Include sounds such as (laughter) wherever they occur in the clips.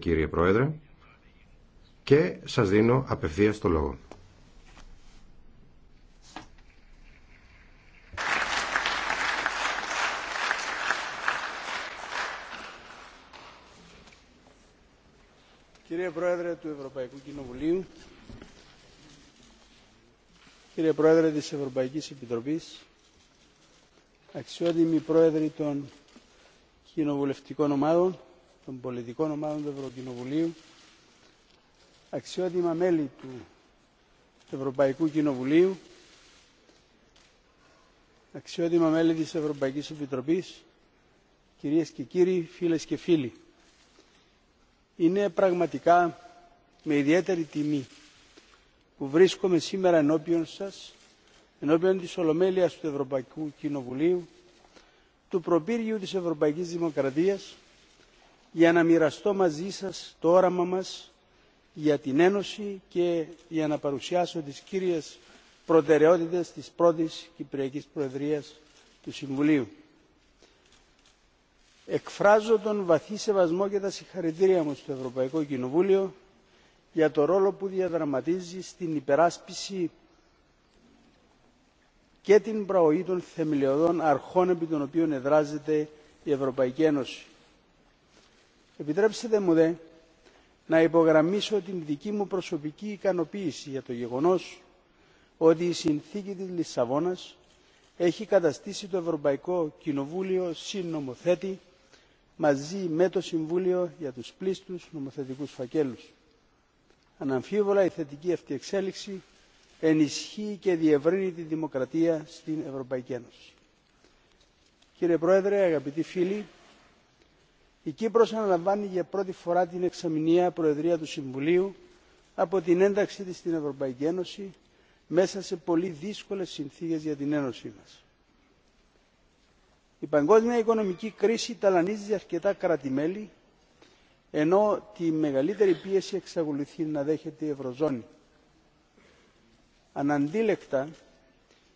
κύριε Πρόεδρε και σας δίνω απευθείας το λόγο. Κύριε Πρόεδρε του Ευρωπαϊκού Κοινοβουλίου, κύριε Πρόεδρε της Ευρωπαϊκής Επιτροπής, αξιότιμοι πρόεδροι των κοινοβουλευτικών ομάδων, των πολιτικών ομάδων του Ευρωκοινοβουλίου, αξιότιμα μέλη του Ευρωπαϊκού Κοινοβουλίου, αξιότιμα μέλη της Ευρωπαϊκής Επιτροπής, κυρίες και κύριοι, φίλες και φίλοι. Είναι πραγματικά με ιδιαίτερη τιμή που βρίσκομαι σήμερα ενώπιον σας, ενώπιον της Ολομέλειας του Ευρωπαϊκού Κοινοβουλίου, του Προπύργιου της Ευρωπαϊκής Δημοκρατίας για να μοιραστώ μαζί σας το όραμα μας για την Ένωση και για να παρουσιάσω τις κύριες προτεραιότητες της πρώτης Κυπριακής Προεδρίας του Συμβουλίου. Εκφράζω τον βαθύ σεβασμό και τα συγχαρητήρια μου στο Ευρωπαϊκό Κοινοβούλιο για το ρόλο που διαδραματίζει στην υπεράσπιση και την προοή των θεμελιωδών αρχών επί των οποίων εδράζεται η Ευρωπαϊκή Ένωση Επιτρέψτε μου δε να υπογραμμίσω την δική μου προσωπική ικανοποίηση για το γεγονός ότι η συνθήκη της Λισαβόνας έχει καταστήσει το Ευρωπαϊκό Κοινοβούλιο συνομοθέτη μαζί με το Συμβούλιο για τους πλήστους νομοθετικούς φακέλους. Αναμφίβολα η θετική αυτή εξέλιξη ενισχύει και διευρύνει τη δημοκρατία στην Ευρωπαϊκή Ένωση. Κύριε Πρόεδρε, αγαπητοί φίλοι, η Κύπρος αναλαμβάνει για πρώτη φορά την εξαμηνία Προεδρία του Συμβουλίου από την ένταξή της στην Ευρωπαϊκή Ένωση μέσα σε πολύ δύσκολες συνθήκες για την Ένωσή μας. Η παγκόσμια οικονομική κρίση ταλανίζει κρατημέλη, ενώ τη μεγαλύτερη πίεση εξακολουθεί να δέχεται η Ευρωζώνη. Αναντίλεκτα,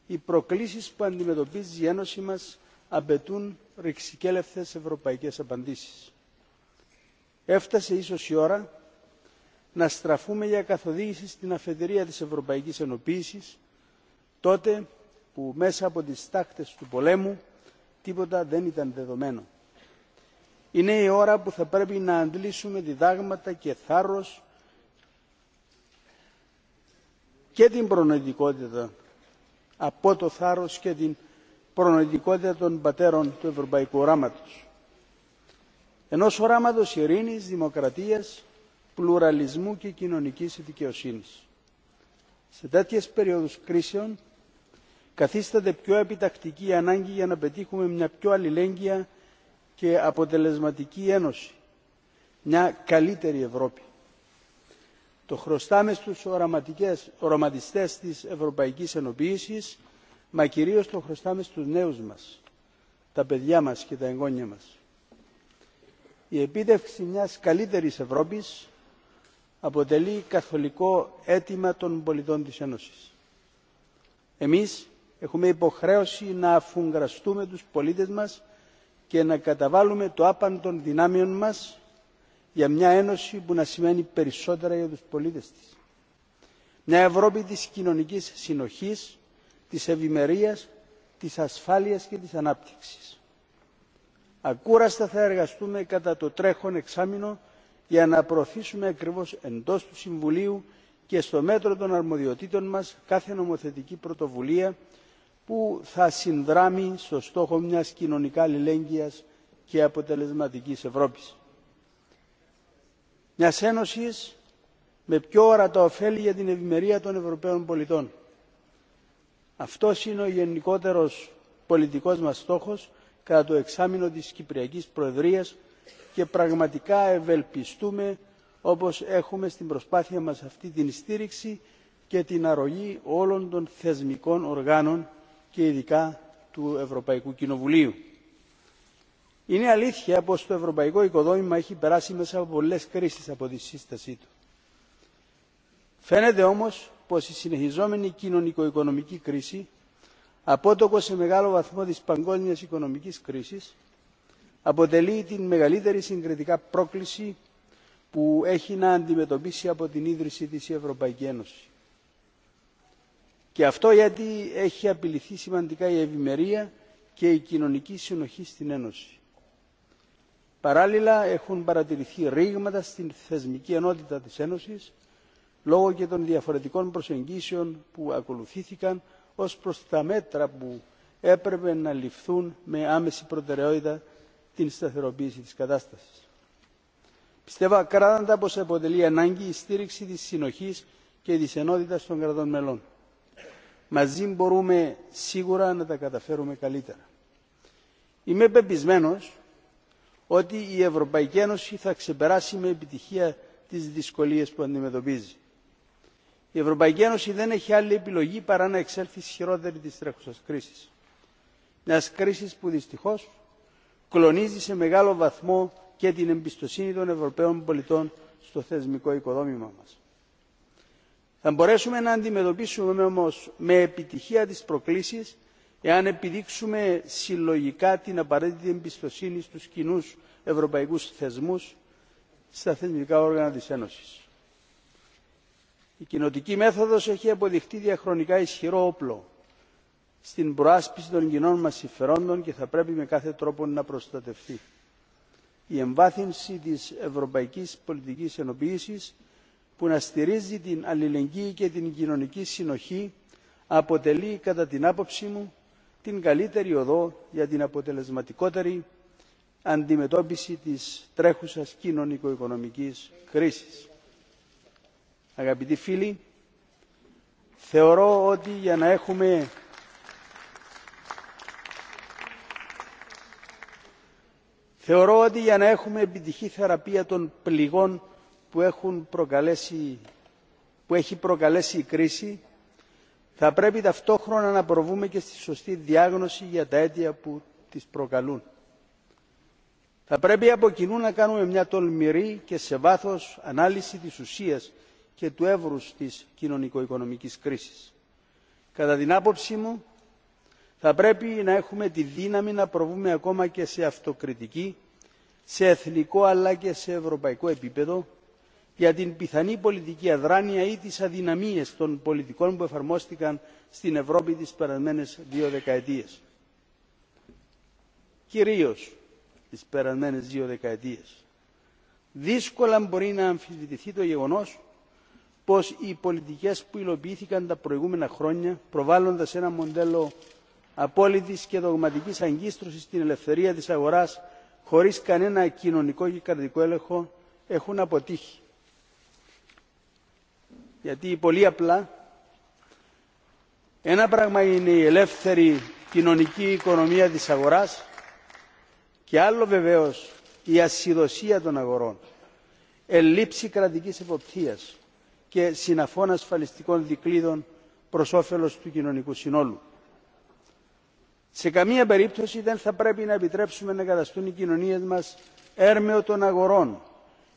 οι προκλήσεις που αντιμετωπίζει η Ένωση μας απαιτούν ρηξικέλευθες ευρωπαϊκές απαντήσεις. Έφτασε ίσως η ώρα να στραφούμε για καθοδήγηση στην αφεντηρία της Ευρωπαϊκής Ενοποίησης, τότε που μέσα από τις τάχτες του πολέμου τίποτα δεν ήταν δεδομένο. Είναι η ώρα που θα πρέπει να αντλήσουμε διδάγματα και θάρρος και την προνοητικότητα από το θάρρος και την προνοητικότητα των πατέρων του ευρωπαϊκού οράματος. Ενός οράματος ειρήνης, δημοκρατίας, πλουραλισμού και κοινωνικής δικαιοσύνης. Σε τέτοιες περίοδους κρίσεων καθίσταται πιο επιτακτική η ανάγκη για να πετύχουμε μια πιο αλληλέγγυα και αποτελεσματική ένωση, μια καλύτερη Ευρώπη. Το χρωστάμε στους οραματιστές της Ευρωπαϊκής Ενοποίησης μα κυρίως το χρωστάμε στους νέους μας, τα παιδιά μας και τα εγγόνια μας. Η επίτευξη μιας καλύτερης Ευρώπης αποτελεί καθολικό αίτημα των πολιτών της Ένωσης. Εμείς έχουμε υποχρέωση να αφουγκραστούμε τους πολίτες μας και να καταβάλουμε το άπαν των δυνάμεων μας για μια Ένωση που να σημαίνει περισσότερα για τους πολίτες της. Μια Ευρώπη της κοινωνικής συνοχής της ευημερίας, της ασφάλειας και της ανάπτυξης. Ακούραστα θα εργαστούμε κατά το τρέχον εξάμεινο για να προωθήσουμε ακριβώς εντός του Συμβουλίου και στο μέτρο των αρμοδιοτήτων μας κάθε νομοθετική πρωτοβουλία που θα συνδράμει στο στόχο μιας κοινωνικά αλληλέγγυας και αποτελεσματικής Ευρώπης. Μιας Ένωσης με πιο όρατα ωφέλη για την ευημερία των Ευρωπαίων πολιτών. Αυτό είναι ο γενικότερο πολιτικός μας στόχος κατά το εξάμεινο της Κυπριακής Προεδρίας και πραγματικά ευελπιστούμε όπως έχουμε στην προσπάθεια μας αυτή την στήριξη και την αρρωγή όλων των θεσμικών οργάνων και ειδικά του Ευρωπαϊκού Κοινοβουλίου. Είναι αλήθεια πως το ευρωπαϊκό οικοδόμημα έχει περάσει μέσα από πολλές κρίσεις από τη σύστασή του. Φαίνεται όμως πως η συνεχιζόμενη κοινωνικο-οικονομική κρίση, απότοκο σε μεγάλο βαθμό της παγκόσμιας οικονομικής κρίσης, αποτελεί την μεγαλύτερη συγκριτικά πρόκληση που έχει να αντιμετωπίσει από την ίδρυση της Ευρωπαϊκή Ένωση. Και αυτό γιατί έχει απειληθεί σημαντικά η ευημερία και η κοινωνική συνοχή στην Ένωση. Παράλληλα έχουν παρατηρηθεί ρήγματα στην θεσμική ενότητα της Ένωσης λόγω και των διαφορετικών προσεγγίσεων που ακολουθήθηκαν ως προς τα μέτρα που έπρεπε να ληφθούν με άμεση προτεραιότητα την σταθεροποίηση της κατάστασης. Πιστεύω ακράδαντα πως αποτελεί ανάγκη η στήριξη της συνοχής και της ενότητας των κρατών μελών. Μαζί μπορούμε σίγουρα να τα καταφέρουμε καλύτερα. Είμαι πεπισμένο ότι η Ευρωπαϊκή Ένωση θα ξεπεράσει με επιτυχία τις δυσκολίες που αντιμετωπίζει η Ευρωπαϊκή Ένωση δεν έχει άλλη επιλογή παρά να εξέλθει χειρότερη τη τρέχουσα κρίση. Μια κρίση που δυστυχώ κλονίζει σε μεγάλο βαθμό και την εμπιστοσύνη των Ευρωπαίων πολιτών στο θεσμικό οικοδόμημα μας. Θα μπορέσουμε να αντιμετωπίσουμε όμω με επιτυχία τι προκλήσεις εάν επιδείξουμε συλλογικά την απαραίτητη εμπιστοσύνη στους κοινού ευρωπαϊκούς θεσμούς στα θεσμικά όργανα της Ένωσης. Η κοινοτική μέθοδος έχει αποδειχτεί διαχρονικά ισχυρό όπλο στην προάσπιση των κοινών μας συμφερόντων και θα πρέπει με κάθε τρόπο να προστατευτεί. Η εμβάθυνση της ευρωπαϊκής πολιτικής ενοποίησης που να στηρίζει την αλληλεγγύη και την κοινωνική συνοχή αποτελεί κατά την άποψή μου την καλύτερη οδό για την αποτελεσματικότερη αντιμετώπιση της τρέχουσας κοινωνικο οικονομικής κρίσης. Αγαπητοί φίλοι, θεωρώ ότι για να έχουμε Θεωρώ ότι για να έχουμε επιτυχή θεραπεία των πληγών που, έχουν προκαλέσει, που έχει προκαλέσει η κρίση, θα πρέπει ταυτόχρονα να προβούμε και στη σωστή διάγνωση για τα αίτια που τις προκαλούν. Θα πρέπει από κοινού να κάνουμε μια τολμηρή και σε βάθος ανάλυση της ουσίας και του εύρους της κοινωνικο-οικονομικής κρίσης. Κατά την άποψή μου, θα πρέπει να έχουμε τη δύναμη να προβούμε ακόμα και σε αυτοκριτική, σε εθνικό αλλά και σε ευρωπαϊκό επίπεδο, για την πιθανή πολιτική αδράνεια ή τις αδυναμίες των πολιτικών που εφαρμόστηκαν στην Ευρώπη τις περασμένες δύο δεκαετίες. Κυρίως τις περασμένες δύο δεκαετίες. Δύσκολα μπορεί να αμφισβητηθεί το γεγονός πως οι πολιτικές που υλοποιήθηκαν τα προηγούμενα χρόνια προβάλλοντας ένα μοντέλο απόλυτης και δογματικής αγκίστρωσης στην ελευθερία της αγοράς χωρίς κανένα κοινωνικό και κρατικό έλεγχο έχουν αποτύχει. Γιατί πολύ απλά ένα πράγμα είναι η ελεύθερη κοινωνική οικονομία της αγοράς και άλλο βεβαίως η ασυδοσία των αγορών, ελλείψη κρατικής εποπτείας, και συναφών ασφαλιστικών δικλείδων προς όφελος του κοινωνικού συνόλου. Σε καμία περίπτωση δεν θα πρέπει να επιτρέψουμε να καταστούν οι κοινωνίες μας έρμεο των αγορών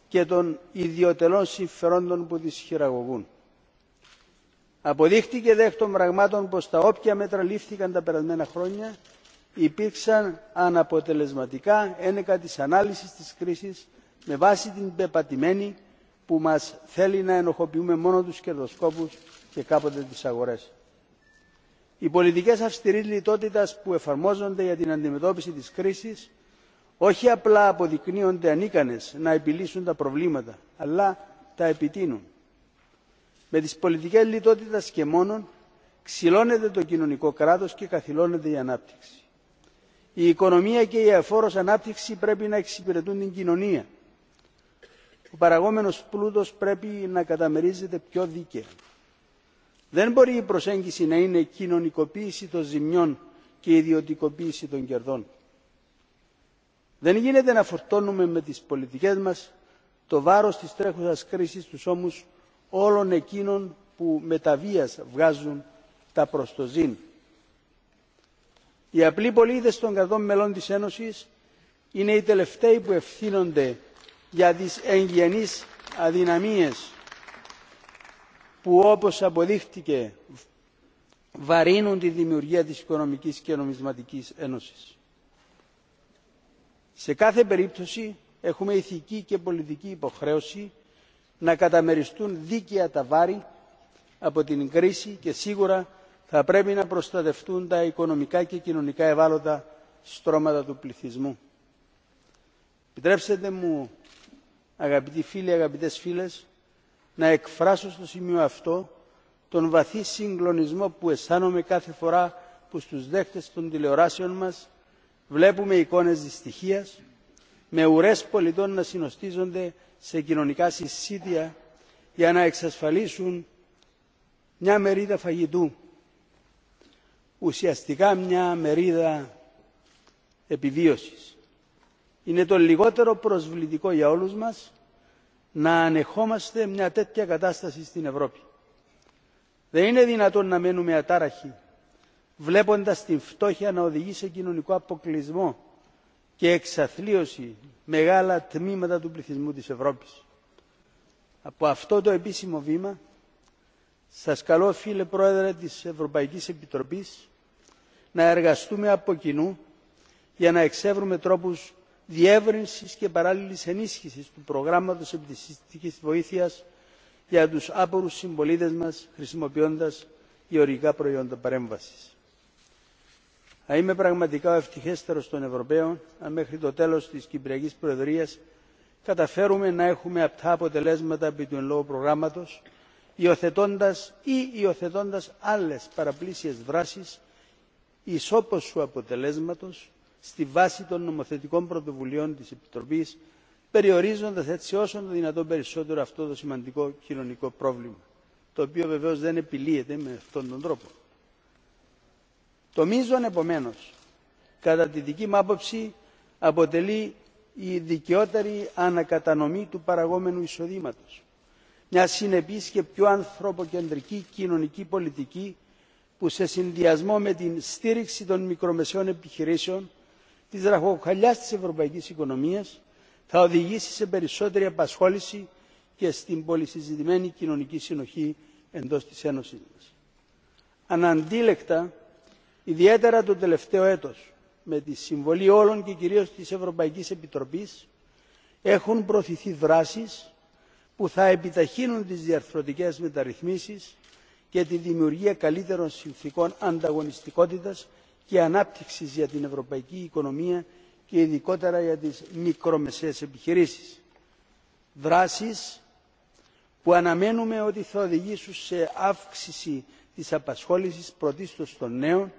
και των ιδιωτελών συμφερόντων που τις χειραγωγούν. Αποδείχτηκε δε εκ των πραγμάτων πως τα όποια μέτρα λήφθηκαν τα περασμένα χρόνια υπήρξαν αναποτελεσματικά ένεκα της ανάλυσης της κρίσης με βάση την πεπατημένη που μας θέλει να ενοχοποιούμε μόνο τους κερδοσκόπους και κάποτε τις αγορές. Οι πολιτικές αυστηρής λιτότητας που εφαρμόζονται για την αντιμετώπιση της κρίσης όχι απλά αποδεικνύονται ανίκανες να επιλύσουν τα προβλήματα, αλλά τα επιτείνουν. Με τις πολιτικές λιτότητας και μόνον ξυλώνεται το κοινωνικό κράτος και καθυλώνεται η ανάπτυξη. Η οικονομία και η αφόρος ανάπτυξη πρέπει να εξυπηρετούν την κοινωνία – ο παραγόμενος πλούτος πρέπει να καταμερίζεται πιο δίκαια. Δεν μπορεί η προσέγγιση να είναι κοινωνικοποίηση των ζημιών και ιδιωτικοποίηση των κερδών. Δεν γίνεται να φορτώνουμε με τις πολιτικές μας το βάρος της τρέχουσας κρίσης στους ώμους όλων εκείνων που με τα βίας βγάζουν τα προστοζήν. Οι απλοί πολίτες των κρατών μελών της Ένωσης είναι οι τελευταίοι που ευθύνονται για τις εγγενείς αδυναμίες που όπως αποδείχτηκε βαρύνουν τη δημιουργία της Οικονομικής και Νομισματικής Ένωσης. Σε κάθε περίπτωση έχουμε ηθική και πολιτική υποχρέωση να καταμεριστούν δίκαια τα βάρη από την κρίση και σίγουρα θα πρέπει να προστατευτούν τα οικονομικά και κοινωνικά ευάλωτα στρώματα του πληθυσμού. Επιτρέψτε μου αγαπητοί φίλοι, αγαπητές φίλες, να εκφράσω στο σημείο αυτό τον βαθύ συγκλονισμό που αισθάνομαι κάθε φορά που στους δέχτες των τηλεοράσεων μας βλέπουμε εικόνες δυστυχίας, με ουρές πολιτών να συνοστίζονται σε κοινωνικά συσσίδια για να εξασφαλίσουν μια μερίδα φαγητού, ουσιαστικά μια μερίδα επιβίωσης είναι το λιγότερο προσβλητικό για όλους μας να ανεχόμαστε μια τέτοια κατάσταση στην Ευρώπη. Δεν είναι δυνατόν να μένουμε ατάραχοι βλέποντας την φτώχεια να οδηγεί σε κοινωνικό αποκλεισμό και εξαθλίωση μεγάλα τμήματα του πληθυσμού της Ευρώπης. Από αυτό το επίσημο βήμα σας καλώ φίλε Πρόεδρε της Ευρωπαϊκής Επιτροπής να εργαστούμε από κοινού για να εξεύρουμε τρόπους διεύρυνση και παράλληλη ενίσχυση του προγράμματο επιστημιστικής βοήθεια για του άπορους συμπολίτε μας χρησιμοποιώντας γεωργικά προϊόντα παρέμβαση. Θα είμαι πραγματικά ο ευτυχέστερο των Ευρωπαίων αν μέχρι το τέλο τη Κυπριακή Προεδρίας καταφέρουμε να έχουμε απτά αποτελέσματα επί του εν λόγω προγράμματο, υιοθετώντα ή υιοθετώντα άλλε παραπλήσιες δράσεις ισόποσου αποτελέσματο στη βάση των νομοθετικών πρωτοβουλειών της Επιτροπής, περιορίζοντας έτσι όσο το δυνατόν περισσότερο αυτό το σημαντικό κοινωνικό πρόβλημα, το οποίο βεβαίως δεν επιλύεται με αυτόν τον τρόπο. Το μείζον επομένως, κατά τη δική μου άποψη, αποτελεί η δικαιότερη ανακατανομή του παραγόμενου εισοδήματος. Μια συνεπής και πιο ανθρωποκεντρική κοινωνική πολιτική που σε συνδυασμό με την στήριξη των μικρομεσαίων επιχειρήσεων Τη ραχοκοκαλιά τη Ευρωπαϊκή οικονομία θα οδηγήσει σε περισσότερη απασχόληση και στην πολυσυζητημένη κοινωνική συνοχή εντό της Ένωσή μα. Αναντίλεκτα, ιδιαίτερα το τελευταίο έτος, με τη συμβολή όλων και κυρίω τη Ευρωπαϊκή Επιτροπή, έχουν προωθηθεί δράσει που θα επιταχύνουν τις διαρθρωτικές μεταρρυθμίσεις και τη δημιουργία καλύτερων συνθήκων ανταγωνιστικότητας και ανάπτυξη για την ευρωπαϊκή οικονομία και ειδικότερα για τις μικρομεσαίες επιχειρήσεις. Δράσεις που αναμένουμε ότι θα οδηγήσουν σε αύξηση της απασχόλησης πρωτίστως των νέων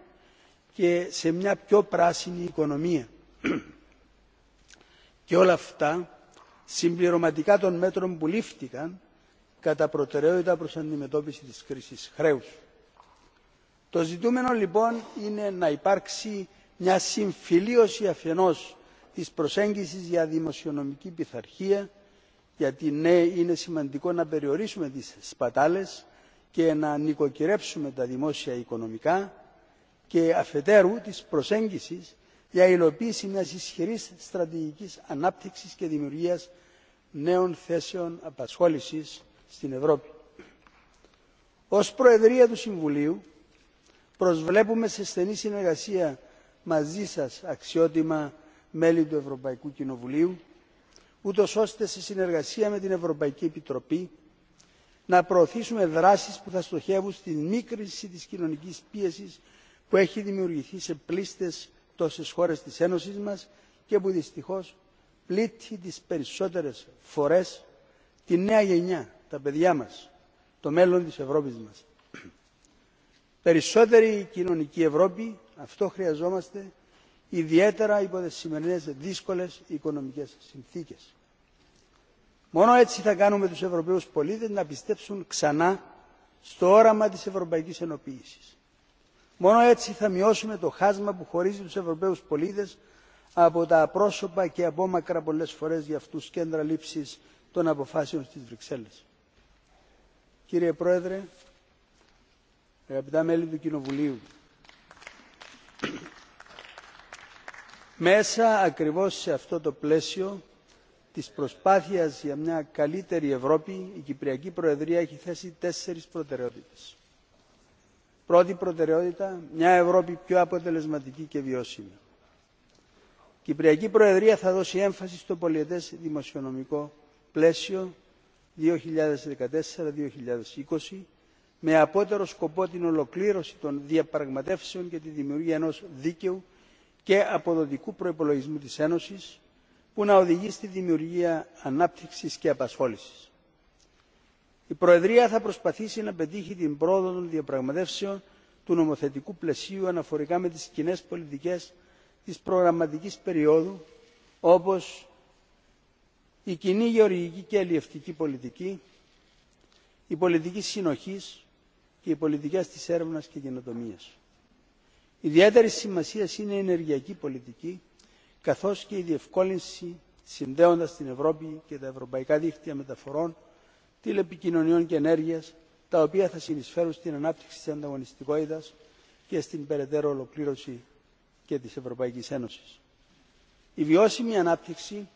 και σε μια πιο πράσινη οικονομία. (clears throat) και όλα αυτά συμπληρωματικά των μέτρων που λήφθηκαν κατά προτεραιότητα προς αντιμετώπιση της κρίσης χρέους. Το ζητούμενο λοιπόν είναι να υπάρξει μια συμφιλίωση αφενός της προσέγγισης για δημοσιονομική πειθαρχία, γιατί ναι είναι σημαντικό να περιορίσουμε τις σπατάλες και να νοικοκυρέψουμε τα δημόσια οικονομικά και αφετέρου της προσέγγισης για υλοποίηση μιας ισχυρής στρατηγικής ανάπτυξης και δημιουργίας νέων θέσεων απασχόλησης στην Ευρώπη. Ως Προεδρία του Συμβουλίου Προσβλέπουμε σε στενή συνεργασία μαζί σας, αξιότιμα μέλη του Ευρωπαϊκού Κοινοβουλίου, ούτω ώστε σε συνεργασία με την Ευρωπαϊκή Επιτροπή να προωθήσουμε δράσεις που θα στοχεύουν στην μίκρυνση της κοινωνικής πίεσης που έχει δημιουργηθεί σε πλήστες τόσες χώρες της Ένωσης μας και που δυστυχώς πλήττει τις περισσότερες φορές τη νέα γενιά, τα παιδιά μας, το μέλλον της Ευρώπης μας. Περισσότερη κοινωνική Ευρώπη, αυτό χρειαζόμαστε, ιδιαίτερα υπό τις σημερινές δύσκολες οικονομικές συνθήκες. Μόνο έτσι θα κάνουμε τους Ευρωπαίους πολίτες να πιστέψουν ξανά στο όραμα της Ευρωπαϊκής Ενοποίησης. Μόνο έτσι θα μειώσουμε το χάσμα που χωρίζει τους Ευρωπαίους πολίτες από τα απρόσωπα και απόμακρα πολλές φορές για αυτούς κέντρα λήψης των αποφάσεων στις Βρυξέλλες. Κύριε Πρόεδρε, αγαπητά μέλη του Κοινοβουλίου, μέσα ακριβώς σε αυτό το πλαίσιο της προσπάθειας για μια καλύτερη Ευρώπη, η Κυπριακή Προεδρία έχει θέσει τέσσερις προτεραιότητες. Πρώτη προτεραιότητα, μια Ευρώπη πιο αποτελεσματική και βιώσιμη. Η Κυπριακή Προεδρία θα δώσει έμφαση στο πολιετές δημοσιονομικό πλαίσιο 2014-2020 με απότερο σκοπό την ολοκλήρωση των διαπραγματεύσεων για τη δημιουργία ενός δίκαιου και αποδοτικού προϋπολογισμού της Ένωσης που να οδηγεί στη δημιουργία ανάπτυξης και απασχόλησης. Η Προεδρία θα προσπαθήσει να πετύχει την πρόοδο των διαπραγματεύσεων του νομοθετικού πλαισίου αναφορικά με τις κοινέ πολιτικές της προγραμματικής περίοδου όπως η κοινή γεωργική και αλλιευτική πολιτική, η πολιτική συνοχής, και οι πολιτικές της έρευνας και καινοτομίας. Ιδιαίτερη σημασία είναι η ενεργειακή πολιτική, καθώς και η διευκόλυνση συνδέοντας την Ευρώπη και τα ευρωπαϊκά δίκτυα μεταφορών, τηλεπικοινωνιών και ενέργειας, τα οποία θα συνεισφέρουν στην ανάπτυξη της ανταγωνιστικότητας και στην περαιτέρω ολοκλήρωση και της Ευρωπαϊκής Ένωσης. Η βιώσιμη ανάπτυξη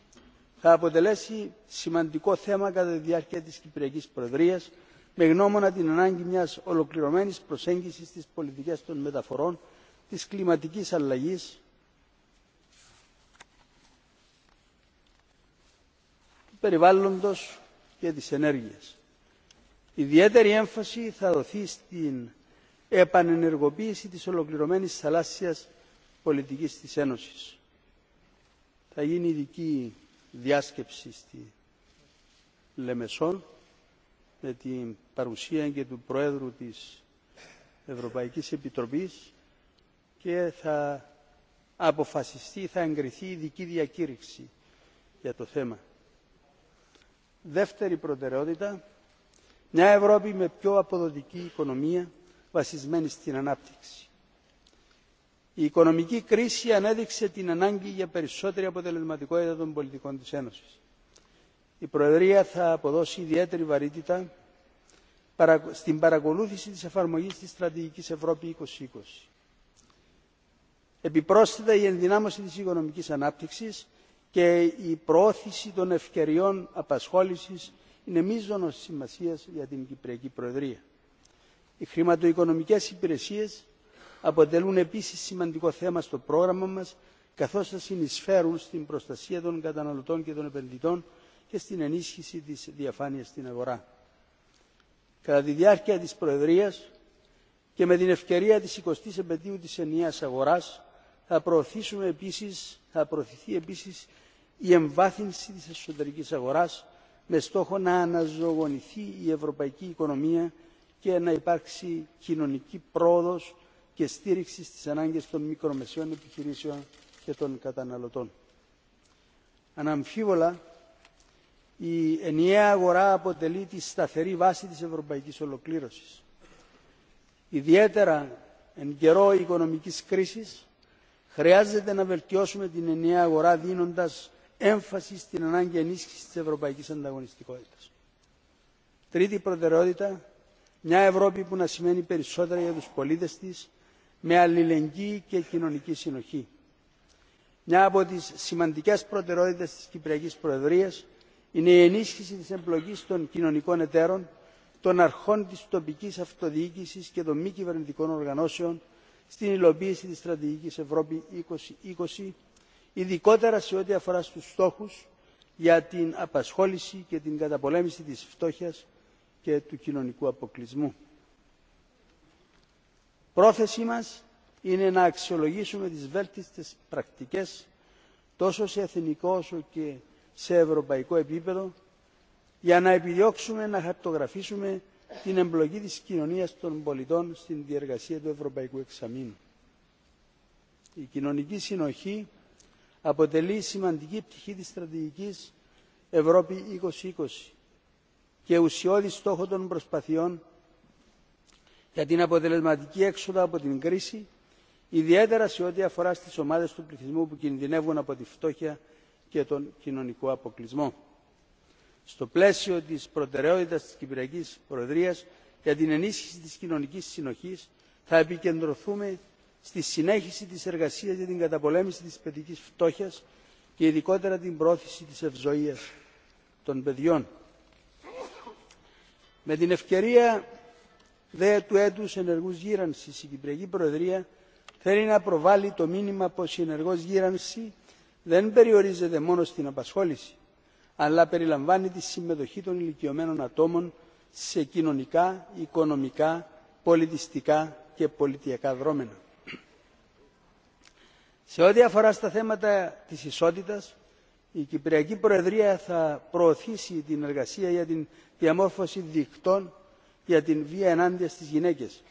θα αποτελέσει σημαντικό θέμα κατά τη διάρκεια της Κυπριακής Προεδρίας, με γνώμονα την ανάγκη μιας ολοκληρωμένης προσέγγισης στις πολιτικές των μεταφορών, της κλιματικής αλλαγής, του περιβάλλοντος και της ενέργειας. Ιδιαίτερη έμφαση θα δοθεί στην επανενεργοποίηση της ολοκληρωμένης θαλάσσιας πολιτικής της Ένωσης. Θα γίνει ειδική διάσκεψη στη Λεμεσόν με την παρουσία και του Προέδρου της Ευρωπαϊκής Επιτροπής και θα αποφασιστεί, θα εγκριθεί ειδική διακήρυξη για το θέμα. Δεύτερη προτεραιότητα, μια Ευρώπη με πιο αποδοτική οικονομία βασισμένη στην ανάπτυξη. Η οικονομική κρίση ανέδειξε την ανάγκη για περισσότερη αποτελεσματικότητα των πολιτικών της Ένωσης η προεδρία θα αποδώσει ιδιαίτερη βαρύτητα στην παρακολούθηση της εφαρμογής της στρατηγικής ευρώπη. 2020. επιπρόσθετα η ενδυνάμωση της οικονομικής ανάπτυξης και η προώθηση των ευκαιριών απασχόλησης είναι μείζονος σημασίας για την κυπριακή προεδρία. οι χρηματοοικονομικές υπηρεσίες αποτελούν επίσης σημαντικό θέμα στο πρόγραμμα μας καθώς θα συνεισφέρουν στην προστασία των καταναλωτών και των επενδυτών και στην ενίσχυση της διαφάνειας στην αγορά. Κατά τη διάρκεια της Προεδρίας και με την ευκαιρία της 25 ης επαιτίου της ενιαίας αγοράς θα, επίσης, θα προωθηθεί επίσης η εμβάθυνση της εσωτερικής αγοράς με στόχο να αναζωογονηθεί η ευρωπαϊκή οικονομία και να υπάρξει κοινωνική πρόοδος και στήριξη στις ανάγκες των μικρομεσαίων επιχειρήσεων και των καταναλωτών. Αναμφίβολα η ενιαία αγορά αποτελεί τη σταθερή βάση της ευρωπαϊκής ολοκλήρωσης. Ιδιαίτερα εν καιρό οικονομικής κρίσης χρειάζεται να βελτιώσουμε την ενιαία αγορά δίνοντας έμφαση στην ανάγκη ενίσχυσης της ευρωπαϊκής ανταγωνιστικότητας. Τρίτη προτεραιότητα, μια Ευρώπη που να σημαίνει περισσότερα για τους πολίτες της με αλληλεγγύη και κοινωνική συνοχή. Μια από τις σημαντικές προτεραιότητες της Κυπριακής Προεδρίας είναι η ενίσχυση της εμπλοκής των κοινωνικών εταίρων, των αρχών της τοπικής αυτοδιοίκησης και των μη κυβερνητικών οργανώσεων στην υλοποίηση της στρατηγικής Ευρώπη 2020, ειδικότερα σε ό,τι αφορά στους στόχους για την απασχόληση και την καταπολέμηση της φτώχειας και του κοινωνικού αποκλεισμού. Πρόθεσή μας είναι να αξιολογήσουμε τις βέλτιστες πρακτικές τόσο σε εθνικό όσο και σε ευρωπαϊκό επίπεδο για να επιδιώξουμε να χαρτογραφήσουμε την εμπλοκή της κοινωνίας των πολιτών στην διεργασία του Ευρωπαϊκού Εξαμήνου. Η κοινωνική συνοχή αποτελεί σημαντική πτυχή της στρατηγικής Ευρώπη 2020 και ουσιώδη στόχο των προσπαθειών για την αποτελεσματική έξοδο από την κρίση, ιδιαίτερα σε ό,τι αφορά στις ομάδες του πληθυσμού που κινδυνεύουν από τη φτώχεια και τον κοινωνικό αποκλεισμό. Στο πλαίσιο της προτεραιότητας της Κυπριακής Προεδρίας για την ενίσχυση της κοινωνικής συνοχής θα επικεντρωθούμε στη συνέχιση της εργασίας για την καταπολέμηση της παιδικής φτώχειας και ειδικότερα την πρόθεση της ευζοίας των παιδιών. Με την ευκαιρία δε του έτους ενεργούς γύρανσης η Κυπριακή Προεδρία θέλει να προβάλλει το μήνυμα πως η ενεργός γύρανση δεν περιορίζεται μόνο στην απασχόληση, αλλά περιλαμβάνει τη συμμετοχή των ηλικιωμένων ατόμων σε κοινωνικά, οικονομικά, πολιτιστικά και πολιτιακά δρόμενα. Σε ό,τι αφορά στα θέματα της ισότητας, η Κυπριακή Προεδρία θα προωθήσει την εργασία για την διαμόρφωση δικτών για την βία ενάντια στις γυναίκες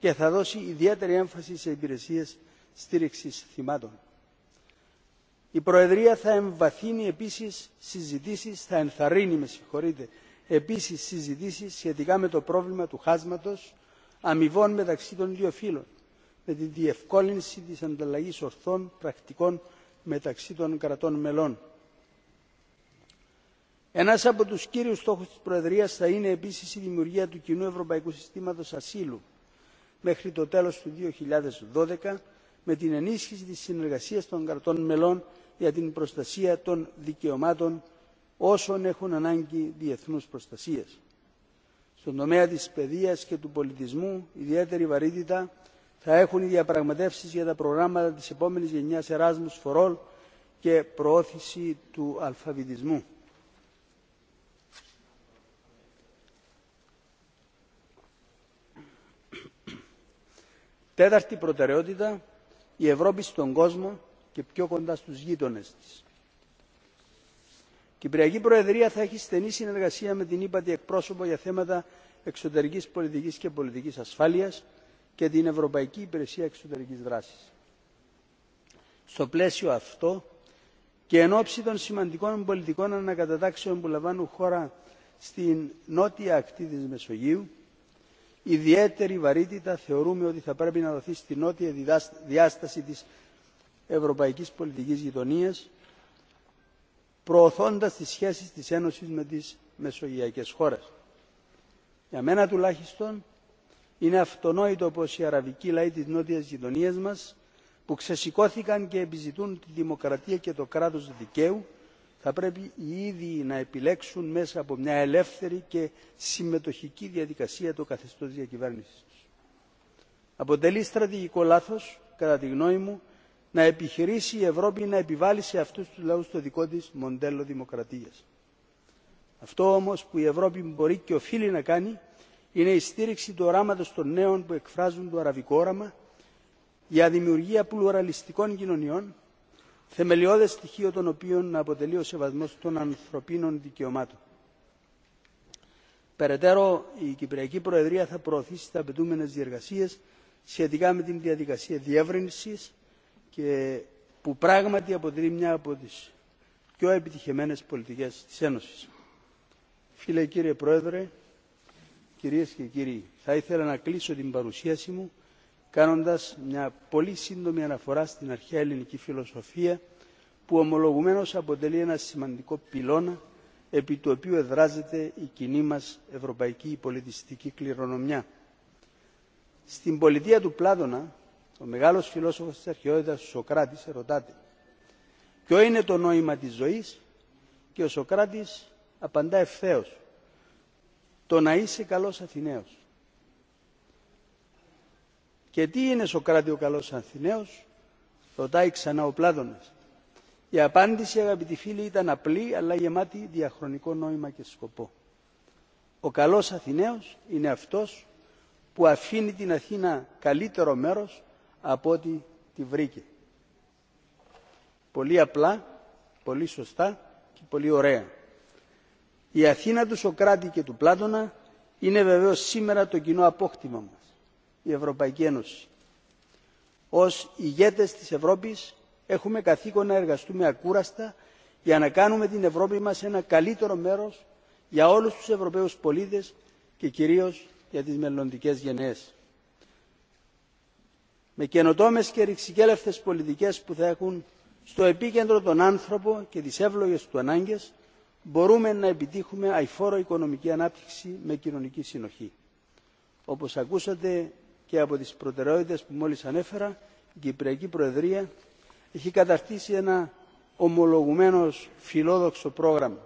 και θα δώσει ιδιαίτερη έμφαση σε υπηρεσίες στήριξης θυμάτων. Η Προεδρία θα εμβαθύνει επίσης συζητήσεις, θα ενθαρρύνει με συγχωρείτε, επίσης συζητήσεις σχετικά με το πρόβλημα του χάσματος αμοιβών μεταξύ των δύο φύλων, με τη διευκόλυνση της ανταλλαγής ορθών πρακτικών μεταξύ των κρατών μελών. Ένας από τους κύριους στόχους της Προεδρίας θα είναι επίσης η δημιουργία του κοινού Ευρωπαϊκού Συστήματος Ασύλου μέχρι το τέλος του 2012 με την ενίσχυση της συνεργασίας των κρατών μελών για την προστασία των δικαιωμάτων όσων έχουν ανάγκη διεθνούς προστασίας. Στον τομέα της παιδείας και του πολιτισμού ιδιαίτερη βαρύτητα θα έχουν οι διαπραγματεύσεις για τα προγράμματα της επόμενης γενιάς εράσμους φορόλ και προώθηση του αλφαβητισμού. Τέταρτη προτεραιότητα, η Ευρώπη στον κόσμο και πιο κοντά στους γείτονες της. Η Κυπριακή Προεδρία θα έχει στενή συνεργασία με την ύπατη εκπρόσωπο για θέματα εξωτερικής πολιτικής και πολιτικής ασφάλειας και την Ευρωπαϊκή Υπηρεσία Εξωτερικής Δράσης. Στο πλαίσιο αυτό και εν ώψη των σημαντικών πολιτικών ανακατατάξεων που λαμβάνουν χώρα στην νότια ακτή της Μεσογείου, ιδιαίτερη βαρύτητα θεωρούμε ότι θα πρέπει να δοθεί στη νότια διάσταση της ευρωπαϊκής πολιτικής γειτονίας, προωθώντας τις σχέσεις της Ένωσης με τις μεσογειακές χώρες. Για μένα τουλάχιστον είναι αυτονόητο πως οι αραβικοί λαοί της νότιας γειτονίας μας που ξεσηκώθηκαν και επιζητούν τη δημοκρατία και το κράτος δικαίου θα πρέπει οι ίδιοι να επιλέξουν μέσα από μια ελεύθερη και συμμετοχική διαδικασία το καθεστώς διακυβέρνησης τους. Αποτελεί στρατηγικό λάθος, κατά τη γνώμη μου, να επιχειρήσει η Ευρώπη να επιβάλλει σε αυτούς τους λαούς το δικό της μοντέλο δημοκρατίας. Αυτό όμως που η Ευρώπη μπορεί και οφείλει να κάνει είναι η στήριξη του οράματος των νέων που εκφράζουν το αραβικό όραμα για δημιουργία πλουραλιστικών κοινωνιών, θεμελιώδες στοιχείο των οποίων να αποτελεί ο σεβασμός των ανθρωπίνων δικαιωμάτων. Περαιτέρω, η Κυπριακή Προεδρία θα προωθήσει τα απαιτούμενε διεργασίε σχετικά με την διαδικασία διεύρυνσης και που πράγματι αποτελεί μια από τις πιο επιτυχημένες πολιτικές της Ένωσης. Φίλε κύριε Πρόεδρε, κυρίες και κύριοι, θα ήθελα να κλείσω την παρουσίαση μου κάνοντας μια πολύ σύντομη αναφορά στην αρχαία ελληνική φιλοσοφία που ομολογουμένως αποτελεί ένα σημαντικό πυλώνα επί του οποίου εδράζεται η κοινή μας ευρωπαϊκή πολιτιστική κληρονομιά. Στην πολιτεία του πλάδωνα ο μεγάλος φιλόσοφος της αρχαιότητας, ο Σοκράτης, ρωτάται ποιο είναι το νόημα της ζωής και ο Σοκράτης απαντά ευθέω το να είσαι καλός Αθηναίος. Και τι είναι Σοκράτη ο καλός Αθηναίος, ρωτάει ξανά ο Πλάτωνας. Η απάντηση αγαπητοί φίλοι ήταν απλή αλλά γεμάτη διαχρονικό νόημα και σκοπό. Ο καλός Αθηναίος είναι αυτός που αφήνει την Αθήνα καλύτερο μέρος από ό,τι τη βρήκε. Πολύ απλά, πολύ σωστά και πολύ ωραία. Η Αθήνα του Σοκράτη και του Πλάτωνα είναι βεβαίως σήμερα το κοινό απόκτημα μας, η Ευρωπαϊκή Ένωση. Ως ηγέτες της Ευρώπης έχουμε καθήκον να εργαστούμε ακούραστα για να κάνουμε την Ευρώπη μας ένα καλύτερο μέρος για όλους τους Ευρωπαίους πολίτες και κυρίως για τις μελλοντικές γενναίες με καινοτόμε και ρηξικέλευτε πολιτικέ που θα έχουν στο επίκεντρο τον άνθρωπο και τι εύλογε του ανάγκε, μπορούμε να επιτύχουμε αηφόρο οικονομική ανάπτυξη με κοινωνική συνοχή. Όπω ακούσατε και από τι προτεραιότητε που μόλι ανέφερα, η Κυπριακή Προεδρία έχει καταρτήσει ένα ομολογουμένω φιλόδοξο πρόγραμμα.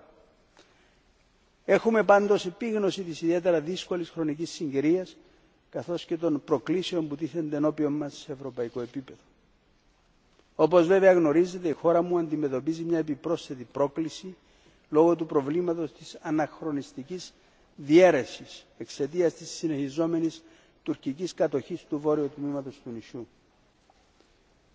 Έχουμε πάντω επίγνωση τη ιδιαίτερα δύσκολη χρονική συγκυρία καθώς και των προκλήσεων που τίθενται ενώπιον μας σε ευρωπαϊκό επίπεδο. Όπως βέβαια γνωρίζετε, η χώρα μου αντιμετωπίζει μια επιπρόσθετη πρόκληση λόγω του προβλήματος της αναχρονιστικής διέρεσης εξαιτίας της συνεχιζόμενης τουρκικής κατοχής του βόρειου τμήματος του νησιού.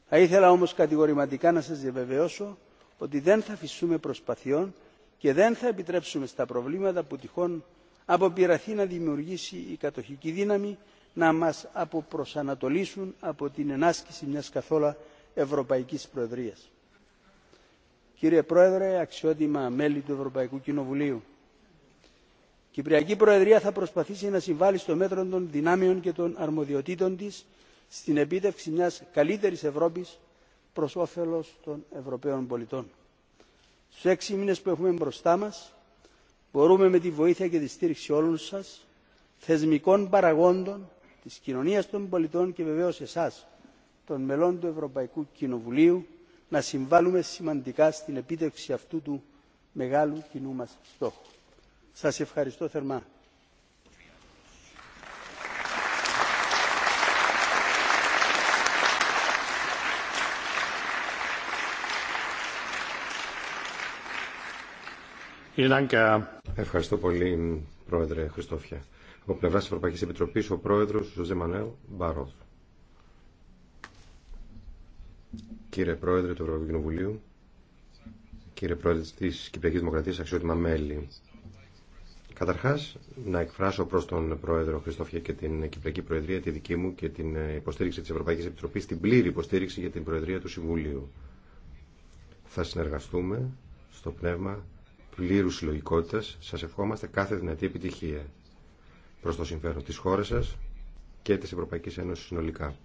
Θα ήθελα όμως κατηγορηματικά να σας διαβεβαιώσω ότι δεν θα αφησούμε προσπαθειών και δεν θα επιτρέψουμε στα προβλήματα που τυχόν αποπειραθεί να δημιουργήσει η κατοχική δύναμη να μας αποπροσανατολίσουν από την ενάσκηση μιας καθόλου ευρωπαϊκής προεδρίας. Κύριε Πρόεδρε, αξιότιμα μέλη του Ευρωπαϊκού Κοινοβουλίου, η Κυπριακή Προεδρία θα προσπαθήσει να συμβάλλει στο μέτρο των δυνάμεων και των αρμοδιοτήτων της στην επίτευξη μιας καλύτερης Ευρώπης προς όφελος των Ευρωπαίων πολιτών. Στους έξι μήνες που έχουμε μπροστά μας, μπορούμε με τη βοήθεια και τη στήριξη όλων σας, θεσμικών παραγόντων, της κοινωνίας των πολιτών και βεβαίως εσάς, των μελών του Ευρωπαϊκού Κοινοβουλίου, να συμβάλλουμε σημαντικά στην επίτευξη αυτού του μεγάλου κοινού μας στόχου. Σας ευχαριστώ θερμά. Ευχαριστώ πολύ, Πρόεδρε Χριστόφια. Από πλευρά τη Ευρωπαϊκή Επιτροπή, ο Πρόεδρο Ζωζέ Μανέλ Κύριε Πρόεδρε του Ευρωπαϊκού Κοινοβουλίου, κύριε Πρόεδρε τη Κυπριακή Δημοκρατία, αξιότιμα μέλη. Καταρχά, να εκφράσω προ τον Πρόεδρο Χριστόφια και την Κυπριακή Προεδρία τη δική μου και την υποστήριξη τη Ευρωπαϊκή Επιτροπή, την πλήρη υποστήριξη για την Προεδρία του Συμβουλίου. Θα συνεργαστούμε στο πνεύμα πλήρους συλλογικότητας σας ευχόμαστε κάθε δυνατή επιτυχία προς το συμφέρον της χώρας σας και της Ευρωπαϊκής Ένωσης συνολικά.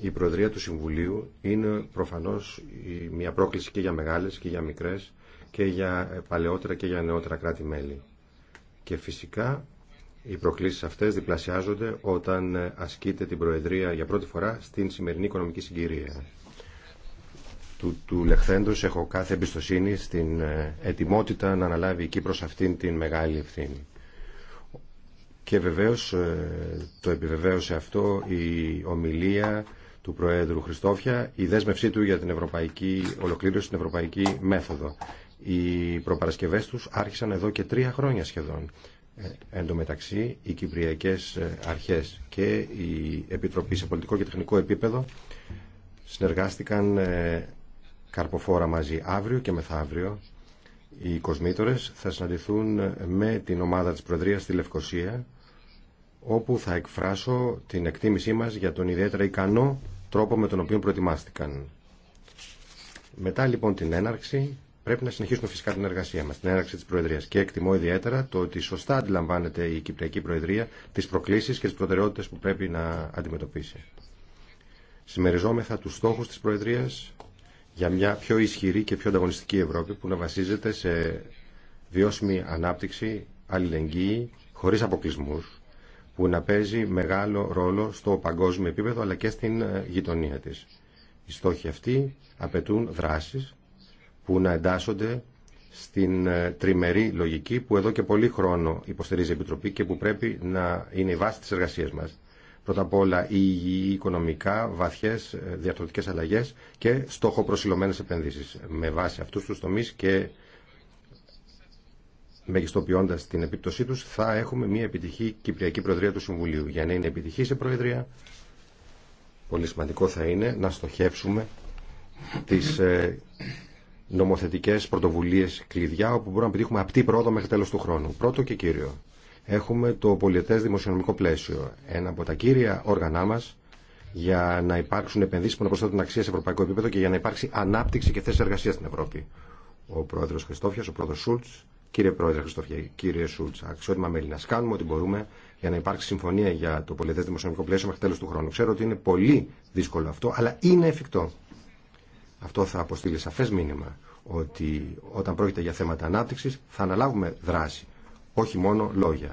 Η Προεδρία του Συμβουλίου είναι προφανώς μια πρόκληση και για μεγάλες και για μικρές και για παλαιότερα και για νεότερα κράτη-μέλη. Και φυσικά οι προκλήσεις αυτές διπλασιάζονται όταν ασκείται την Προεδρία για πρώτη φορά στην σημερινή οικονομική συγκυρία του, του λεχθέντος έχω κάθε εμπιστοσύνη στην ε, ετοιμότητα να αναλάβει η Κύπρος αυτήν την μεγάλη ευθύνη. Και βεβαίως ε, το επιβεβαίωσε αυτό η ομιλία του Προέδρου Χριστόφια, η δέσμευσή του για την ευρωπαϊκή ολοκλήρωση, την ευρωπαϊκή μέθοδο. Οι προπαρασκευές τους άρχισαν εδώ και τρία χρόνια σχεδόν. Ε, εν τω μεταξύ, οι Κυπριακές ε, Αρχές και η Επιτροπή σε πολιτικό και τεχνικό επίπεδο συνεργάστηκαν καρποφόρα μαζί αύριο και μεθαύριο. Οι κοσμήτορες θα συναντηθούν με την ομάδα της Προεδρίας στη Λευκοσία όπου θα εκφράσω την εκτίμησή μας για τον ιδιαίτερα ικανό τρόπο με τον οποίο προετοιμάστηκαν. Μετά λοιπόν την έναρξη πρέπει να συνεχίσουμε φυσικά την εργασία μας, την έναρξη της Προεδρίας και εκτιμώ ιδιαίτερα το ότι σωστά αντιλαμβάνεται η Κυπριακή Προεδρία τις προκλήσεις και τις προτεραιότητες που πρέπει να αντιμετωπίσει. Συμμεριζόμεθα τους στόχους της Προεδρίας για μια πιο ισχυρή και πιο ανταγωνιστική Ευρώπη που να βασίζεται σε βιώσιμη ανάπτυξη, αλληλεγγύη, χωρίς αποκλεισμού, που να παίζει μεγάλο ρόλο στο παγκόσμιο επίπεδο αλλά και στην ε, γειτονία της. Οι στόχοι αυτοί απαιτούν δράσεις που να εντάσσονται στην ε, τριμερή λογική που εδώ και πολύ χρόνο υποστηρίζει η Επιτροπή και που πρέπει να είναι η βάση της εργασίας μας. Πρώτα απ' όλα η οικονομικά, βαθιέ ε, διαρθρωτικέ αλλαγέ και στόχο προσιλωμένε επενδύσει. Με βάση αυτού του τομεί και μεγιστοποιώντα την επίπτωσή του, θα έχουμε μια επιτυχή Κυπριακή Προεδρία του Συμβουλίου. Για να είναι επιτυχή σε Προεδρία, πολύ σημαντικό θα είναι να στοχεύσουμε τι ε, νομοθετικέ πρωτοβουλίε κλειδιά, όπου μπορούμε να πετύχουμε απτή πρόοδο μέχρι τέλο του χρόνου. Πρώτο και κύριο έχουμε το πολιτεύσιο δημοσιονομικό πλαίσιο. Ένα από τα κύρια όργανά μα για να υπάρξουν επενδύσεις που να προσθέτουν αξία σε ευρωπαϊκό επίπεδο και για να υπάρξει ανάπτυξη και θέση εργασία στην Ευρώπη. Ο πρόεδρο Χριστόφια, ο πρόεδρος Σούλτ, κύριε πρόεδρε Χριστόφια, κύριε Σούλτ, αξιότιμα μέλη, να σκάνουμε ό,τι μπορούμε για να υπάρξει συμφωνία για το πολιτεύσιο δημοσιονομικό πλαίσιο μέχρι τέλο του χρόνου. Ξέρω ότι είναι πολύ δύσκολο αυτό, αλλά είναι εφικτό. Αυτό θα αποστείλει σαφέ μήνυμα ότι όταν πρόκειται για θέματα ανάπτυξη, θα αναλάβουμε δράση όχι μόνο λόγια.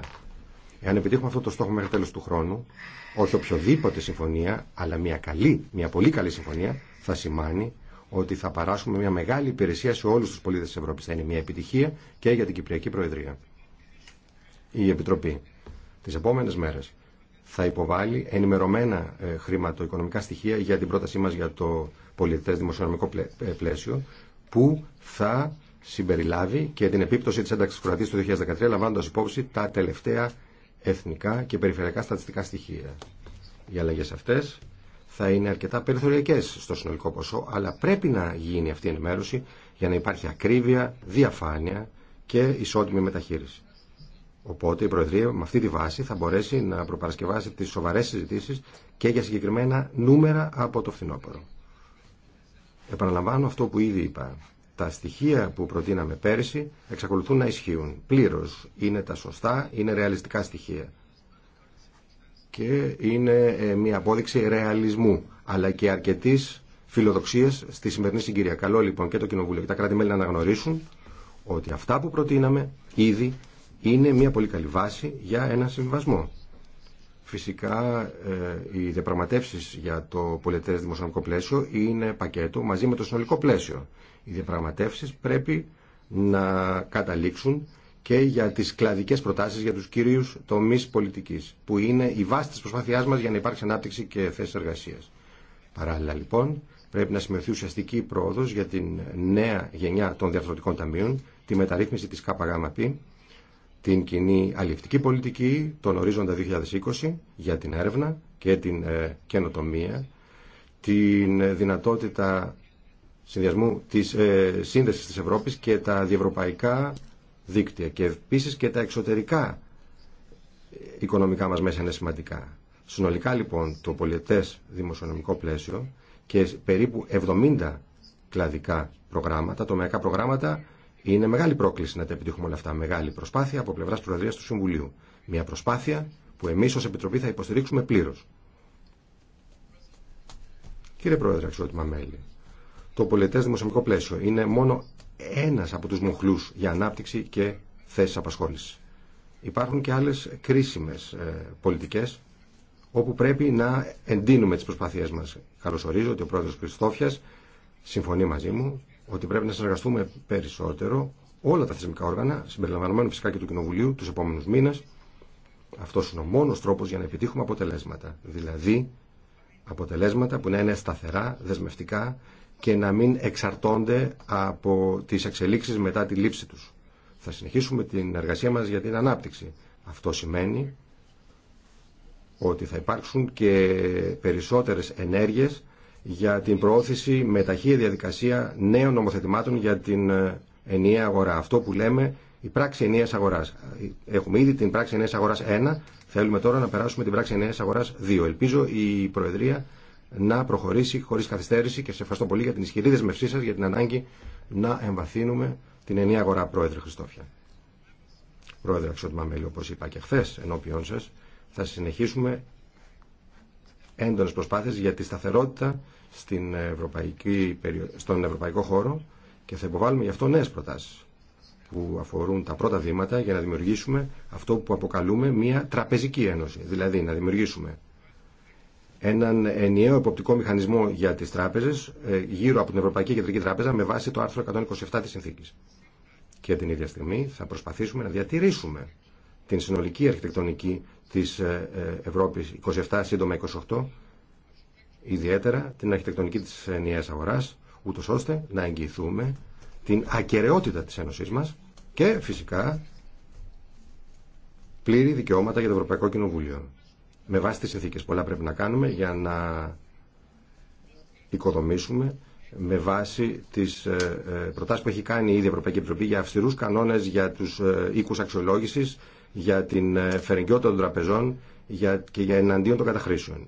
Εάν επιτύχουμε αυτό το στόχο μέχρι τέλο του χρόνου, όχι οποιοδήποτε συμφωνία, αλλά μια καλή, μια πολύ καλή συμφωνία, θα σημάνει ότι θα παράσουμε μια μεγάλη υπηρεσία σε όλου του πολίτε τη Ευρώπη. Θα είναι μια επιτυχία και για την Κυπριακή Προεδρία. Η Επιτροπή τις επόμενε μέρε θα υποβάλει ενημερωμένα ε, χρηματοοικονομικά στοιχεία για την πρότασή μα για το πολιτέ δημοσιονομικό ε, πλαίσιο που θα συμπεριλάβει και την επίπτωση της ένταξης της Κροατίας το 2013 λαμβάνοντας υπόψη τα τελευταία εθνικά και περιφερειακά στατιστικά στοιχεία. Οι αλλαγές αυτές θα είναι αρκετά περιθωριακές στο συνολικό ποσό, αλλά πρέπει να γίνει αυτή η ενημέρωση για να υπάρχει ακρίβεια, διαφάνεια και ισότιμη μεταχείριση. Οπότε η Προεδρία με αυτή τη βάση θα μπορέσει να προπαρασκευάσει τις σοβαρές συζητήσεις και για συγκεκριμένα νούμερα από το φθινόπωρο. Επαναλαμβάνω αυτό που ήδη είπα τα στοιχεία που προτείναμε πέρσι εξακολουθούν να ισχύουν πλήρως. Είναι τα σωστά, είναι ρεαλιστικά στοιχεία. Και είναι ε, μια απόδειξη ρεαλισμού, αλλά και αρκετή φιλοδοξίας στη σημερινή συγκυρία. Καλό λοιπόν και το Κοινοβούλιο και τα κράτη-μέλη να αναγνωρίσουν ότι αυτά που προτείναμε ήδη είναι μια πολύ καλή βάση για ένα συμβασμό. Φυσικά ε, οι διαπραγματεύσει για το πολιτέ δημοσιονομικό πλαίσιο είναι πακέτο μαζί με το συνολικό πλαίσιο. Οι διαπραγματεύσεις πρέπει να καταλήξουν και για τις κλαδικές προτάσεις για τους κυρίους τομείς πολιτικής, που είναι η βάση της προσπάθειάς μας για να υπάρξει ανάπτυξη και θέσεις εργασίας. Παράλληλα λοιπόν, πρέπει να σημειωθεί ουσιαστική πρόοδος για την νέα γενιά των διαφορετικών ταμείων, τη μεταρρύθμιση της ΚΑΠΑΓΑΜΑΠΗ, την κοινή αλληλευτική πολιτική, τον ορίζοντα 2020 για την έρευνα και την ε, καινοτομία, την δυνατότητα συνδυασμού της ε, σύνδεσης της Ευρώπης και τα διευρωπαϊκά δίκτυα και επίσης και τα εξωτερικά οικονομικά μας μέσα είναι σημαντικά. Συνολικά λοιπόν το πολιτές δημοσιονομικό πλαίσιο και περίπου 70 κλαδικά προγράμματα, τομεακά προγράμματα είναι μεγάλη πρόκληση να τα επιτύχουμε όλα αυτά. Μεγάλη προσπάθεια από πλευρά Προεδρία του Συμβουλίου. Μια προσπάθεια που εμεί ω Επιτροπή θα υποστηρίξουμε πλήρω. Κύριε Πρόεδρε, αξιότιμα μέλη, το πολιτέ δημοσιονομικό πλαίσιο. Είναι μόνο ένα από του μοχλού για ανάπτυξη και θέσει απασχόληση. Υπάρχουν και άλλες κρίσιμες ε, πολιτικέ όπου πρέπει να εντείνουμε τις προσπάθειές μας. Καλωσορίζω ότι ο πρόεδρος Χριστόφια συμφωνεί μαζί μου ότι πρέπει να συνεργαστούμε περισσότερο όλα τα θεσμικά όργανα, συμπεριλαμβανομένου φυσικά και του Κοινοβουλίου, του επόμενου μήνε. Αυτό είναι ο μόνο τρόπο για να επιτύχουμε αποτελέσματα. Δηλαδή, αποτελέσματα που να είναι σταθερά, δεσμευτικά και να μην εξαρτώνται από τις εξελίξεις μετά τη λήψη τους. Θα συνεχίσουμε την εργασία μας για την ανάπτυξη. Αυτό σημαίνει ότι θα υπάρξουν και περισσότερες ενέργειες για την προώθηση με ταχεία διαδικασία νέων νομοθετημάτων για την ε, ενιαία αγορά. Αυτό που λέμε η πράξη ενιαία αγορά. Έχουμε ήδη την πράξη ενιαία αγορά 1. Θέλουμε τώρα να περάσουμε την πράξη ενιαία αγορά 2. Ελπίζω η Προεδρία να προχωρήσει χωρίς καθυστέρηση και σε ευχαριστώ πολύ για την ισχυρή δεσμευσή σας για την ανάγκη να εμβαθύνουμε την ενιαία αγορά, Πρόεδρε Χριστόφια. Πρόεδρε Αξιότιμα Μέλη, όπως είπα και χθε ενώπιον σας, θα συνεχίσουμε έντονες προσπάθειες για τη σταθερότητα στην ευρωπαϊκή, στον ευρωπαϊκό χώρο και θα υποβάλουμε γι' αυτό νέες προτάσεις που αφορούν τα πρώτα βήματα για να δημιουργήσουμε αυτό που αποκαλούμε μια τραπεζική ένωση. Δηλαδή να δημιουργήσουμε έναν ενιαίο εποπτικό μηχανισμό για τις τράπεζες ε, γύρω από την Ευρωπαϊκή Κεντρική Τράπεζα με βάση το άρθρο 127 της συνθήκης. Και την ίδια στιγμή θα προσπαθήσουμε να διατηρήσουμε την συνολική αρχιτεκτονική της ε, ε, Ευρώπης 27, σύντομα 28, ιδιαίτερα την αρχιτεκτονική της ενιαίας αγοράς, ούτως ώστε να εγγυηθούμε την ακαιρεότητα της Ένωσής μας και φυσικά πλήρη δικαιώματα για το Ευρωπαϊκό Κοινοβούλιο με βάση τις ηθίκες. Πολλά πρέπει να κάνουμε για να οικοδομήσουμε με βάση τις ε, ε, προτάσεις που έχει κάνει η ίδια Ευρωπαϊκή Επιτροπή για αυστηρούς κανόνες για τους ε, οίκους αξιολόγησης, για την φερενκιότητα των τραπεζών και για εναντίον των καταχρήσεων.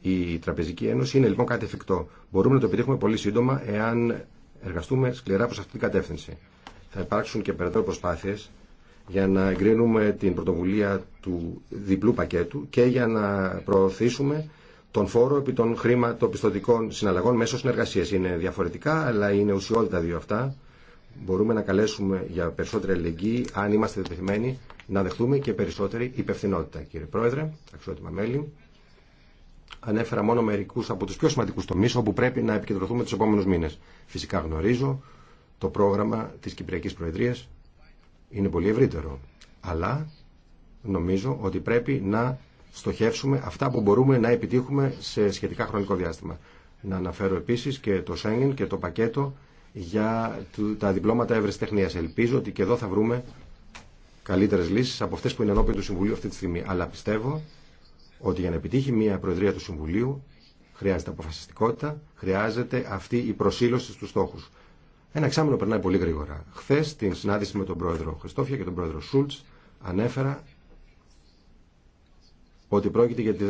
Η Τραπεζική Ένωση είναι λοιπόν κάτι εφικτό. Μπορούμε να το επιτύχουμε πολύ σύντομα εάν εργαστούμε σκληρά προς αυτή την κατεύθυνση. Θα υπάρξουν και περαιτέρω προσπάθειες για να εγκρίνουμε την πρωτοβουλία του διπλού πακέτου και για να προωθήσουμε τον φόρο επί των χρηματοπιστωτικών συναλλαγών μέσω συνεργασίας. Είναι διαφορετικά, αλλά είναι ουσιότητα δύο αυτά. Μπορούμε να καλέσουμε για περισσότερη ελεγγύη, αν είμαστε δεδεθειμένοι, να δεχτούμε και περισσότερη υπευθυνότητα. Κύριε Πρόεδρε, αξιότιμα μέλη, ανέφερα μόνο μερικού από του πιο σημαντικού τομεί όπου πρέπει να επικεντρωθούμε του επόμενου μήνε. Φυσικά γνωρίζω το πρόγραμμα τη Κυπριακή Προεδρία είναι πολύ ευρύτερο. Αλλά νομίζω ότι πρέπει να στοχεύσουμε αυτά που μπορούμε να επιτύχουμε σε σχετικά χρονικό διάστημα. Να αναφέρω επίσης και το Σέγγεν και το πακέτο για τα διπλώματα τεχνίας. Ελπίζω ότι και εδώ θα βρούμε καλύτερες λύσεις από αυτές που είναι ενώπιον του Συμβουλίου αυτή τη στιγμή. Αλλά πιστεύω ότι για να επιτύχει μια Προεδρία του Συμβουλίου χρειάζεται αποφασιστικότητα, χρειάζεται αυτή η προσήλωση στους στόχου. Ένα εξάμεινο περνάει πολύ γρήγορα. Χθε, στην συνάντηση με τον πρόεδρο Χριστόφια και τον πρόεδρο Σούλτ, ανέφερα ότι πρόκειται για τη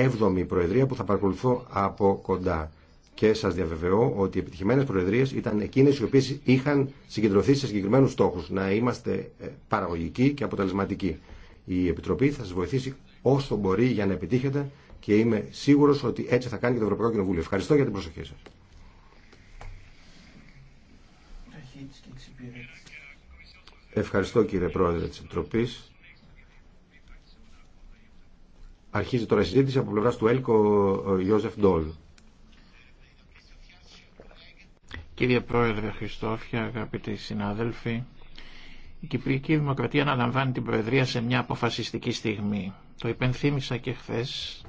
17η Προεδρία που θα παρακολουθώ από κοντά. Και σα διαβεβαιώ ότι οι επιτυχημένε Προεδρίε ήταν εκείνε οι οποίε είχαν συγκεντρωθεί σε συγκεκριμένου στόχου. Να είμαστε ε, παραγωγικοί και αποτελεσματικοί. Η Επιτροπή θα σα βοηθήσει όσο μπορεί για να επιτύχετε και είμαι σίγουρο ότι έτσι θα κάνει και το Ευρωπαϊκό Κοινοβούλιο. Ευχαριστώ για την προσοχή σα. Ευχαριστώ κύριε Πρόεδρε της Επιτροπής. Αρχίζει τώρα η συζήτηση από πλευράς του ΕΛΚΟ Ιώζεφ Ντόλ. Κύριε Πρόεδρε Χριστόφια, αγαπητοί συνάδελφοι, η Κυπριακή Δημοκρατία αναλαμβάνει την Προεδρία σε μια αποφασιστική στιγμή. Το υπενθύμησα και χθες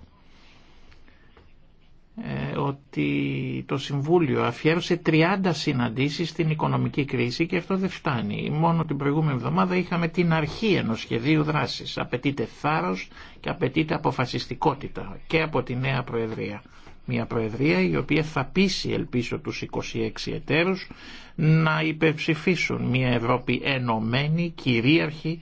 ε, ότι το Συμβούλιο αφιέρωσε 30 συναντήσεις στην οικονομική κρίση και αυτό δεν φτάνει. Μόνο την προηγούμενη εβδομάδα είχαμε την αρχή ενός σχεδίου δράσης. Απαιτείται θάρρος και απαιτείται αποφασιστικότητα και από τη νέα Προεδρία. Μια Προεδρία η οποία θα πείσει ελπίζω τους 26 εταίρους να υπερψηφίσουν μια Ευρώπη ενωμένη, κυρίαρχη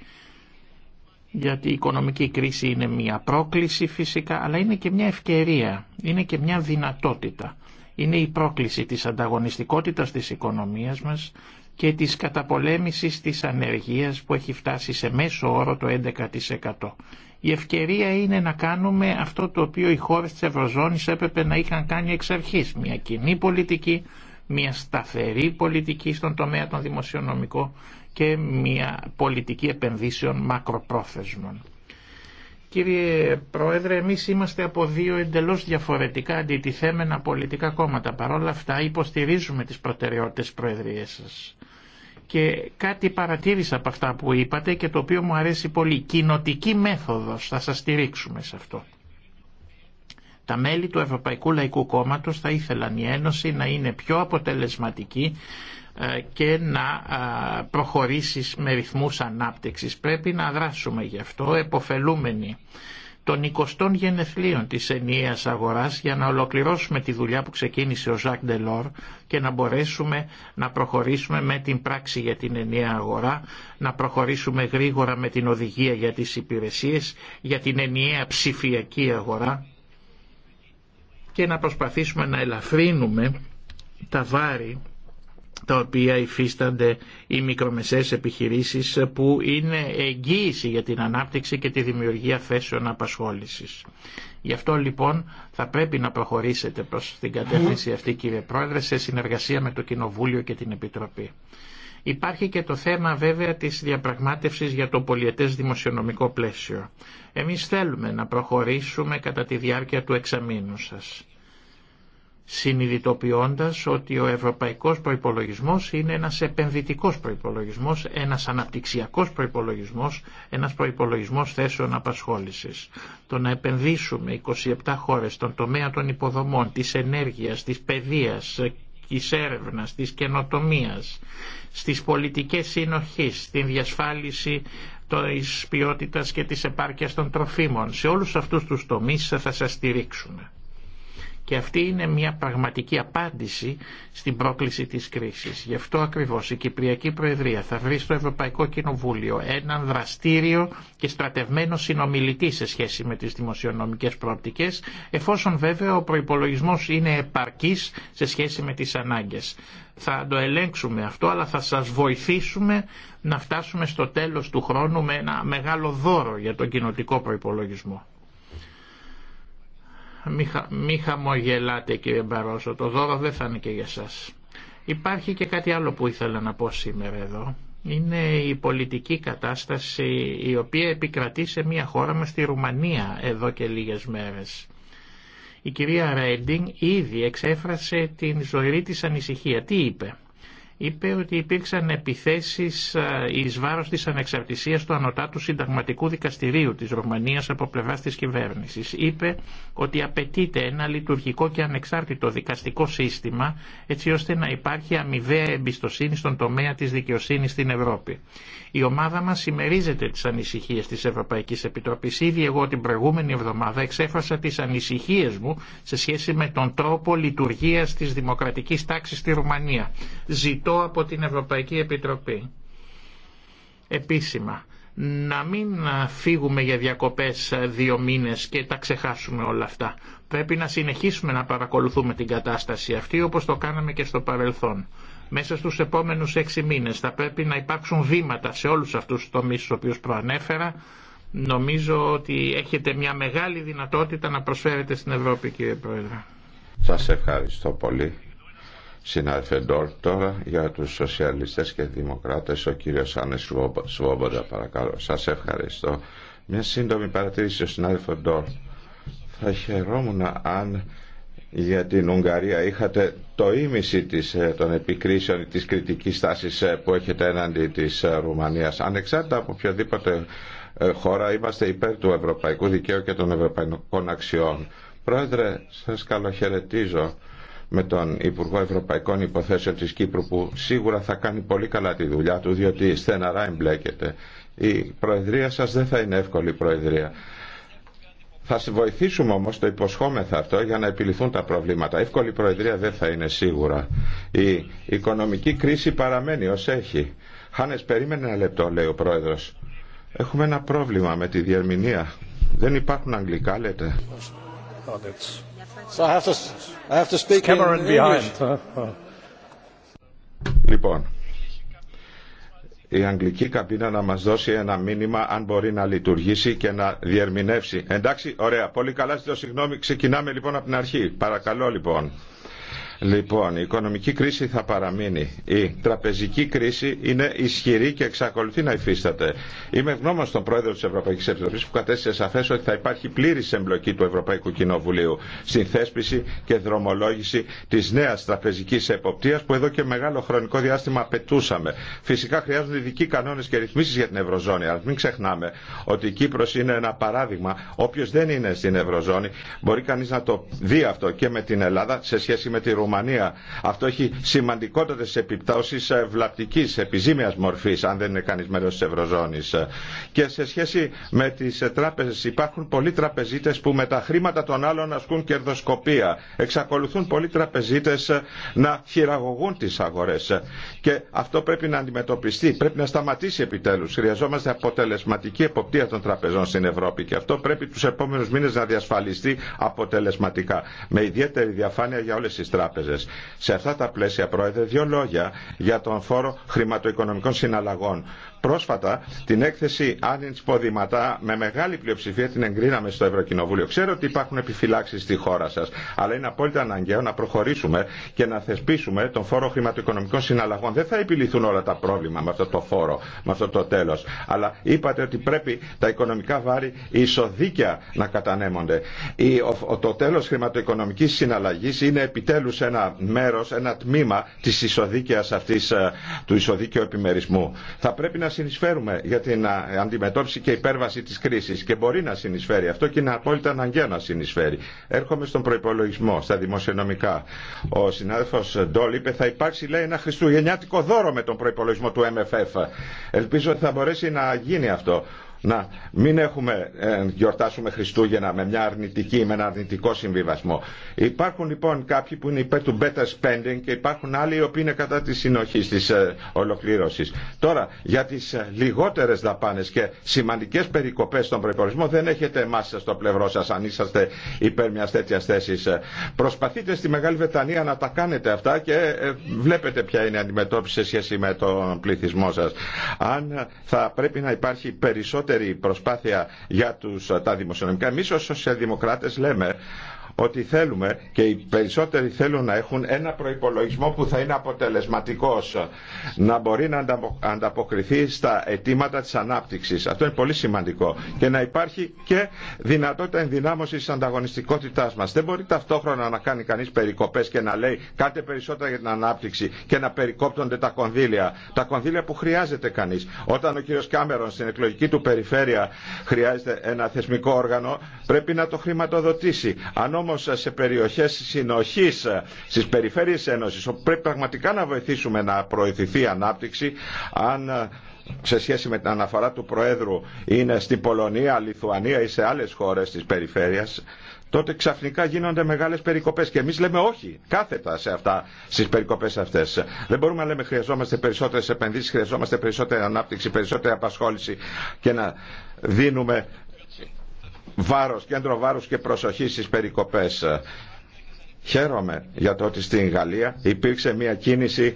γιατί η οικονομική κρίση είναι μια πρόκληση φυσικά, αλλά είναι και μια ευκαιρία, είναι και μια δυνατότητα. Είναι η πρόκληση της ανταγωνιστικότητας της οικονομίας μας και της καταπολέμησης της ανεργίας που έχει φτάσει σε μέσο όρο το 11%. Η ευκαιρία είναι να κάνουμε αυτό το οποίο οι χώρες της Ευρωζώνης έπρεπε να είχαν κάνει εξ αρχής, μια κοινή πολιτική, μια σταθερή πολιτική στον τομέα των δημοσιονομικών και μια πολιτική επενδύσεων μακροπρόθεσμων. Κύριε Πρόεδρε, εμείς είμαστε από δύο εντελώς διαφορετικά αντιτιθέμενα πολιτικά κόμματα. Παρ' όλα αυτά υποστηρίζουμε τις προτεραιότητες προεδρίας σας. Και κάτι παρατήρησα από αυτά που είπατε και το οποίο μου αρέσει πολύ. Κοινοτική μέθοδος, θα σας στηρίξουμε σε αυτό. Τα μέλη του Ευρωπαϊκού Λαϊκού Κόμματος θα ήθελαν η Ένωση να είναι πιο αποτελεσματική ε, και να ε, προχωρήσεις με ρυθμούς ανάπτυξης. Πρέπει να δράσουμε γι' αυτό, εποφελούμενοι των 20 γενεθλίων της ενιαίας αγοράς για να ολοκληρώσουμε τη δουλειά που ξεκίνησε ο Ζακ Ντελόρ και να μπορέσουμε να προχωρήσουμε με την πράξη για την ενιαία αγορά, να προχωρήσουμε γρήγορα με την οδηγία για τις υπηρεσίες, για την ενιαία ψηφιακή αγορά και να προσπαθήσουμε να ελαφρύνουμε τα βάρη τα οποία υφίστανται οι μικρομεσαίες επιχειρήσεις που είναι εγγύηση για την ανάπτυξη και τη δημιουργία θέσεων απασχόλησης. Γι' αυτό λοιπόν θα πρέπει να προχωρήσετε προς την κατεύθυνση αυτή κύριε Πρόεδρε σε συνεργασία με το Κοινοβούλιο και την Επιτροπή. Υπάρχει και το θέμα βέβαια της διαπραγμάτευσης για το πολιετές δημοσιονομικό πλαίσιο. Εμείς θέλουμε να προχωρήσουμε κατά τη διάρκεια του εξαμήνου σας συνειδητοποιώντας ότι ο ευρωπαϊκός προϋπολογισμός είναι ένας επενδυτικός προϋπολογισμός, ένας αναπτυξιακός προϋπολογισμός, ένας προϋπολογισμός θέσεων απασχόλησης. Το να επενδύσουμε 27 χώρες στον τομέα των υποδομών, της ενέργειας, της παιδείας, της έρευνας, της καινοτομίας, στι πολιτικές συνοχής, στην διασφάλιση της ποιότητας και της επάρκειας των τροφίμων. Σε όλους αυτούς τους τομείς θα σας στηρίξουμε. Και αυτή είναι μια πραγματική απάντηση στην πρόκληση της κρίσης. Γι' αυτό ακριβώς η Κυπριακή Προεδρία θα βρει στο Ευρωπαϊκό Κοινοβούλιο έναν δραστήριο και στρατευμένο συνομιλητή σε σχέση με τις δημοσιονομικές προοπτικές, εφόσον βέβαια ο προϋπολογισμός είναι επαρκής σε σχέση με τις ανάγκες. Θα το ελέγξουμε αυτό, αλλά θα σας βοηθήσουμε να φτάσουμε στο τέλος του χρόνου με ένα μεγάλο δώρο για τον κοινοτικό προϋπολογισμό. Μη, μη χαμογελάτε κύριε Μπαρόσο, το δώρο δεν θα είναι και για σας. Υπάρχει και κάτι άλλο που ήθελα να πω σήμερα εδώ. Είναι η πολιτική κατάσταση η οποία επικρατεί σε μια χώρα μας στη Ρουμανία εδώ και λίγες μέρες. Η κυρία Ρέντινγκ ήδη εξέφρασε την ζωηρή της ανησυχία. Τι είπε είπε ότι υπήρξαν επιθέσεις ε, εις βάρος της ανεξαρτησίας του Ανωτάτου Συνταγματικού Δικαστηρίου της Ρουμανίας από πλευράς της κυβέρνησης. Είπε ότι απαιτείται ένα λειτουργικό και ανεξάρτητο δικαστικό σύστημα έτσι ώστε να υπάρχει αμοιβαία εμπιστοσύνη στον τομέα της δικαιοσύνης στην Ευρώπη. Η ομάδα μας συμμερίζεται τις ανησυχίες της Ευρωπαϊκής Επιτροπής. Ήδη εγώ την προηγούμενη εβδομάδα εξέφρασα τις ανησυχίες μου σε σχέση με τον τρόπο λειτουργίας της δημοκρατικής τάξης στη Ρουμανία από την Ευρωπαϊκή Επιτροπή επίσημα. Να μην φύγουμε για διακοπές δύο μήνες και τα ξεχάσουμε όλα αυτά. Πρέπει να συνεχίσουμε να παρακολουθούμε την κατάσταση αυτή όπως το κάναμε και στο παρελθόν. Μέσα στους επόμενους έξι μήνες θα πρέπει να υπάρξουν βήματα σε όλους αυτούς τους τομείς στους οποίους προανέφερα. Νομίζω ότι έχετε μια μεγάλη δυνατότητα να προσφέρετε στην Ευρώπη κύριε Πρόεδρε. Σας ευχαριστώ πολύ. Συνάδελφε τώρα για τους σοσιαλιστές και δημοκράτες, ο κύριος Άννης Σουόμποντα παρακαλώ. Σας ευχαριστώ. Μια σύντομη παρατήρηση στον συνάδελφο Θα χαιρόμουν αν για την Ουγγαρία είχατε το ίμιση της, ε, των επικρίσεων της κριτικής στάσης ε, που έχετε έναντι της ε, Ρουμανίας. Ανεξάρτητα από οποιαδήποτε χώρα είμαστε υπέρ του ευρωπαϊκού δικαίου και των ευρωπαϊκών αξιών. Πρόεδρε, σας καλοχαιρετίζω με τον Υπουργό Ευρωπαϊκών Υποθέσεων της Κύπρου που σίγουρα θα κάνει πολύ καλά τη δουλειά του διότι στεναρά εμπλέκεται. Η Προεδρία σας δεν θα είναι εύκολη Προεδρία. Θα βοηθήσουμε όμως το υποσχόμεθα αυτό για να επιληθούν τα προβλήματα. Εύκολη Προεδρία δεν θα είναι σίγουρα. Η οικονομική κρίση παραμένει ως έχει. Χάνες περίμενε ένα λεπτό λέει ο Πρόεδρος. Έχουμε ένα πρόβλημα με τη διερμηνία. Δεν υπάρχουν αγγλικά λέτε. Λοιπόν, η αγγλική καμπίνα να μας δώσει ένα μήνυμα αν μπορεί να λειτουργήσει και να διερμηνεύσει. Εντάξει, ωραία, πολύ καλά, ζητώ συγγνώμη, ξεκινάμε λοιπόν από την αρχή. Παρακαλώ λοιπόν. Λοιπόν, η οικονομική κρίση θα παραμείνει. Η τραπεζική κρίση είναι ισχυρή και εξακολουθεί να υφίσταται. Είμαι ευγνώμων στον πρόεδρο τη Ευρωπαϊκή Επιτροπή που κατέστησε σαφέ ότι θα υπάρχει πλήρη εμπλοκή του Ευρωπαϊκού Κοινοβουλίου στην θέσπιση και δρομολόγηση τη νέα τραπεζική εποπτεία που εδώ και μεγάλο χρονικό διάστημα απαιτούσαμε. Φυσικά χρειάζονται ειδικοί κανόνε και ρυθμίσει για την Ευρωζώνη, αλλά μην ξεχνάμε ότι η Κύπρο είναι ένα παράδειγμα. Όποιο δεν είναι στην Ευρωζώνη μπορεί κανεί να το δει αυτό και με την Ελλάδα σε σχέση με τη Ρουμανία αυτό έχει σημαντικότερε επιπτώσει ε, βλαπτική, επιζήμια μορφή, αν δεν είναι κανεί μέρο τη Ευρωζώνη. Και σε σχέση με τι ε, τράπεζε, υπάρχουν πολλοί τραπεζίτε που με τα χρήματα των άλλων ασκούν κερδοσκοπία. Εξακολουθούν πολλοί τραπεζίτε ε, να χειραγωγούν τι αγορέ. Και αυτό πρέπει να αντιμετωπιστεί. Πρέπει να σταματήσει επιτέλου. Χρειαζόμαστε αποτελεσματική εποπτεία των τραπεζών στην Ευρώπη. Και αυτό πρέπει του επόμενου μήνε να διασφαλιστεί αποτελεσματικά. Με ιδιαίτερη διαφάνεια για όλε τι τράπεζε. Σε αυτά τα πλαίσια, Πρόεδρε, δύο λόγια για τον φόρο χρηματοοικονομικών συναλλαγών πρόσφατα την έκθεση Άνιντ Ποδηματά με μεγάλη πλειοψηφία την εγκρίναμε στο Ευρωκοινοβούλιο. Ξέρω ότι υπάρχουν επιφυλάξει στη χώρα σα, αλλά είναι απόλυτα αναγκαίο να προχωρήσουμε και να θεσπίσουμε τον φόρο χρηματοοικονομικών συναλλαγών. Δεν θα επιληθούν όλα τα πρόβλημα με αυτό το φόρο, με αυτό το τέλο. Αλλά είπατε ότι πρέπει τα οικονομικά βάρη ισοδίκια να κατανέμονται. Το τέλο χρηματοοικονομική συναλλαγή είναι επιτέλου ένα μέρο, ένα τμήμα τη ισοδίκαια αυτή ε, του ισοδίκαιου επιμερισμού. Θα πρέπει να συνεισφέρουμε για την αντιμετώπιση και υπέρβαση της κρίσης και μπορεί να συνεισφέρει αυτό και είναι απόλυτα αναγκαίο να συνεισφέρει. Έρχομαι στον προϋπολογισμό, στα δημοσιονομικά. Ο συνάδελφος Ντόλ είπε θα υπάρξει λέει ένα χριστουγεννιάτικο δώρο με τον προϋπολογισμό του MFF. Ελπίζω ότι θα μπορέσει να γίνει αυτό να μην έχουμε, ε, γιορτάσουμε Χριστούγεννα με, μια αρνητική, με ένα αρνητικό συμβιβασμό. Υπάρχουν λοιπόν κάποιοι που είναι υπέρ του better spending και υπάρχουν άλλοι οι οποίοι είναι κατά τη συνοχή τη ε, ολοκλήρωση. Τώρα, για τι ε, λιγότερε δαπάνε και σημαντικέ περικοπέ στον προπολογισμό δεν έχετε εμά στο πλευρό σα αν είσαστε υπέρ μια τέτοια θέση. Ε, προσπαθείτε στη Μεγάλη Βρετανία να τα κάνετε αυτά και ε, βλέπετε ποια είναι η αντιμετώπιση σε σχέση με τον πληθυσμό σα. Αν θα πρέπει να υπάρχει περισσότερο περισσότερη προσπάθεια για τους, τα δημοσιονομικά. Εμεί ως σοσιαλδημοκράτες λέμε ότι θέλουμε και οι περισσότεροι θέλουν να έχουν ένα προϋπολογισμό που θα είναι αποτελεσματικός, να μπορεί να ανταποκριθεί στα αιτήματα της ανάπτυξης. Αυτό είναι πολύ σημαντικό. Και να υπάρχει και δυνατότητα ενδυνάμωσης της ανταγωνιστικότητάς μας. Δεν μπορεί ταυτόχρονα να κάνει κανείς περικοπές και να λέει κάτι περισσότερα για την ανάπτυξη και να περικόπτονται τα κονδύλια. Τα κονδύλια που χρειάζεται κανείς. Όταν ο κύριος Κάμερον στην εκλογική του περιφέρεια χρειάζεται ένα θεσμικό όργανο, πρέπει να το χρηματοδοτήσει όμως σε περιοχές συνοχής, στις περιφέρειες Ένωσης, όπου πρέπει πραγματικά να βοηθήσουμε να προωθηθεί η ανάπτυξη, αν ε, σε σχέση με την αναφορά του Προέδρου είναι στην Πολωνία, Λιθουανία ή σε άλλες χώρες της περιφέρειας, τότε ξαφνικά γίνονται μεγάλε περικοπέ. Και εμεί λέμε όχι, κάθετα σε αυτά, στι περικοπέ αυτέ. Δεν μπορούμε να λέμε χρειαζόμαστε περισσότερε επενδύσει, χρειαζόμαστε περισσότερη ανάπτυξη, περισσότερη απασχόληση και να δίνουμε βάρος, κέντρο βάρους και προσοχή στις περικοπές. Χαίρομαι για το ότι στην Γαλλία υπήρξε μια κίνηση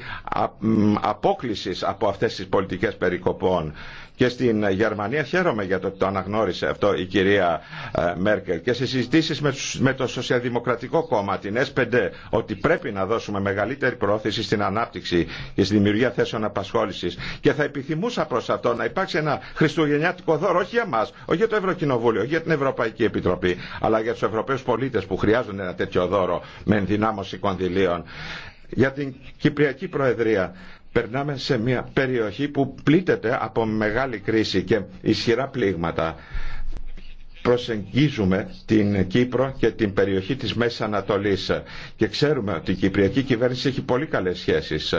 απόκλησης από αυτές τις πολιτικές περικοπών και στην Γερμανία χαίρομαι για το ότι το αναγνώρισε αυτό η κυρία ε, Μέρκελ και σε συζητήσεις με το Σοσιαδημοκρατικό Κόμμα, την S5, ότι πρέπει να δώσουμε μεγαλύτερη πρόθεση στην ανάπτυξη και στη δημιουργία θέσεων απασχόληση. Και θα επιθυμούσα προς αυτό να υπάρξει ένα χριστουγεννιάτικο δώρο, όχι για μας, όχι για το Ευρωκοινοβούλιο, όχι για την Ευρωπαϊκή Επιτροπή, αλλά για του Ευρωπαίου πολίτε που χρειάζονται ένα τέτοιο δώρο με ενδυνάμωση κονδυλίων για την Κυπριακή Προεδρία περνάμε σε μια περιοχή που πλήττεται από μεγάλη κρίση και ισχυρά πλήγματα προσεγγίζουμε την Κύπρο και την περιοχή της Μέσης Ανατολής και ξέρουμε ότι η Κυπριακή κυβέρνηση έχει πολύ καλές σχέσεις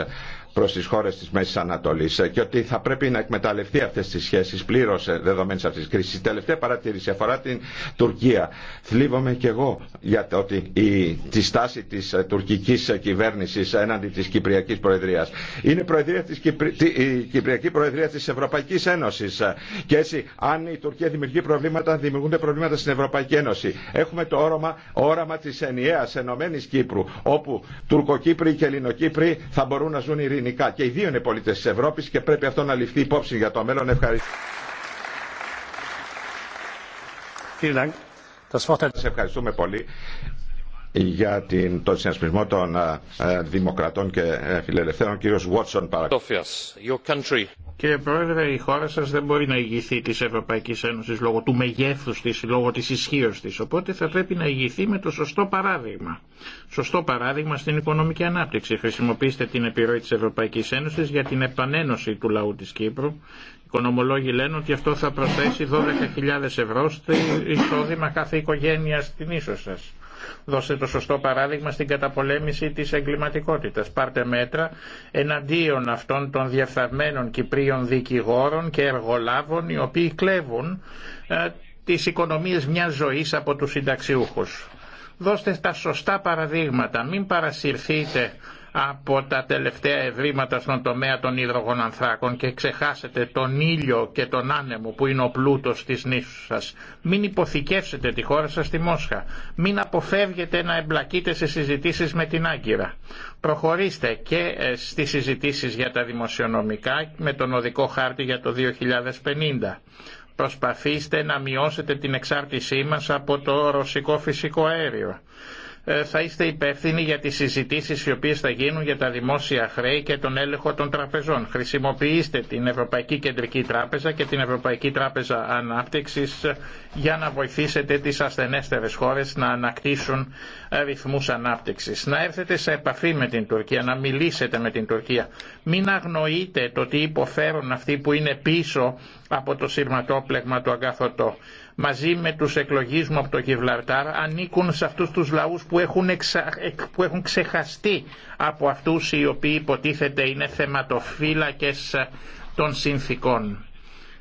προς τις χώρες της Μέσης Ανατολής ε, και ότι θα πρέπει να εκμεταλλευτεί αυτές τις σχέσεις πλήρως ε, δεδομένες αυτής της κρίσης. τελευταία παρατήρηση αφορά την Τουρκία. Θλίβομαι και εγώ για ότι η, τη στάση της ε, τουρκικής κυβέρνησης έναντι της Κυπριακής Προεδρίας. Είναι προεδρία της Κυπρι... η Κυπριακή Προεδρία της Ευρωπαϊκής Ένωσης και έτσι αν η Τουρκία δημιουργεί προβλήματα δημιουργούνται προβλήματα στην Ευρωπαϊκή Ένωση. Έχουμε το όραμα, όραμα της ενιαίας ενωμένης Κύπρου όπου Τουρκοκύπροι και Ελληνοκύπροι θα μπορούν να ζουν ειρήνη ελληνικά και οι δύο είναι πολίτες της Ευρώπης και πρέπει αυτό να ληφθεί υπόψη για το μέλλον. Ευχαριστώ. Σας ευχαριστούμε πολύ για την, το συνασπισμό των ε, ε, Δημοκρατών και ε, Φιλελευθέρων. Κύριος Βότσον παρακαλώ. Κύριε Πρόεδρε, η χώρα σας δεν μπορεί να ηγηθεί της Ευρωπαϊκής Ένωσης λόγω του μεγέθους της, λόγω της ισχύω της. Οπότε θα πρέπει να ηγηθεί με το σωστό παράδειγμα. Σωστό παράδειγμα στην οικονομική ανάπτυξη. Χρησιμοποιήστε την επιρροή της Ευρωπαϊκής Ένωσης για την επανένωση του λαού της Κύπρου. Οικονομολόγοι λένε ότι αυτό θα προσθέσει 12.000 ευρώ στο εισόδημα κάθε οικογένεια στην ίσο σας δώστε το σωστό παράδειγμα στην καταπολέμηση της εγκληματικότητας. Πάρτε μέτρα εναντίον αυτών των διαφθαρμένων Κυπρίων δικηγόρων και εργολάβων οι οποίοι κλέβουν ε, τις οικονομίες μιας ζωής από τους συνταξιούχους δώστε τα σωστά παραδείγματα, μην παρασυρθείτε από τα τελευταία ευρήματα στον τομέα των υδρογονανθράκων και ξεχάσετε τον ήλιο και τον άνεμο που είναι ο πλούτος της νήσου σας. Μην υποθηκεύσετε τη χώρα σας στη Μόσχα. Μην αποφεύγετε να εμπλακείτε σε συζητήσεις με την Άγκυρα. Προχωρήστε και ε, στις συζητήσεις για τα δημοσιονομικά με τον οδικό χάρτη για το 2050 προσπαθήστε να μειώσετε την εξάρτησή μας από το ρωσικό φυσικό αέριο. Ε, θα είστε υπεύθυνοι για τις συζητήσεις οι οποίες θα γίνουν για τα δημόσια χρέη και τον έλεγχο των τραπεζών. Χρησιμοποιήστε την Ευρωπαϊκή Κεντρική Τράπεζα και την Ευρωπαϊκή Τράπεζα Ανάπτυξης ε, για να βοηθήσετε τις ασθενέστερες χώρες να ανακτήσουν ε, ρυθμούς ανάπτυξης. Να έρθετε σε επαφή με την Τουρκία, να μιλήσετε με την Τουρκία. Μην αγνοείτε το τι υποφέρουν αυτοί που είναι πίσω από το σειρματόπλεγμα του αγκάθωτο μαζί με τους εκλογείς μου από το Γιβλαρτάρ ανήκουν σε αυτούς τους λαούς που έχουν, εξα... που έχουν ξεχαστεί από αυτούς οι οποίοι υποτίθεται είναι θεματοφύλακες ε, των συνθήκων.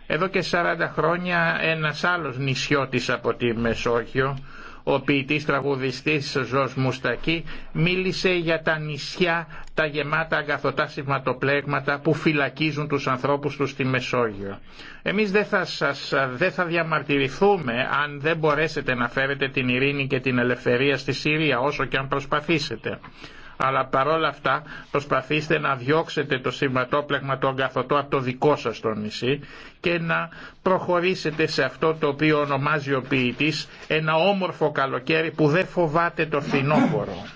Εδώ και 40 χρόνια ένας άλλος νησιώτης από τη Μεσόγειο ο ποιητή τραγουδιστή Ζω Μουστακή μίλησε για τα νησιά, τα γεμάτα αγκαθωτά σηματοπλέγματα που φυλακίζουν τους ανθρώπους του στη Μεσόγειο. Εμείς δεν θα, δεν θα διαμαρτυρηθούμε αν δεν μπορέσετε να φέρετε την ειρήνη και την ελευθερία στη Συρία όσο και αν προσπαθήσετε αλλά παρόλα αυτά προσπαθήστε να διώξετε το σηματόπλεγμα τον αγκαθωτό από το δικό σας το νησί και να προχωρήσετε σε αυτό το οποίο ονομάζει ο ποιητής ένα όμορφο καλοκαίρι που δεν φοβάται το φθινόπωρο.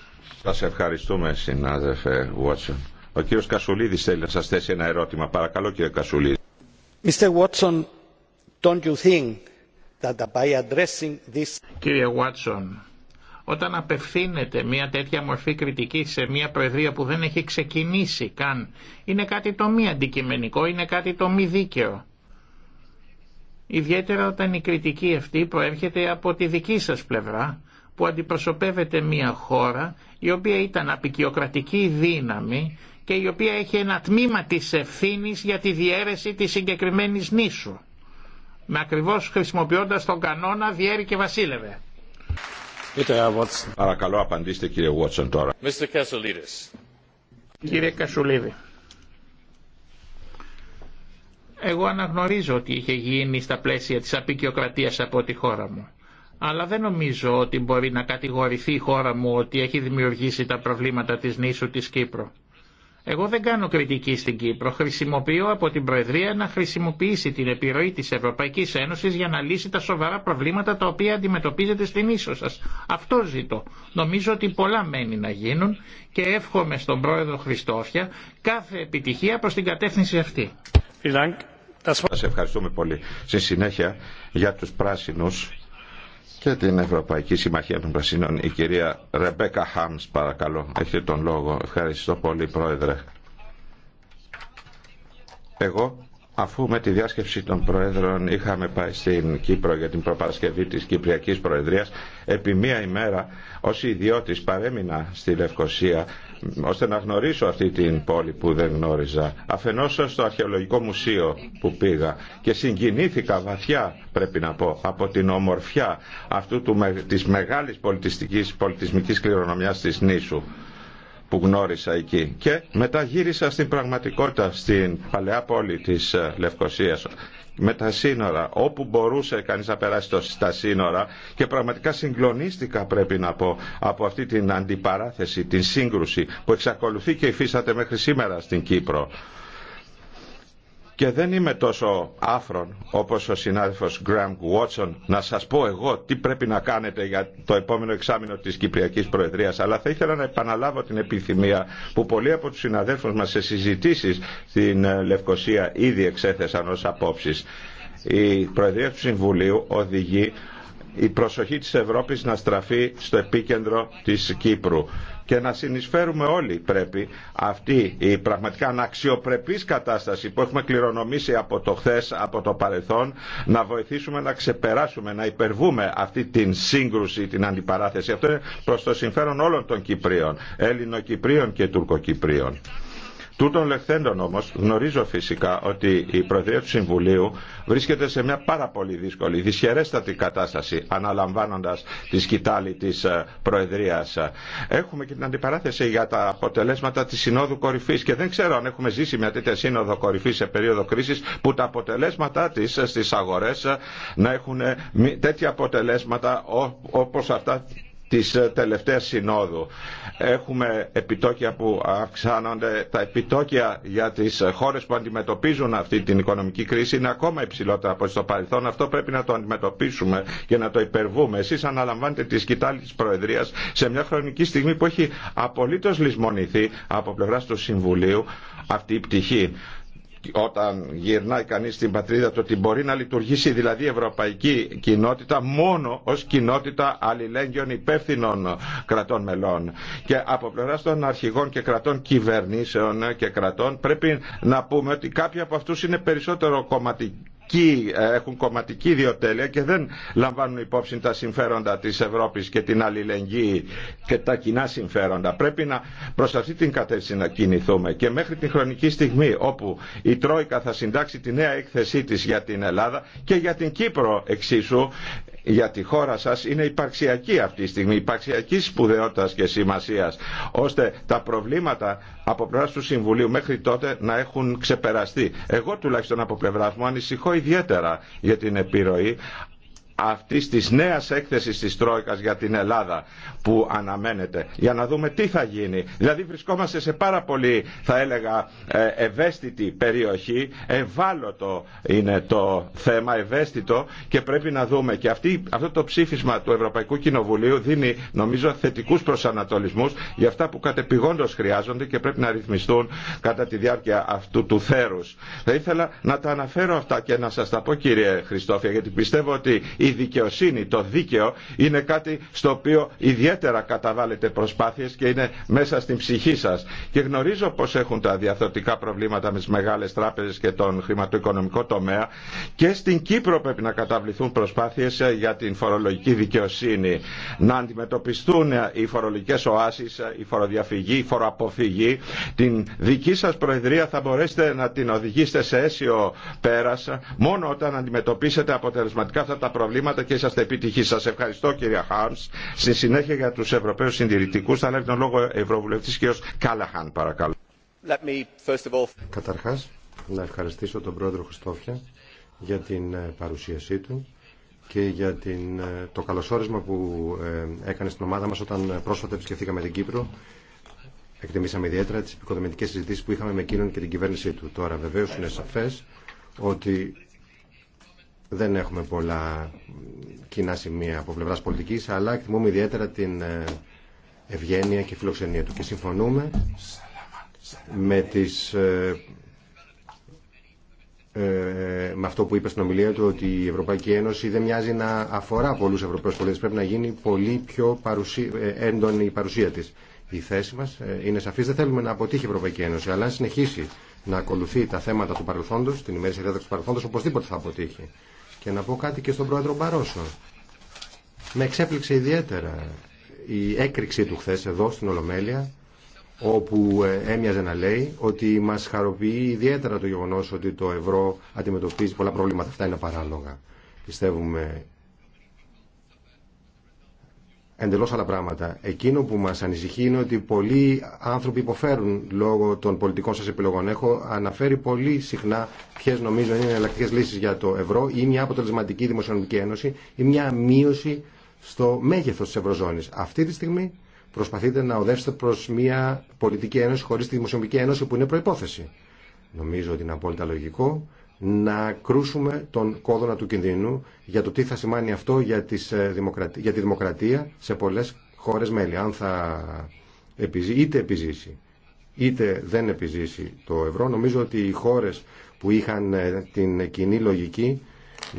Σας ευχαριστούμε συνάδελφε Βότσον. Ο κύριος Κασουλίδης θέλει να σας θέσει ένα ερώτημα. Παρακαλώ κύριε Κασουλίδη. Mr. Watson, don't you think that by addressing this... Κύριε Watson, όταν απευθύνεται μια τέτοια μορφή κριτική σε μια προεδρία που δεν έχει ξεκινήσει καν, είναι κάτι το μη αντικειμενικό, είναι κάτι το μη δίκαιο. Ιδιαίτερα όταν η κριτική αυτή προέρχεται από τη δική σας πλευρά, που αντιπροσωπεύεται μια χώρα η οποία ήταν απεικιοκρατική δύναμη και η οποία έχει ένα τμήμα της ευθύνη για τη διέρεση της συγκεκριμένης νήσου. Με ακριβώς χρησιμοποιώντας τον κανόνα διέρη και βασίλευε. Ε, Παρακαλώ απαντήστε κύριε τώρα. Κύριε Κασουλίδη, εγώ αναγνωρίζω ότι είχε γίνει στα πλαίσια της απεικιοκρατίας από τη χώρα μου. Αλλά δεν νομίζω ότι μπορεί να κατηγορηθεί η χώρα μου ότι έχει δημιουργήσει τα προβλήματα της νήσου της Κύπρου. Εγώ δεν κάνω κριτική στην Κύπρο. Χρησιμοποιώ από την Προεδρία να χρησιμοποιήσει την επιρροή της Ευρωπαϊκής Ένωσης για να λύσει τα σοβαρά προβλήματα τα οποία αντιμετωπίζετε στην ίσο σα. Αυτό ζητώ. Νομίζω ότι πολλά μένει να γίνουν και εύχομαι στον Πρόεδρο Χριστόφια κάθε επιτυχία προς την κατεύθυνση αυτή και την Ευρωπαϊκή Συμμαχία των Πρασινών. Η κυρία Ρεμπέκα Χάμς, παρακαλώ. Έχετε τον λόγο. Ευχαριστώ πολύ, Πρόεδρε. Εγώ, αφού με τη διάσκεψη των Προέδρων είχαμε πάει στην Κύπρο για την προπαρασκευή της Κυπριακής Προεδρίας, επί μία ημέρα ως ιδιώτης παρέμεινα στη Λευκοσία ώστε να γνωρίσω αυτή την πόλη που δεν γνώριζα. Αφενός στο αρχαιολογικό μουσείο που πήγα και συγκινήθηκα βαθιά πρέπει να πω από την ομορφιά αυτού του, της μεγάλης πολιτιστικής, πολιτισμικής κληρονομιάς της νήσου που γνώρισα εκεί. Και μετά γύρισα στην πραγματικότητα, στην παλαιά πόλη της ε, Λευκοσίας με τα σύνορα, όπου μπορούσε κανείς να περάσει στα σύνορα και πραγματικά συγκλονίστηκα πρέπει να πω από αυτή την αντιπαράθεση, την σύγκρουση που εξακολουθεί και υφίσταται μέχρι σήμερα στην Κύπρο. Και δεν είμαι τόσο άφρον όπως ο συνάδελφος Γκραμ Γουότσον να σας πω εγώ τι πρέπει να κάνετε για το επόμενο εξάμεινο της Κυπριακής Προεδρίας. Αλλά θα ήθελα να επαναλάβω την επιθυμία που πολλοί από τους συναδέλφους μας σε συζητήσεις στην ε, Λευκοσία ήδη εξέθεσαν ως απόψεις. Η Προεδρία του Συμβουλίου οδηγεί η προσοχή της Ευρώπης να στραφεί στο επίκεντρο της Κύπρου και να συνεισφέρουμε όλοι πρέπει αυτή η πραγματικά αναξιοπρεπής κατάσταση που έχουμε κληρονομήσει από το χθε, από το παρελθόν, να βοηθήσουμε να ξεπεράσουμε, να υπερβούμε αυτή την σύγκρουση, την αντιπαράθεση. Αυτό είναι προς το συμφέρον όλων των Κυπρίων, Έλληνο-Κυπρίων και Τουρκοκυπρίων. Τούτων λεχθέντων όμως γνωρίζω φυσικά ότι η Προεδρία του Συμβουλίου βρίσκεται σε μια πάρα πολύ δύσκολη, δυσχερέστατη κατάσταση αναλαμβάνοντας τη σκητάλη της ε, Προεδρίας. Έχουμε και την αντιπαράθεση για τα αποτελέσματα της Συνόδου Κορυφής και δεν ξέρω αν έχουμε ζήσει μια τέτοια Σύνοδο Κορυφής σε περίοδο κρίσης που τα αποτελέσματά της ε, στις αγορές ε, να έχουν τέτοια αποτελέσματα όπως αυτά της ε, τελευταίας συνόδου. Έχουμε επιτόκια που αυξάνονται. Τα επιτόκια για τις χώρες που αντιμετωπίζουν αυτή την οικονομική κρίση είναι ακόμα υψηλότερα από στο παρελθόν. Αυτό πρέπει να το αντιμετωπίσουμε και να το υπερβούμε. Εσείς αναλαμβάνετε τη σκητάλη της Προεδρίας σε μια χρονική στιγμή που έχει απολύτως λησμονηθεί από πλευράς του Συμβουλίου αυτή η πτυχή όταν γυρνάει κανείς στην πατρίδα του ότι μπορεί να λειτουργήσει δηλαδή η ευρωπαϊκή κοινότητα μόνο ως κοινότητα αλληλέγγυων υπεύθυνων κρατών μελών. Και από πλευρά των αρχηγών και κρατών κυβερνήσεων και κρατών πρέπει να πούμε ότι κάποιοι από αυτούς είναι περισσότερο κομματικοί κομματική, ε, έχουν κομματική ιδιοτέλεια και δεν λαμβάνουν υπόψη τα συμφέροντα της Ευρώπης και την αλληλεγγύη και τα κοινά συμφέροντα. Πρέπει να προς αυτή την κατεύθυνση να κινηθούμε και μέχρι την χρονική στιγμή όπου η Τρόικα θα συντάξει τη νέα έκθεσή της για την Ελλάδα και για την Κύπρο εξίσου για τη χώρα σας είναι υπαρξιακή αυτή τη στιγμή, υπαρξιακή σπουδαιότητας και σημασίας, ώστε τα προβλήματα από πλευρά του Συμβουλίου μέχρι τότε να έχουν ξεπεραστεί. Εγώ τουλάχιστον από πλευρά μου ανησυχώ ιδιαίτερα για την επιρροή αυτή της νέας έκθεσης της Τρόικας για την Ελλάδα που αναμένεται για να δούμε τι θα γίνει. Δηλαδή βρισκόμαστε σε πάρα πολύ θα έλεγα ε, ευαίσθητη περιοχή, ευάλωτο είναι το θέμα, ευαίσθητο και πρέπει να δούμε και αυτό το ψήφισμα του Ευρωπαϊκού Κοινοβουλίου δίνει νομίζω θετικούς προσανατολισμούς για αυτά που κατεπηγόντως χρειάζονται και πρέπει να ρυθμιστούν κατά τη διάρκεια αυτού του θέρους. Θα ήθελα να τα αναφέρω αυτά και να σας τα πω κύριε Χριστόφια γιατί πιστεύω ότι η δικαιοσύνη, το δίκαιο είναι κάτι στο οποίο ιδιαίτερα καταβάλλετε προσπάθειες και είναι μέσα στην ψυχή σας. Και γνωρίζω πως έχουν τα διαθωτικά προβλήματα με τις μεγάλες τράπεζες και τον χρηματοοικονομικό τομέα και στην Κύπρο πρέπει να καταβληθούν προσπάθειες ε, για την φορολογική δικαιοσύνη. Να αντιμετωπιστούν ε, οι φορολογικές οάσεις, ε, η φοροδιαφυγή, η φοροαποφυγή. Την δική σας προεδρία θα μπορέσετε να την οδηγήσετε σε αίσιο πέρας μόνο όταν αντιμετωπίσετε αποτελεσματικά αυτά τα προβλήματα προβλήματα και είσαστε επιτυχεί. Σα ευχαριστώ κυρία Χάρμ. Στη συνέχεια για του Ευρωπαίου Συντηρητικού θα λέει τον λόγο Ευρωβουλευτή κ. Κάλαχαν, παρακαλώ. All... Καταρχά, να ευχαριστήσω τον πρόεδρο Χριστόφια για την ε, παρουσίασή του και για την, ε, το καλωσόρισμα που ε, έκανε στην ομάδα μας όταν πρόσφατα επισκεφθήκαμε την Κύπρο. Εκτιμήσαμε ιδιαίτερα τις επικοδομητικές συζητήσεις που είχαμε με εκείνον και την κυβέρνησή του. Τώρα βεβαίως είναι σαφές ότι δεν έχουμε πολλά κοινά σημεία από πλευρά πολιτική, αλλά εκτιμούμε ιδιαίτερα την ε, ευγένεια και φιλοξενία του και συμφωνούμε με, τις, ε, ε, με αυτό που είπε στην ομιλία του ότι η Ευρωπαϊκή Ένωση δεν μοιάζει να αφορά πολλούς Ευρωπαίους πολίτες πρέπει να γίνει πολύ πιο έντονη η παρουσία της η θέση μας είναι σαφής δεν θέλουμε να αποτύχει η Ευρωπαϊκή Ένωση αλλά αν συνεχίσει να ακολουθεί τα θέματα του παρελθόντος την ημέρηση διάταξη του παρελθόντος οπωσδήποτε θα αποτύχει και να πω κάτι και στον πρόεδρο Μπαρόσο. Με εξέπληξε ιδιαίτερα η έκρηξή του χθε εδώ στην Ολομέλεια όπου ε, έμοιαζε να λέει ότι μας χαροποιεί ιδιαίτερα το γεγονό ότι το ευρώ αντιμετωπίζει πολλά προβλήματα. Αυτά είναι παράλογα. Πιστεύουμε Εντελώ άλλα πράγματα. Εκείνο που μα ανησυχεί είναι ότι πολλοί άνθρωποι υποφέρουν λόγω των πολιτικών σα επιλογών. Έχω αναφέρει πολύ συχνά ποιε νομίζω είναι εναλλακτικέ λύσει για το ευρώ ή μια αποτελεσματική δημοσιονομική ένωση ή μια μείωση στο μέγεθο τη ευρωζώνης. Αυτή τη στιγμή προσπαθείτε να οδεύσετε προ μια πολιτική ένωση χωρί τη δημοσιονομική ένωση που είναι προπόθεση. Νομίζω ότι είναι απόλυτα λογικό να κρούσουμε τον κόδωνα του κινδύνου για το τι θα σημαίνει αυτό για, τις, ε, για τη δημοκρατία σε πολλές χώρες μέλη. Αν θα είτε επιζήσει είτε δεν επιζήσει το ευρώ, νομίζω ότι οι χώρες που είχαν ε, την κοινή λογική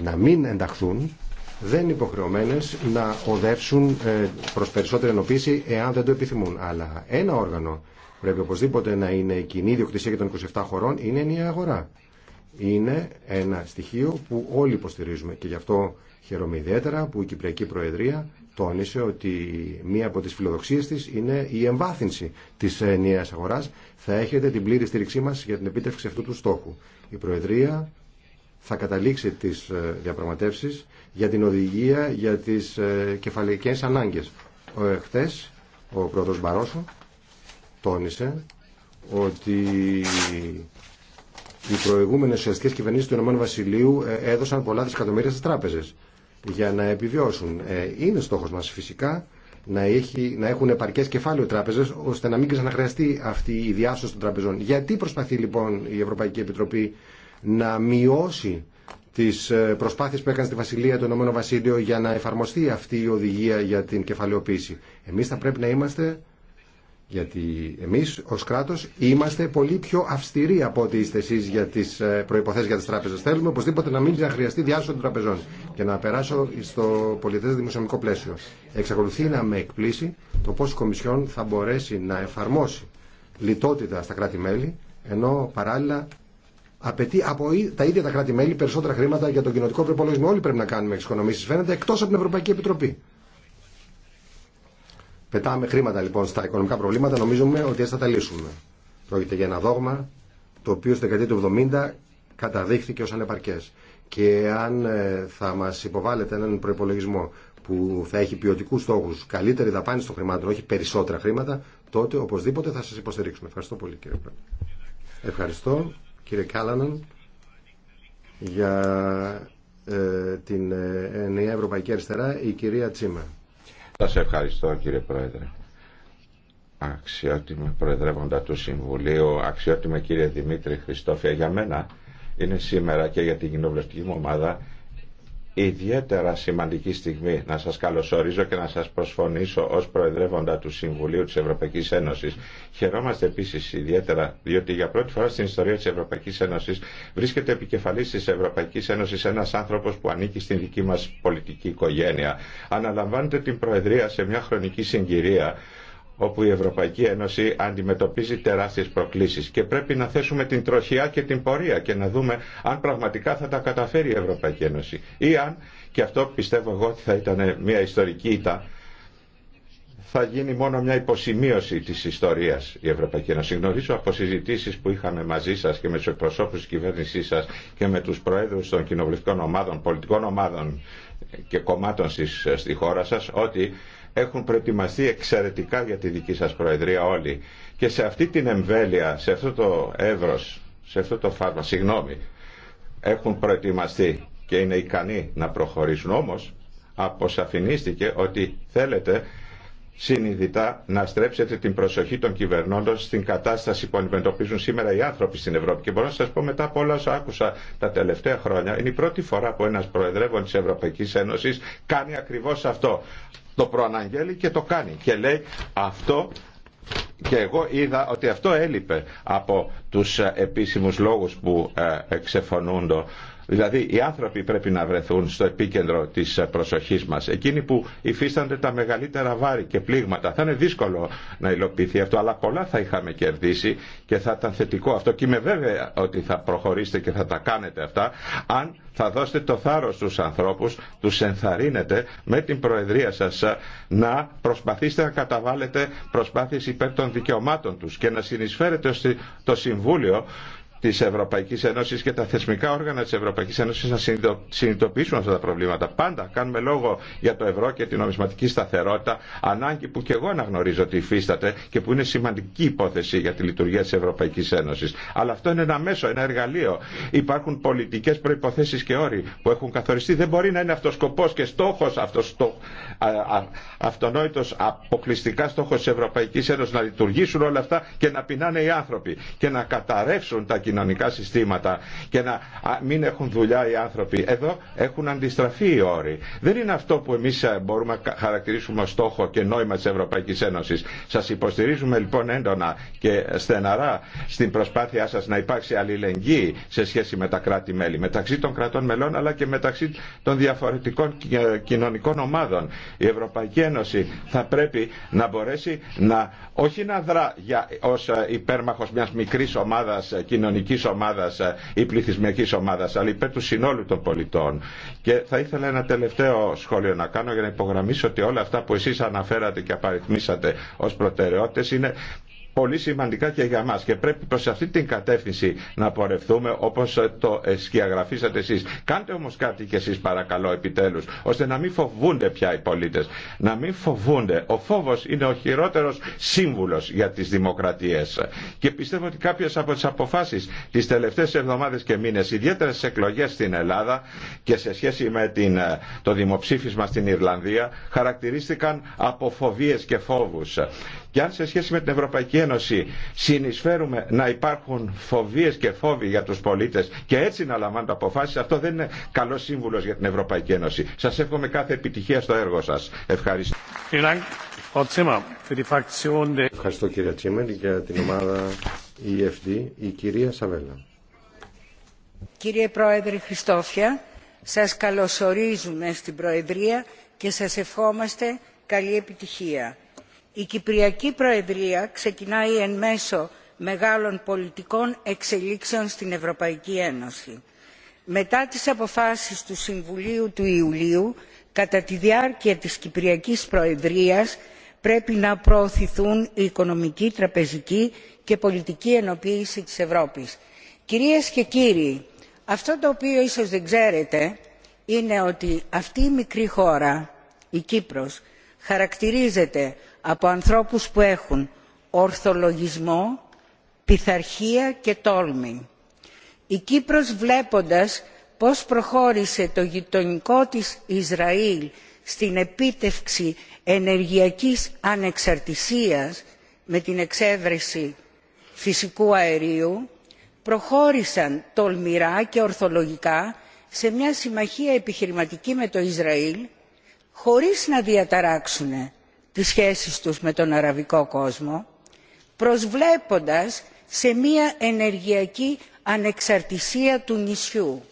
να μην ενταχθούν δεν είναι υποχρεωμένες να οδεύσουν ε, προς περισσότερη ενοποίηση εάν δεν το επιθυμούν. Αλλά ένα όργανο πρέπει οπωσδήποτε να είναι κοινή διοκτησία για των 27 χωρών είναι η αγορά είναι ένα στοιχείο που όλοι υποστηρίζουμε και γι' αυτό χαίρομαι ιδιαίτερα που η Κυπριακή Προεδρία τόνισε ότι μία από τις φιλοδοξίες της είναι η εμβάθυνση της ενιαίας αγοράς. Θα έχετε την πλήρη στήριξή μας για την επίτευξη αυτού του στόχου. Η Προεδρία θα καταλήξει τις ε, διαπραγματεύσεις για την οδηγία για τις ε, κεφαλικές ανάγκες. Ε, χθες ο πρόεδρος Μπαρόσο τόνισε ότι οι προηγούμενε ουσιαστικέ κυβερνήσει του Ηνωμένου Βασιλείου ε, έδωσαν πολλά δισεκατομμύρια στι τράπεζε για να επιβιώσουν. Ε, είναι στόχο μα φυσικά να, έχει, να έχουν επαρκέ κεφάλαιο τράπεζε ώστε να μην ξαναχρειαστεί αυτή η διάσωση των τραπεζών. Γιατί προσπαθεί λοιπόν η Ευρωπαϊκή Επιτροπή να μειώσει τι ε, προσπάθειε που έκανε στη Βασιλεία το Ηνωμένο Βασίλειο για να εφαρμοστεί αυτή η οδηγία για την κεφαλαιοποίηση. Εμεί θα πρέπει να είμαστε γιατί εμείς ως κράτος είμαστε πολύ πιο αυστηροί από ό,τι είστε εσείς για τις ε, προϋποθέσεις για τις τράπεζες. Θέλουμε οπωσδήποτε να μην χρειαστεί διάσωση των τραπεζών. Και να περάσω στο πολιτές δημοσιονομικό πλαίσιο. Εξακολουθεί να με εκπλήσει το πώς η Κομισιόν θα μπορέσει να εφαρμόσει λιτότητα στα κράτη-μέλη, ενώ παράλληλα απαιτεί από τα ίδια τα κράτη-μέλη περισσότερα χρήματα για τον κοινοτικό προπολογισμό. Όλοι πρέπει να κάνουμε εξοικονομήσει, φαίνεται, εκτό από την Ευρωπαϊκή Επιτροπή. Πετάμε χρήματα λοιπόν στα οικονομικά προβλήματα, νομίζουμε ότι έτσι θα τα λύσουμε. Πρόκειται για ένα δόγμα το οποίο στη δεκαετία του 70 καταδείχθηκε ω ανεπαρκέ. Και αν ε, θα μα υποβάλλετε έναν προπολογισμό που θα έχει ποιοτικού στόχου καλύτερη δαπάνη των χρημάτων, όχι περισσότερα χρήματα, τότε οπωσδήποτε θα σα υποστηρίξουμε. Ευχαριστώ πολύ κύριε Πρόεδρε. Ευχαριστώ κύριε Κάλαναν για ε, την ε, Νέα Ευρωπαϊκή Αριστερά, η κυρία Τσίμα. Σας ευχαριστώ κύριε Πρόεδρε. Αξιότιμη Προεδρεύοντα του Συμβουλίου, αξιότιμη κύριε Δημήτρη Χριστόφια, για μένα είναι σήμερα και για την κοινοβουλευτική μου ομάδα ιδιαίτερα σημαντική στιγμή να σας καλωσορίζω και να σας προσφωνήσω ως Προεδρεύοντα του Συμβουλίου της Ευρωπαϊκής Ένωσης. Χαιρόμαστε επίσης ιδιαίτερα διότι για πρώτη φορά στην ιστορία της Ευρωπαϊκής Ένωσης βρίσκεται επικεφαλής της Ευρωπαϊκής Ένωσης ένας άνθρωπος που ανήκει στην δική μας πολιτική οικογένεια. Αναλαμβάνετε την Προεδρία σε μια χρονική συγκυρία όπου η Ευρωπαϊκή Ένωση αντιμετωπίζει τεράστιες προκλήσεις και πρέπει να θέσουμε την τροχιά και την πορεία και να δούμε αν πραγματικά θα τα καταφέρει η Ευρωπαϊκή Ένωση ή αν, και αυτό πιστεύω εγώ ότι θα ήταν μια ιστορική ήττα, θα γίνει μόνο μια υποσημείωση τη ιστορία η Ευρωπαϊκή Ένωση. Γνωρίζω από συζητήσει που είχαμε μαζί σα και με του εκπροσώπου τη κυβέρνησή σα και με του προέδρου των κοινοβουλευτικών ομάδων, πολιτικών ομάδων και κομμάτων στη χώρα σα ότι έχουν προετοιμαστεί εξαιρετικά για τη δική σας Προεδρία όλοι. Και σε αυτή την εμβέλεια, σε αυτό το εύρος, σε αυτό το φάρμα, συγγνώμη, έχουν προετοιμαστεί και είναι ικανοί να προχωρήσουν. Όμως αποσαφηνίστηκε ότι θέλετε συνειδητά να στρέψετε την προσοχή των κυβερνώντων στην κατάσταση που αντιμετωπίζουν σήμερα οι άνθρωποι στην Ευρώπη. Και μπορώ να σα πω μετά από όλα όσα άκουσα τα τελευταία χρόνια, είναι η πρώτη φορά που ένα προεδρεύων τη Ευρωπαϊκή Ένωση κάνει ακριβώ αυτό το προαναγγέλει και το κάνει και λέει αυτό και εγώ είδα ότι αυτό έλειπε από τους ε, επίσημους λόγους που ε, το Δηλαδή οι άνθρωποι πρέπει να βρεθούν στο επίκεντρο της προσοχής μας. Εκείνοι που υφίστανται τα μεγαλύτερα βάρη και πλήγματα. Θα είναι δύσκολο να υλοποιηθεί αυτό, αλλά πολλά θα είχαμε κερδίσει και θα ήταν θετικό αυτό. Και είμαι βέβαια ότι θα προχωρήσετε και θα τα κάνετε αυτά, αν θα δώσετε το θάρρος στους ανθρώπους, τους ενθαρρύνετε με την Προεδρία σας να προσπαθήσετε να καταβάλλετε προσπάθειες υπέρ των δικαιωμάτων τους και να συνεισφέρετε στο Συμβούλιο της Ευρωπαϊκής Ένωσης και τα θεσμικά όργανα της Ευρωπαϊκής Ένωσης να συνειδητοποιήσουν αυτά τα προβλήματα. Πάντα κάνουμε λόγο για το ευρώ και την νομισματική σταθερότητα, ανάγκη που και εγώ αναγνωρίζω ότι υφίσταται και που είναι σημαντική υπόθεση για τη λειτουργία της Ευρωπαϊκής Ένωσης. Αλλά αυτό είναι ένα μέσο, ένα εργαλείο. Υπάρχουν πολιτικές προϋποθέσεις και όροι που έχουν καθοριστεί. Δεν μπορεί να είναι αυτός σκοπός και στόχος, αυτός το, αυτονόητος αποκλειστικά στόχος της Ευρωπαϊκής Ένωσης να λειτουργήσουν όλα αυτά και να πεινάνε οι άνθρωποι και να καταρρεύσουν τα κοινωνικά συστήματα και να μην έχουν δουλειά οι άνθρωποι. Εδώ έχουν αντιστραφεί οι όροι. Δεν είναι αυτό που εμεί ε, μπορούμε να χαρακτηρίσουμε στόχο και νόημα τη Ευρωπαϊκή Ένωση. Σα υποστηρίζουμε λοιπόν έντονα και στεναρά στην προσπάθειά σα να υπάρξει αλληλεγγύη σε σχέση με τα κράτη-μέλη, μεταξύ των κρατών μελών αλλά και μεταξύ των διαφορετικών ε, κοινωνικών ομάδων. Η Ευρωπαϊκή Ένωση θα πρέπει να μπορέσει να όχι να δρά ω ε, υπέρμαχο μια μικρή ομάδα ομάδας κοινωνικής ομάδας ε, ή πληθυσμιακής ομάδα, αλλά υπέρ του συνόλου των πολιτών. Και θα ήθελα ένα τελευταίο σχόλιο να κάνω για να υπογραμμίσω ότι όλα αυτά που εσείς αναφέρατε και απαριθμίσατε ως προτεραιότητες είναι πολύ σημαντικά και για μας και πρέπει προς αυτή την κατεύθυνση να πορευτούμε όπως το σκιαγραφίσατε εσείς. Κάντε όμως κάτι κι εσείς παρακαλώ επιτέλους ώστε να μην φοβούνται πια οι πολίτες. Να μην φοβούνται. Ο φόβος είναι ο χειρότερος σύμβουλος για τις δημοκρατίες. Και πιστεύω ότι κάποιες από τις αποφάσεις τις τελευταίες εβδομάδες και μήνες ιδιαίτερα στις εκλογές στην Ελλάδα και σε σχέση με την, ε, το δημοψήφισμα στην Ιρλανδία χαρακτηρίστηκαν από φοβίε και φόβου. Και αν σε σχέση με την Ευρωπαϊκή Ένωση συνεισφέρουμε να υπάρχουν φοβίε και φόβοι για του πολίτε και έτσι να λαμβάνουν αποφάσει, αυτό δεν είναι καλό σύμβουλο για την Ευρωπαϊκή Ένωση. Σα εύχομαι κάθε επιτυχία στο έργο σα. Ευχαριστώ. Ευχαριστώ κύριε Τσίμερ για την ομάδα EFD, η κυρία Σαβέλα. Κύριε Πρόεδρε Χριστόφια, σας καλωσορίζουμε στην Προεδρία και σας ευχόμαστε καλή επιτυχία η κυπριακή προεδρία ξεκινάει εν μέσω μεγάλων πολιτικών εξελίξεων στην ευρωπαϊκή ένωση. μετά τις αποφάσεις του συμβουλίου του ιουλίου κατά τη διάρκεια της κυπριακής προεδρίας πρέπει να προωθηθούν η οικονομική τραπεζική και πολιτική ενοποίηση της ευρώπης. κυρίες και κύριοι αυτό το οποίο ίσως δεν ξέρετε είναι ότι αυτή η μικρή χώρα η κύπρος χαρακτηρίζεται από ανθρώπους που έχουν ορθολογισμό, πειθαρχία και τόλμη. Η Κύπρος βλέποντας πώς προχώρησε το γειτονικό της Ισραήλ στην επίτευξη ενεργειακής ανεξαρτησίας με την εξέβρεση φυσικού αερίου προχώρησαν τολμηρά και ορθολογικά σε μια συμμαχία επιχειρηματική με το Ισραήλ χωρίς να διαταράξουν τις σχέσεις τους με τον αραβικό κόσμο προσβλέποντας σε μια ενεργειακή ανεξαρτησία του νησιού.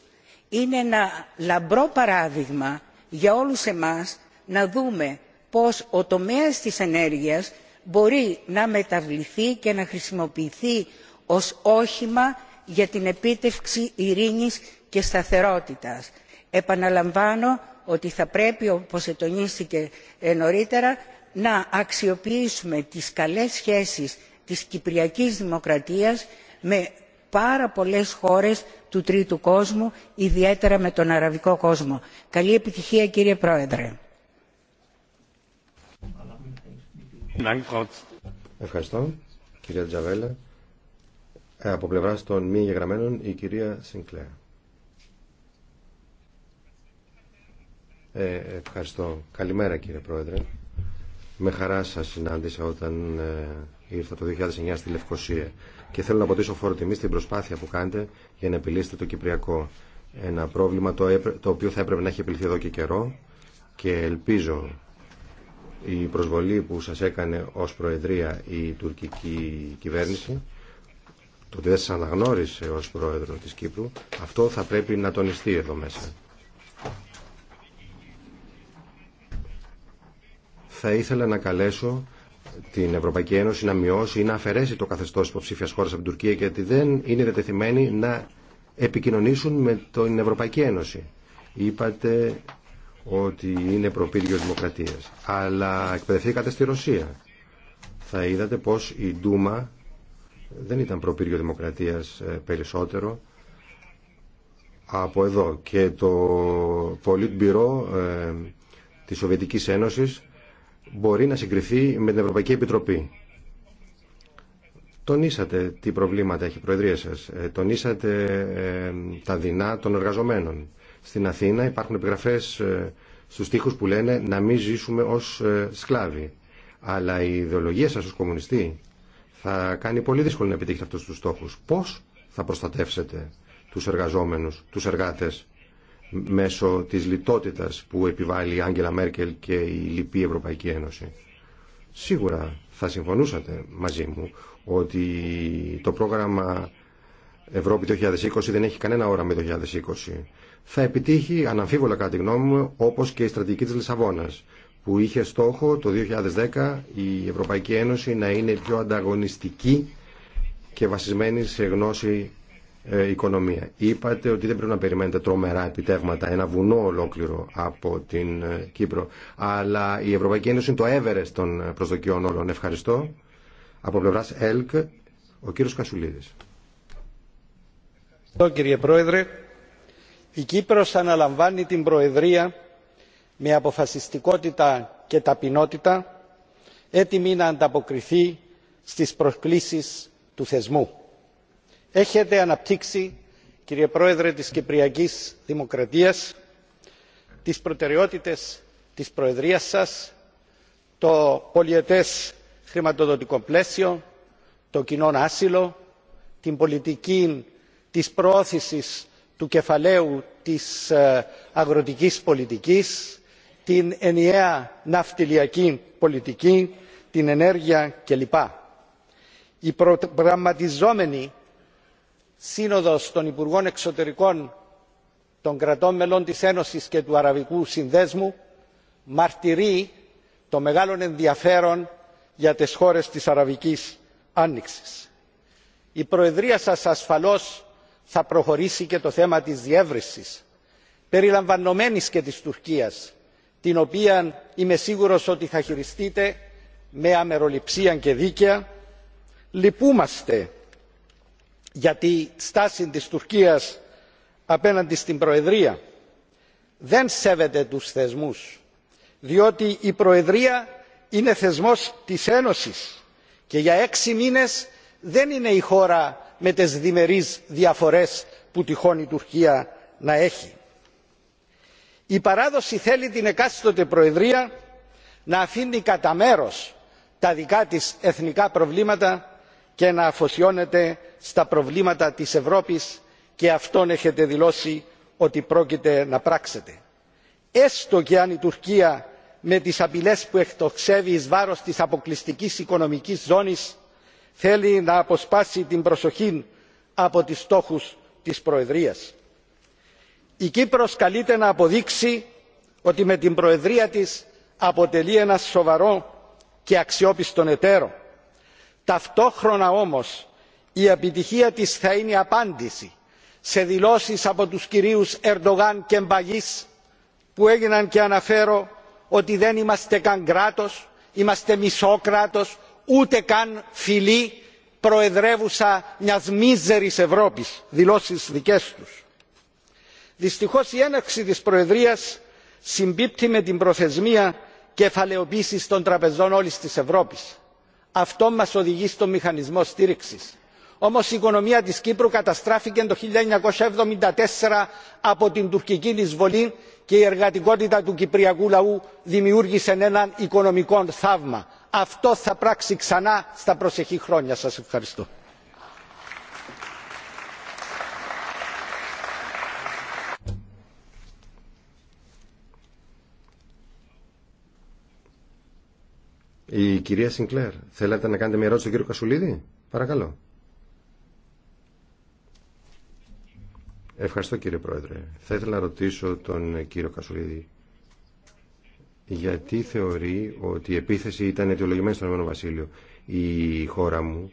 Είναι ένα λαμπρό παράδειγμα για όλους εμάς να δούμε πώς ο τομέας της ενέργειας μπορεί να μεταβληθεί και να χρησιμοποιηθεί ως όχημα για την επίτευξη ειρήνης και σταθερότητας. επαναλαμβάνω ότι θα πρέπει όπως ετονίστηκε νωρίτερα να αξιοποιήσουμε τις καλές σχέσεις της κυπριακής δημοκρατίας με πάρα πολλές χώρες του τρίτου κόσμου ιδιαίτερα με τον αραβικό κόσμο. καλή επιτυχία κύριε πρόεδρε. Ευχαριστώ κυρία Τζαβέλα. Ε, από πλευρά των μη εγγεγραμμένων η κυρία Σινκλέα. Ε, ευχαριστώ. Καλημέρα κύριε πρόεδρε. Με χαρά σας συνάντησα όταν ε, ήρθα το 2009 στη Λευκοσία και θέλω να αποτίσω φόρο τιμή στην προσπάθεια που κάνετε για να επιλύσετε το Κυπριακό. Ένα πρόβλημα το οποίο θα έπρεπε να έχει επιλυθεί εδώ και καιρό και ελπίζω η προσβολή που σας έκανε ως Προεδρία η τουρκική κυβέρνηση το ότι δεν σας αναγνώρισε ως Πρόεδρο της Κύπρου αυτό θα πρέπει να τονιστεί εδώ μέσα. θα ήθελα να καλέσω την Ευρωπαϊκή Ένωση να μειώσει ή να αφαιρέσει το καθεστώ τη υποψήφια χώρα από την Τουρκία γιατί δεν είναι διατεθειμένοι να επικοινωνήσουν με την Ευρωπαϊκή Ένωση. Είπατε ότι είναι προπήριο δημοκρατίας. Αλλά εκπαιδευθήκατε στη Ρωσία. Θα είδατε πως η Ντούμα δεν ήταν προπύργιο δημοκρατία ε, περισσότερο από εδώ. Και το Πολίτμπυρο ε, της Σοβιετικής Ένωσης μπορεί να συγκριθεί με την Ευρωπαϊκή Επιτροπή. Τονίσατε τι προβλήματα έχει η Προεδρία σας. Ε, τονίσατε ε, τα δεινά των εργαζομένων. Στην Αθήνα υπάρχουν επιγραφές ε, στους τοίχους που λένε να μην ζήσουμε ως σκλάβοι. Αλλά η ιδεολογία σας ως κομμουνιστή θα κάνει πολύ δύσκολο να επιτύχετε αυτούς τους στόχους. Πώς θα προστατεύσετε τους εργαζόμενους, τους εργάτες μέσω της λιτότητας που επιβάλλει η Άγγελα Μέρκελ και η λοιπή Ευρωπαϊκή Ένωση. Σίγουρα θα συμφωνούσατε μαζί μου ότι το πρόγραμμα Ευρώπη 2020 δεν έχει κανένα όραμα το 2020. Θα επιτύχει αναμφίβολα κατά τη γνώμη μου όπως και η στρατηγική της Λισαβόνας που είχε στόχο το 2010 η Ευρωπαϊκή Ένωση να είναι πιο ανταγωνιστική και βασισμένη σε γνώση ε, οικονομία. Είπατε ότι δεν πρέπει να περιμένετε τρομερά επιτεύγματα, ένα βουνό ολόκληρο από την ε, Κύπρο. Αλλά η Ευρωπαϊκή Ένωση είναι το έβερε των ε, προσδοκιών όλων. Ευχαριστώ. Από πλευρά ΕΛΚ, ο κύριο Κασουλίδη. Ευχαριστώ κύριε Πρόεδρε. Η Κύπρος αναλαμβάνει την Προεδρία με αποφασιστικότητα και ταπεινότητα, έτοιμη να ανταποκριθεί στις προκλήσεις του θεσμού έχετε αναπτύξει κύριε πρόεδρε της κυπριακής δημοκρατίας τις προτεραιότητες της προεδρίας σας το πολυετές χρηματοδοτικό πλαίσιο το κοινό άσυλο την πολιτική της προώθησης του κεφαλαίου της ε, αγροτικής πολιτικής την ενιαία ναυτιλιακή πολιτική την ενέργεια κλπ. η προγραμματιζόμενη σύνοδος των υπουργών εξωτερικών των κρατών μελών της ένωσης και του αραβικού συνδέσμου μαρτυρεί το μεγάλο ενδιαφέρον για τις χώρες της αραβικής άνοιξης. η προεδρία σας ασφαλώς θα προχωρήσει και το θέμα της διεύρυνσης περιλαμβανομένης και της τουρκίας την οποία είμαι σίγουρος ότι θα χειριστείτε με αμεροληψία και δίκαια. λυπούμαστε για τη στάση της τουρκίας απέναντι στην προεδρία δεν σέβεται τους θεσμούς διότι η προεδρία είναι θεσμός της ένωσης και για έξι μήνες δεν είναι η χώρα με τις διμερείς διαφορές που τυχόν η τουρκία να έχει. η παράδοση θέλει την εκάστοτε προεδρία να αφήνει κατά μέρο τα δικά της εθνικά προβλήματα και να αφοσιώνεται στα προβλήματα της ευρώπης και αυτόν έχετε δηλώσει ότι πρόκειται να πράξετε. έστω και αν η τουρκία με τις απειλές που εκτοξεύει εις βάρος της αποκλειστικής οικονομικής ζώνης θέλει να αποσπάσει την προσοχή από τους στόχους της προεδρίας. η κύπρος καλείται να αποδείξει ότι με την προεδρία της αποτελεί ένα σοβαρό και αξιόπιστο εταίρο. ταυτόχρονα όμως η επιτυχία της θα είναι η απάντηση σε δηλώσεις από τους κυρίους ερντογάν και Μπαγής που έγιναν και αναφέρω ότι δεν είμαστε καν κράτος είμαστε μισό κράτος ούτε καν φιλή προεδρεύουσα μιας μίζερης ευρώπης δηλώσεις δικές τους. δυστυχώς η έναρξη της προεδρίας συμπίπτει με την προθεσμία κεφαλαιοποίησης των τραπεζών όλης της ευρώπης. αυτό μας οδηγεί στον μηχανισμό στήριξης Όμω η οικονομία τη κύπρου καταστράφηκε το 1974 από την τουρκική εισβολή και η εργατικότητα του κυπριακού λαού δημιούργησε έναν οικονομικό θαύμα. αυτό θα πράξει ξανά στα προσεχή χρόνια. σας ευχαριστώ. Η κυρία Σινκλέρ, θέλετε να κάνετε μια ερώτηση στον κύριο Κασουλίδη. Παρακαλώ. Ευχαριστώ κύριε Πρόεδρε. Θα ήθελα να ρωτήσω τον κύριο Κασουλίδη γιατί θεωρεί ότι η επίθεση ήταν αιτιολογημένη στον Ηνωμένο Βασίλειο. Η χώρα μου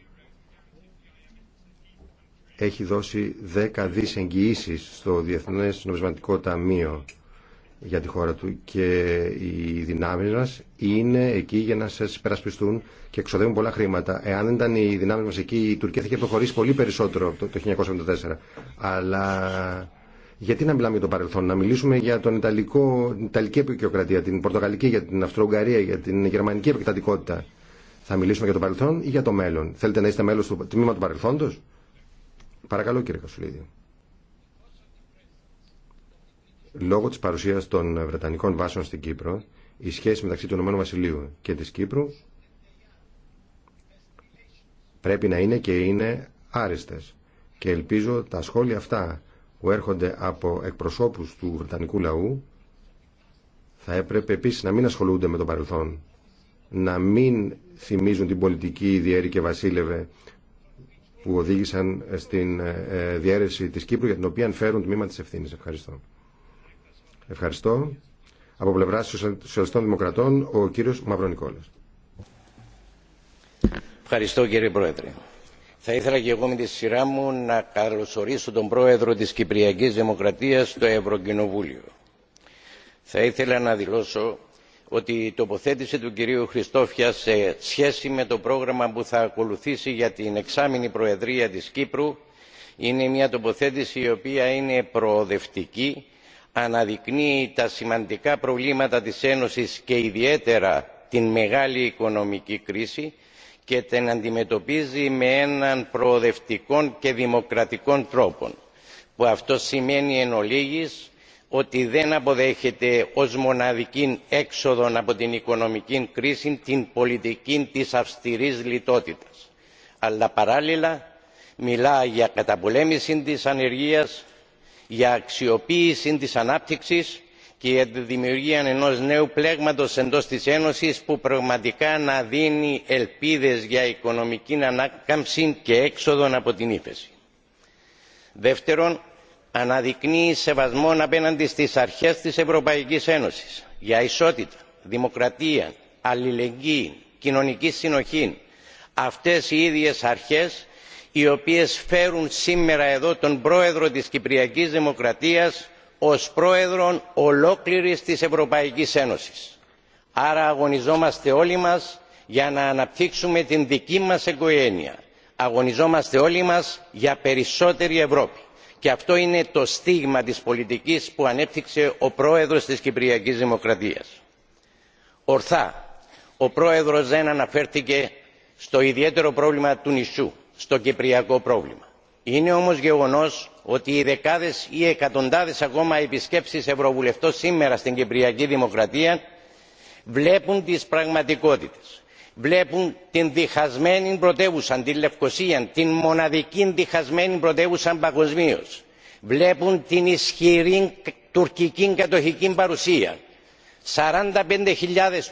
έχει δώσει δέκα δις στο Διεθνές Νομισματικό Ταμείο για τη χώρα του και οι δυνάμεις μας είναι εκεί για να σας υπερασπιστούν και εξοδεύουν πολλά χρήματα. Εάν δεν ήταν οι δυνάμεις μας εκεί η Τουρκία θα είχε προχωρήσει πολύ περισσότερο το 1974. Αλλά γιατί να μιλάμε για το παρελθόν, να μιλήσουμε για τον Ιταλικό, την Ιταλική επικοινοκρατία, την Πορτογαλική, για την Αυστρο-Ουγγαρία, για την Γερμανική επικρατικότητα. Θα μιλήσουμε για το παρελθόν ή για το μέλλον. Θέλετε να είστε μέλο του τμήμα του παρελθόντο. Παρακαλώ κύριε Κασουλίδη λόγω της παρουσίας των Βρετανικών βάσεων στην Κύπρο, η σχέση μεταξύ του Ηνωμένου Βασιλείου και της Κύπρου πρέπει να είναι και είναι άριστες. Και ελπίζω τα σχόλια αυτά που έρχονται από εκπροσώπους του Βρετανικού λαού θα έπρεπε επίσης να μην ασχολούνται με τον παρελθόν, να μην θυμίζουν την πολιτική διέρη και βασίλευε που οδήγησαν στην ε, ε, διαίρεση της Κύπρου για την οποία φέρουν τμήμα της ευθύνης. Ευχαριστώ. Ευχαριστώ. Από πλευρά Σοσιαλιστών Δημοκρατών, ο κύριος Μαυρονικόλα. Ευχαριστώ κύριε Πρόεδρε. Θα ήθελα και εγώ με τη σειρά μου να καλωσορίσω τον Πρόεδρο της Κυπριακής Δημοκρατίας στο Ευρωκοινοβούλιο. Θα ήθελα να δηλώσω ότι η τοποθέτηση του κυρίου Χριστόφια σε σχέση με το πρόγραμμα που θα ακολουθήσει για την εξάμηνη Προεδρία της Κύπρου είναι μια τοποθέτηση η οποία είναι προοδευτική αναδεικνύει τα σημαντικά προβλήματα της ένωσης και ιδιαίτερα την μεγάλη οικονομική κρίση και την αντιμετωπίζει με έναν προοδευτικό και δημοκρατικό τρόπο που αυτό σημαίνει εν ολίγης ότι δεν αποδέχεται ως μοναδική έξοδο από την οικονομική κρίση την πολιτική της αυστηρής λιτότητας αλλά παράλληλα μιλά για καταπολέμηση της ανεργίας για αξιοποίηση της ανάπτυξης και για τη δημιουργία ενός νέου πλέγματος εντός της ένωσης που πραγματικά να δίνει ελπίδες για οικονομική ανάκαμψη και έξοδο από την ύφεση. δεύτερον αναδεικνύει σεβασμό απέναντι στις αρχές της ευρωπαϊκής ένωσης για ισότητα δημοκρατία αλληλεγγύη κοινωνική συνοχή αυτές οι ίδιες αρχές οι οποίες φέρουν σήμερα εδώ τον πρόεδρο της κυπριακής δημοκρατίας ως πρόεδρο ολόκληρης της ευρωπαϊκής ένωσης. άρα αγωνιζόμαστε όλοι μας για να αναπτύξουμε την δική μας οικογένεια. αγωνιζόμαστε όλοι μας για περισσότερη ευρώπη και αυτό είναι το στίγμα της πολιτικής που ανέπτυξε ο πρόεδρος της κυπριακής δημοκρατίας. ορθά ο πρόεδρος δεν αναφέρθηκε στο ιδιαίτερο πρόβλημα του νησιού στο κυπριακό πρόβλημα. είναι όμως γεγονός ότι οι δεκάδες ή εκατοντάδες ακόμα επισκέψεις ευρωβουλευτών σήμερα στην κυπριακή δημοκρατία βλέπουν τις πραγματικότητες βλέπουν την διχασμένη πρωτεύουσα τη λευκοσία την μοναδική διχασμένη πρωτεύουσα παγκοσμίω βλέπουν την ισχυρή τουρκική κατοχική παρουσία 45.000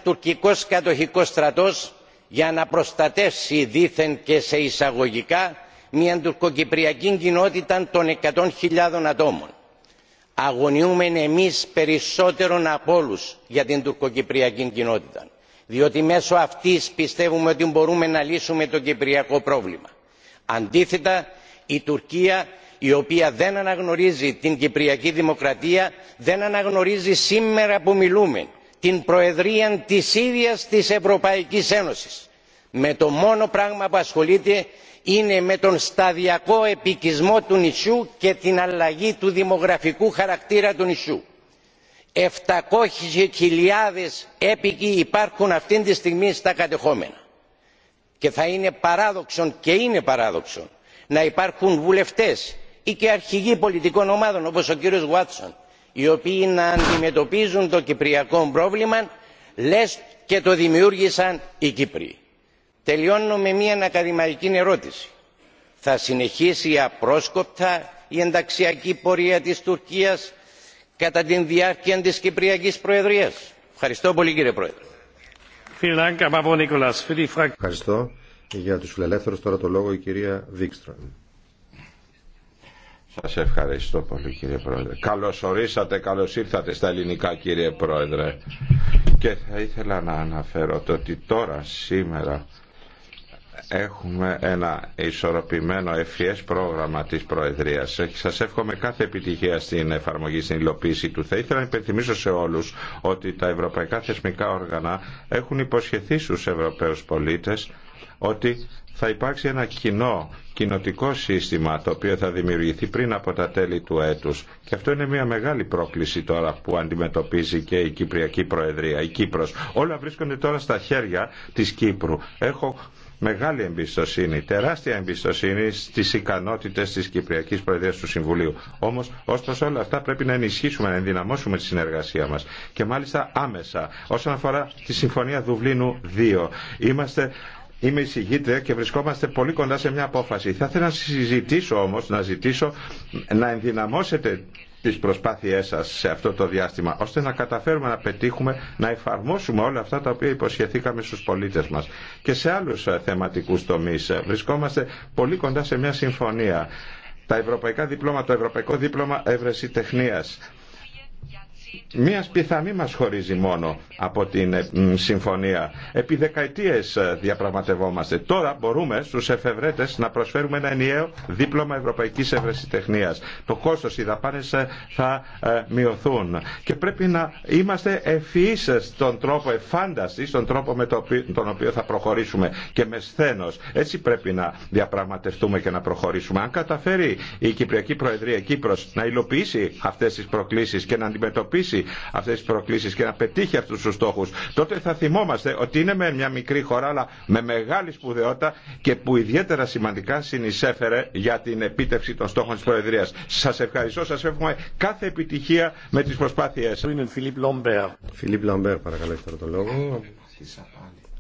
τουρκικός κατοχικός στρατός για να προστατεύσει δήθεν και σε εισαγωγικά μια τουρκοκυπριακή κοινότητα των εκατό χιλιάδων ατόμων. Αγωνιούμε εμείς περισσότερον από όλους για την τουρκοκυπριακή κοινότητα διότι μέσω αυτής πιστεύουμε ότι μπορούμε να λύσουμε το κυπριακό πρόβλημα. αντίθετα η τουρκία η οποία δεν αναγνωρίζει την κυπριακή δημοκρατία δεν αναγνωρίζει σήμερα που μιλούμε την προεδρία της ίδιας της ευρωπαϊκής ένωσης με το μόνο πράγμα που ασχολείται είναι με τον σταδιακό επικισμό του νησιού και την αλλαγή του δημογραφικού χαρακτήρα του νησιού. 700.000 έπικοι υπάρχουν αυτή τη στιγμή στα κατεχόμενα και θα είναι παράδοξο και είναι παράδοξο να υπάρχουν βουλευτές ή και αρχηγοί πολιτικών ομάδων όπως ο κύριος Βάτσον οι οποίοι να αντιμετωπίζουν το κυπριακό πρόβλημα λες και το δημιούργησαν οι κύπροι. τελειώνω με μια ακαδημαϊκή ερώτηση θα συνεχίσει απρόσκοπτα η ενταξιακή πορεία της τουρκίας κατά τη διάρκεια της κυπριακής προεδρίας. ευχαριστώ πολύ κύριε πρόεδρε. Ευχαριστώ. Για τους φιλελεύθερους τώρα το λόγο η κυρία σας ευχαριστώ πολύ κύριε Πρόεδρε. Καλώς ορίσατε, καλώς ήρθατε στα ελληνικά κύριε Πρόεδρε. Και θα ήθελα να αναφέρω το ότι τώρα σήμερα έχουμε ένα ισορροπημένο ευφυές πρόγραμμα της Προεδρίας. Σας εύχομαι κάθε επιτυχία στην εφαρμογή, στην υλοποίηση του. Θα ήθελα να υπενθυμίσω σε όλους ότι τα ευρωπαϊκά θεσμικά όργανα έχουν υποσχεθεί στους Ευρωπαίους πολίτες ότι θα υπάρξει ένα κοινό κοινοτικό σύστημα το οποίο θα δημιουργηθεί πριν από τα τέλη του έτους και αυτό είναι μια μεγάλη πρόκληση τώρα που αντιμετωπίζει και η Κυπριακή Προεδρία, η Κύπρος. Όλα βρίσκονται τώρα στα χέρια της Κύπρου. Έχω μεγάλη εμπιστοσύνη, τεράστια εμπιστοσύνη στις ικανότητες της Κυπριακής Προεδρίας του Συμβουλίου. όμως ωστόσο όλα αυτά, πρέπει να ενισχύσουμε, να ενδυναμώσουμε τη συνεργασία μα. Και μάλιστα άμεσα. Όσον αφορά τη Συμφωνία Δουβλίνου 2, είμαστε Είμαι συγγήτρια και βρισκόμαστε πολύ κοντά σε μια απόφαση. Θα ήθελα να συζητήσω όμως, να ζητήσω να ενδυναμώσετε τις προσπάθειές σας σε αυτό το διάστημα, ώστε να καταφέρουμε να πετύχουμε, να εφαρμόσουμε όλα αυτά τα οποία υποσχεθήκαμε στους πολίτες μας. Και σε άλλους ε, θεματικούς τομείς ε, βρισκόμαστε πολύ κοντά σε μια συμφωνία. Τα ευρωπαϊκά διπλώματα, το ευρωπαϊκό δίπλωμα Τεχνίας. Μία πιθανή μας χωρίζει μόνο από την ε, συμφωνία. Επί δεκαετίες ε, διαπραγματευόμαστε. Τώρα μπορούμε στους εφευρέτες να προσφέρουμε ένα ενιαίο δίπλωμα ευρωπαϊκής ευρεσιτεχνίας. Το κόστος, οι δαπάνες ε, θα μειωθούν. Και πρέπει να είμαστε ευφυείς στον τρόπο, εφάνταστοι στον τρόπο με τον οποίο θα προχωρήσουμε και με σθένος. Έτσι πρέπει να διαπραγματευτούμε και να προχωρήσουμε. Αν καταφέρει η Κυπριακή Προεδρία Κύπρος να υλοποιήσει αυτές τις προκλήσεις και να αντιμετωπίσει αντιμετωπίσει αυτέ τι προκλήσει και να πετύχει αυτού του στόχου, τότε θα θυμόμαστε ότι είναι με μια μικρή χώρα, αλλά με μεγάλη σπουδαιότητα και που ιδιαίτερα σημαντικά συνεισέφερε για την επίτευξη των στόχων τη Προεδρία. Σα ευχαριστώ, σα εύχομαι κάθε επιτυχία με τι προσπάθειέ Είναι Φιλίπ Λομπέρ. Φιλίπ Λομπέρ, παρακαλώ, το λόγο.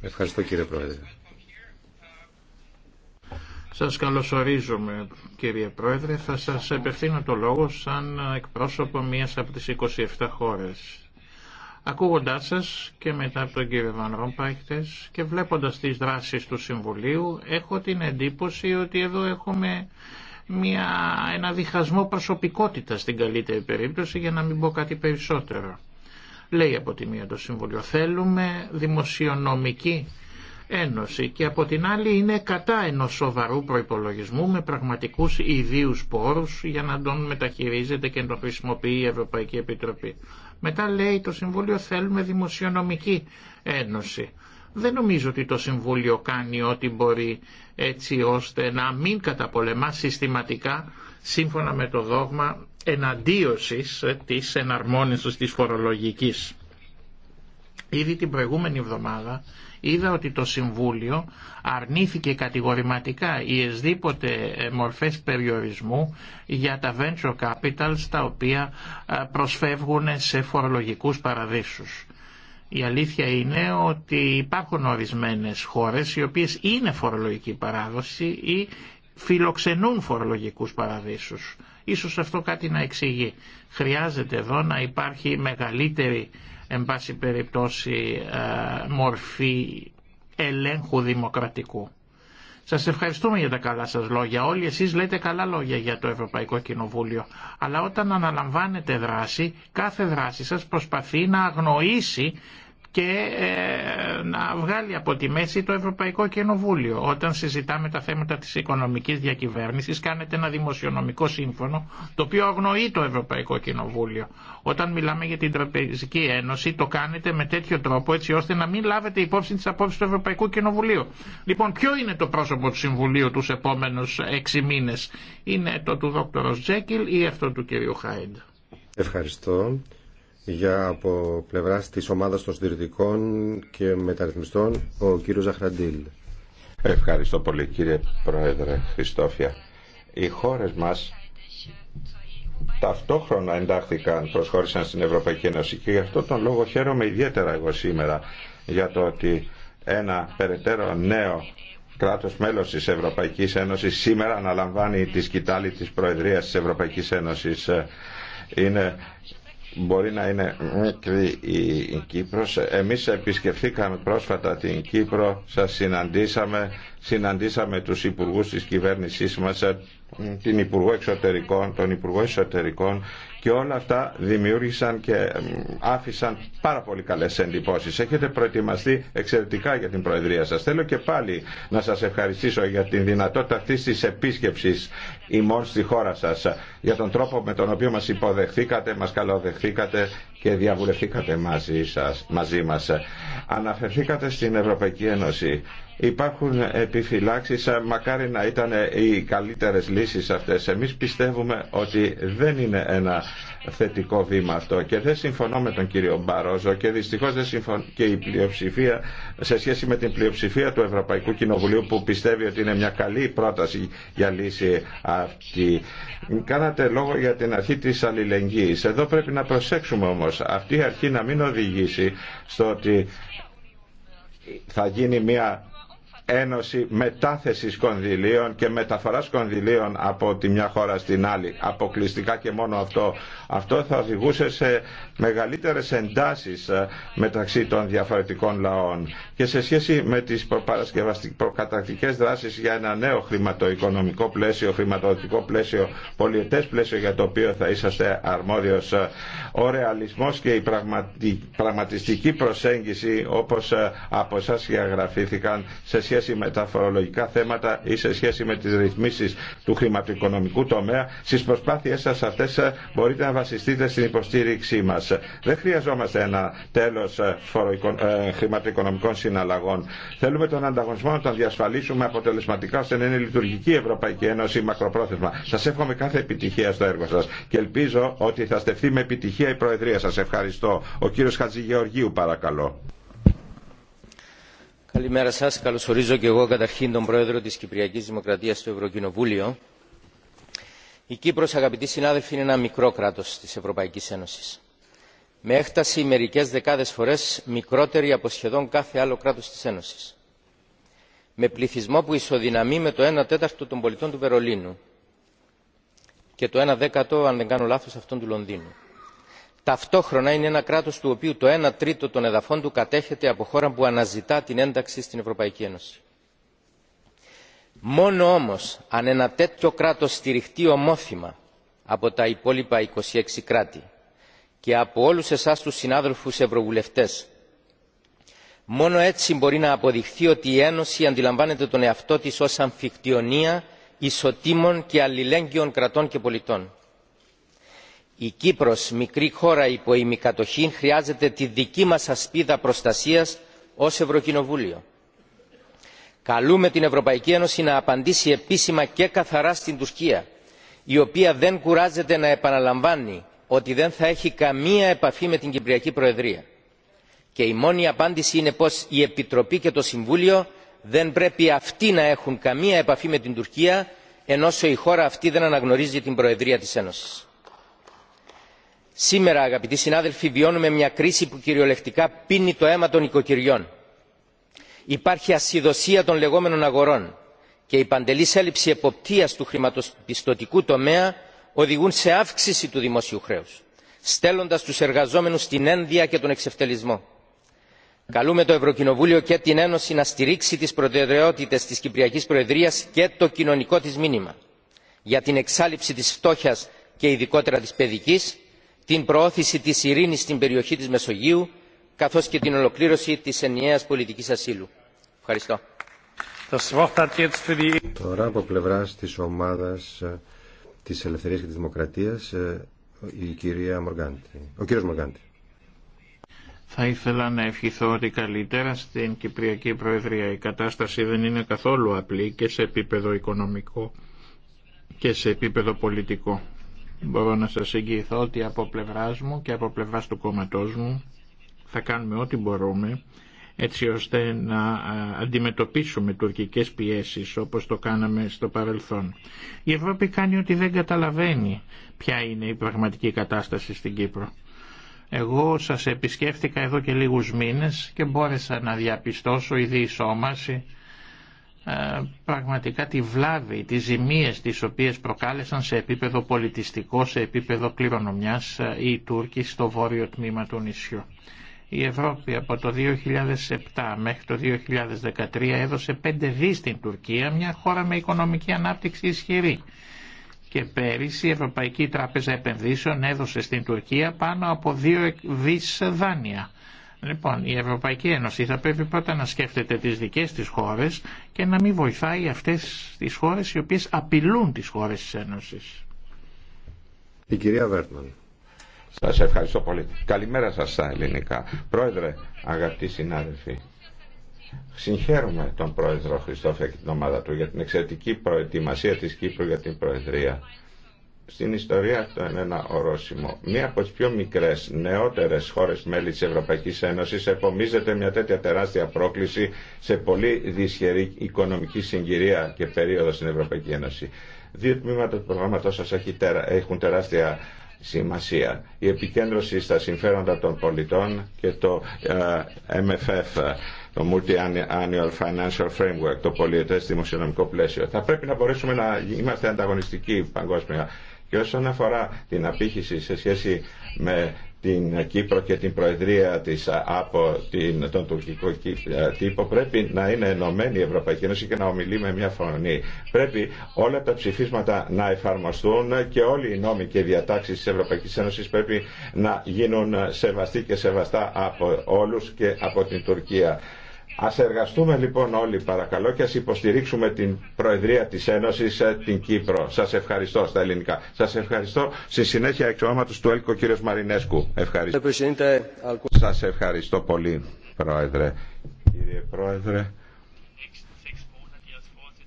Ευχαριστώ κύριε Πρόεδρε. Σας καλωσορίζουμε κύριε Πρόεδρε. Θα σας επευθύνω το λόγο σαν εκπρόσωπο μίας από τις 27 χώρες. Ακούγοντάς σας και μετά από τον κύριο Βαν και βλέποντας τις δράσεις του Συμβουλίου έχω την εντύπωση ότι εδώ έχουμε μια, ένα διχασμό προσωπικότητα στην καλύτερη περίπτωση για να μην πω κάτι περισσότερο. Λέει από τη μία το Συμβουλίο θέλουμε δημοσιονομική Ένωση και από την άλλη είναι κατά ενός σοβαρού προϋπολογισμού με πραγματικούς ιδίους πόρους για να τον μεταχειρίζεται και να τον χρησιμοποιεί η Ευρωπαϊκή Επιτροπή. Μετά λέει το Συμβούλιο θέλουμε δημοσιονομική ένωση. Δεν νομίζω ότι το Συμβούλιο κάνει ό,τι μπορεί έτσι ώστε να μην καταπολεμά συστηματικά σύμφωνα με το δόγμα εναντίωσης της εναρμόνισης της φορολογικής. Ήδη την προηγούμενη εβδομάδα είδα ότι το Συμβούλιο αρνήθηκε κατηγορηματικά οι εσδήποτε ε, μορφές περιορισμού για τα venture capital τα οποία ε, προσφεύγουν σε φορολογικούς παραδείσους. Η αλήθεια είναι ότι υπάρχουν ορισμένες χώρες οι οποίες είναι φορολογική παράδοση ή φιλοξενούν φορολογικούς παραδείσους. Ίσως αυτό κάτι να εξηγεί. Χρειάζεται εδώ να υπάρχει μεγαλύτερη εν πάση περιπτώσει ε, μορφή ελέγχου δημοκρατικού. Σας ευχαριστούμε για τα καλά σας λόγια. Όλοι εσείς λέτε καλά λόγια για το Ευρωπαϊκό Κοινοβούλιο. Αλλά όταν αναλαμβάνετε δράση, κάθε δράση σας προσπαθεί να αγνοήσει και ε, να βγάλει από τη μέση το Ευρωπαϊκό Κοινοβούλιο. Όταν συζητάμε τα θέματα της οικονομικής διακυβέρνησης κάνετε ένα δημοσιονομικό σύμφωνο το οποίο αγνοεί το Ευρωπαϊκό Κοινοβούλιο. Όταν μιλάμε για την Τραπεζική Ένωση το κάνετε με τέτοιο τρόπο έτσι ώστε να μην λάβετε υπόψη τις απόψεις του Ευρωπαϊκού Κοινοβουλίου. Λοιπόν ποιο είναι το πρόσωπο του Συμβουλίου τους επόμενους έξι μήνες. Είναι το του Δόκτωρος Τζέκιλ ή αυτό του κ. Χάιντ. Ευχαριστώ για από πλευρά τη ομάδα των συντηρητικών και μεταρρυθμιστών, ο κύριο Ζαχραντήλ. Ευχαριστώ πολύ κύριε Πρόεδρε Χριστόφια. Οι χώρε μα ταυτόχρονα εντάχθηκαν, προσχώρησαν στην Ευρωπαϊκή Ένωση και γι' αυτό τον λόγο χαίρομαι ιδιαίτερα εγώ σήμερα για το ότι ένα περαιτέρω νέο κράτος μέλος της Ευρωπαϊκής Ένωσης σήμερα αναλαμβάνει τη σκητάλη της Προεδρία της Ευρωπαϊκής Ένωσης. Είναι μπορεί να είναι μικρή η Κύπρος. Εμείς επισκεφθήκαμε πρόσφατα την Κύπρο, σας συναντήσαμε, συναντήσαμε τους υπουργούς της κυβέρνησής μας, ε, την Υπουργό Εξωτερικών, τον Υπουργό Εξωτερικών και όλα αυτά δημιούργησαν και άφησαν πάρα πολύ καλές εντυπώσεις. Έχετε προετοιμαστεί εξαιρετικά για την Προεδρία σας. Θέλω και πάλι να σας ευχαριστήσω για την δυνατότητα αυτής της επίσκεψης ημών στη χώρα σας, για τον τρόπο με τον οποίο μας υποδεχθήκατε, μας καλοδεχθήκατε και διαβουλευθήκατε μαζί, σας, μαζί μας. Αναφερθήκατε στην Ευρωπαϊκή Ένωση. Υπάρχουν επιφυλάξεις, ε, μακάρι να ήταν οι καλύτερες λύσεις αυτές. Εμείς πιστεύουμε ότι δεν είναι ένα θετικό βήμα αυτό και δεν συμφωνώ με τον κύριο Μπαρόζο και δυστυχώς δεν συμφωνώ και η πλειοψηφία σε σχέση με την πλειοψηφία του Ευρωπαϊκού Κοινοβουλίου που πιστεύει ότι είναι μια καλή πρόταση για λύση αυτή. Κάνατε λόγο για την αρχή της αλληλεγγύης. Εδώ πρέπει να προσέξουμε όμως αυτή η αρχή να μην οδηγήσει στο ότι θα γίνει μια ένωση μετάθεση κονδυλίων και μεταφορά κονδυλίων από τη μια χώρα στην άλλη. Αποκλειστικά και μόνο αυτό. Αυτό θα οδηγούσε σε μεγαλύτερες εντάσεις ε, μεταξύ των διαφορετικών λαών. Και σε σχέση με τις προκατακτικέ δράσεις για ένα νέο χρηματοοικονομικό πλαίσιο, χρηματοδοτικό πλαίσιο, πολιτέ πλαίσιο για το οποίο θα είσαστε αρμόδιο ε, ο ρεαλισμό και η πραγματιστική προσέγγιση όπω ε, από εσά διαγραφήθηκαν σε σχέση με τα φορολογικά θέματα ή σε σχέση με τις ρυθμίσεις του χρηματοοικονομικού τομέα, στις προσπάθειές σας αυτές ε, μπορείτε να βασιστείτε στην υποστήριξή μας. Δεν χρειαζόμαστε ένα τέλος ε, ε, χρηματοοικονομικών συναλλαγών. Θέλουμε τον ανταγωνισμό να τον διασφαλίσουμε αποτελεσματικά ώστε να είναι λειτουργική η Ευρωπαϊκή Ένωση μακροπρόθεσμα. Σας εύχομαι κάθε επιτυχία στο έργο σας και ελπίζω ότι θα στεφθεί με επιτυχία η Προεδρία σας. Ευχαριστώ. Ο κύριος Χατζηγεωργίου παρακαλώ. Καλημέρα σα. Καλωσορίζω και εγώ καταρχήν τον Πρόεδρο τη Κυπριακή Δημοκρατία στο Ευρωκοινοβούλιο. Η Κύπρος, αγαπητοί συνάδελφοι, είναι ένα μικρό κράτο τη Ευρωπαϊκή Ένωση. Με έκταση μερικέ δεκάδε φορέ μικρότερη από σχεδόν κάθε άλλο κράτο τη Ένωση. Με πληθυσμό που ισοδυναμεί με το 1 τέταρτο των πολιτών του Βερολίνου και το 1 δέκατο, αν δεν κάνω λάθο, αυτών του Λονδίνου ταυτόχρονα είναι ένα κράτο του οποίου το ένα τρίτο των εδαφών του κατέχεται από χώρα που αναζητά την ένταξη στην ευρωπαϊκή ένωση. μόνο όμω αν ένα τέτοιο κράτο στηριχτεί ομόθυμα από τα υπόλοιπα 26 κράτη και από όλου εσά του συνάδελφου ευρωβουλευτέ. μόνο έτσι μπορεί να αποδειχθεί ότι η ένωση αντιλαμβάνεται τον εαυτό τη ω αμφικτιονία ισοτήμων και αλληλέγγυων κρατών και πολιτών η κύπρος μικρή χώρα υπό ημικατοχή χρειάζεται τη δική μας ασπίδα προστασίας ως ευρωκοινοβούλιο. καλούμε την ευρωπαϊκή ένωση να απαντήσει επίσημα και καθαρά στην τουρκία η οποία δεν κουράζεται να επαναλαμβάνει ότι δεν θα έχει καμία επαφή με την κυπριακή προεδρία και η μόνη απάντηση είναι πως η επιτροπή και το συμβούλιο δεν πρέπει αυτοί να έχουν καμία επαφή με την τουρκία ενώ η χώρα αυτή δεν αναγνωρίζει την προεδρία της ένωσης σήμερα αγαπητοί συνάδελφοι βιώνουμε μια κρίση που κυριολεκτικά πίνει το αίμα των οικοκυριών. υπάρχει ασυδοσία των λεγόμενων αγορών και η παντελής έλλειψη εποπτείας του χρηματοπιστωτικού τομέα οδηγούν σε αύξηση του δημοσίου χρέους στέλνοντας τους εργαζόμενους στην ένδια και τον εξευτελισμό. καλούμε το ευρωκοινοβούλιο και την ένωση να στηρίξει τις προτεραιότητες της κυπριακής προεδρίας και το κοινωνικό της μήνυμα για την εξάλληψη της φτώχεια και ειδικότερα της παιδικής την προώθηση της ειρήνης στην περιοχή της μεσογείου καθώς και την ολοκλήρωση της ενιαίας πολιτικής ασύλου. Ευχαριστώ. Τώρα από πλευρά τη ομάδα ε, τη Ελευθερία και τη Δημοκρατία, ε, Ο κύριο Μοργάντη. Θα ήθελα να ευχηθώ ότι καλύτερα στην Κυπριακή Προεδρία η κατάσταση δεν είναι καθόλου απλή και σε επίπεδο οικονομικό και σε επίπεδο πολιτικό. Μπορώ να σας εγγυηθώ ότι από πλευράς μου και από πλευράς του κόμματός μου θα κάνουμε ό,τι μπορούμε έτσι ώστε να αντιμετωπίσουμε τουρκικές πιέσεις όπως το κάναμε στο παρελθόν. Η Ευρώπη κάνει ότι δεν καταλαβαίνει ποια είναι η πραγματική κατάσταση στην Κύπρο. Εγώ σας επισκέφτηκα εδώ και λίγους μήνες και μπόρεσα να διαπιστώσω η διεισόμαση ε, πραγματικά τη βλάβη, τις ζημίες τις οποίες προκάλεσαν σε επίπεδο πολιτιστικό, σε επίπεδο κληρονομιάς ε, οι Τούρκοι στο βόρειο τμήμα του νησιού. Η Ευρώπη από το 2007 μέχρι το 2013 έδωσε 5 δις στην Τουρκία, μια χώρα με οικονομική ανάπτυξη ισχυρή. Και πέρυσι η Ευρωπαϊκή Τράπεζα Επενδύσεων έδωσε στην Τουρκία πάνω από 2 δις δάνεια. Λοιπόν, η Ευρωπαϊκή Ένωση θα πρέπει πρώτα να σκέφτεται τις δικές της χώρες και να μην βοηθάει αυτές τις χώρες οι οποίες απειλούν τις χώρες της Ένωσης. Η κυρία Βέρτμαν. Σας ευχαριστώ πολύ. Καλημέρα σας στα ελληνικά. Πρόεδρε, αγαπητοί συνάδελφοι. Συγχαίρουμε τον πρόεδρο Χριστόφια και την ομάδα του για την εξαιρετική προετοιμασία της Κύπρου για την Προεδρία στην ιστορία αυτό είναι ένα ορόσημο. Μία από τι πιο μικρέ, νεότερε χώρε μέλη τη Ευρωπαϊκή Ένωση επομίζεται μια τέτοια τεράστια πρόκληση σε πολύ δυσχερή οικονομική συγκυρία και περίοδο στην Ευρωπαϊκή Ένωση. Δύο τμήματα του προγράμματό σα έχουν τεράστια σημασία. Η επικέντρωση στα συμφέροντα των πολιτών και το ε, MFF το Multi-Annual Financial Framework, το πολιετές δημοσιονομικό πλαίσιο. Θα πρέπει να μπορέσουμε να είμαστε ανταγωνιστικοί παγκόσμια και όσον αφορά την απήχηση σε σχέση με την Κύπρο και την Προεδρία της από την, τον τουρκικό ε, τύπο πρέπει να είναι ενωμένη η Ευρωπαϊκή Ένωση και να ομιλεί με μια φωνή. Πρέπει όλα τα ψηφίσματα να εφαρμοστούν και όλοι οι νόμοι και οι διατάξεις της Ευρωπαϊκής Ένωσης πρέπει να γίνουν σεβαστοί και σεβαστά από όλους και από την Τουρκία. Ας εργαστούμε λοιπόν όλοι παρακαλώ και ας υποστηρίξουμε την Προεδρία της Ένωσης ε, την Κύπρο. Σας ευχαριστώ στα ελληνικά. Σας ευχαριστώ στη συνέχεια εξ ονόματος του Έλκο κύριος Μαρινέσκου. Ευχαριστώ. Σας ευχαριστώ πολύ Πρόεδρε. Κύριε Πρόεδρε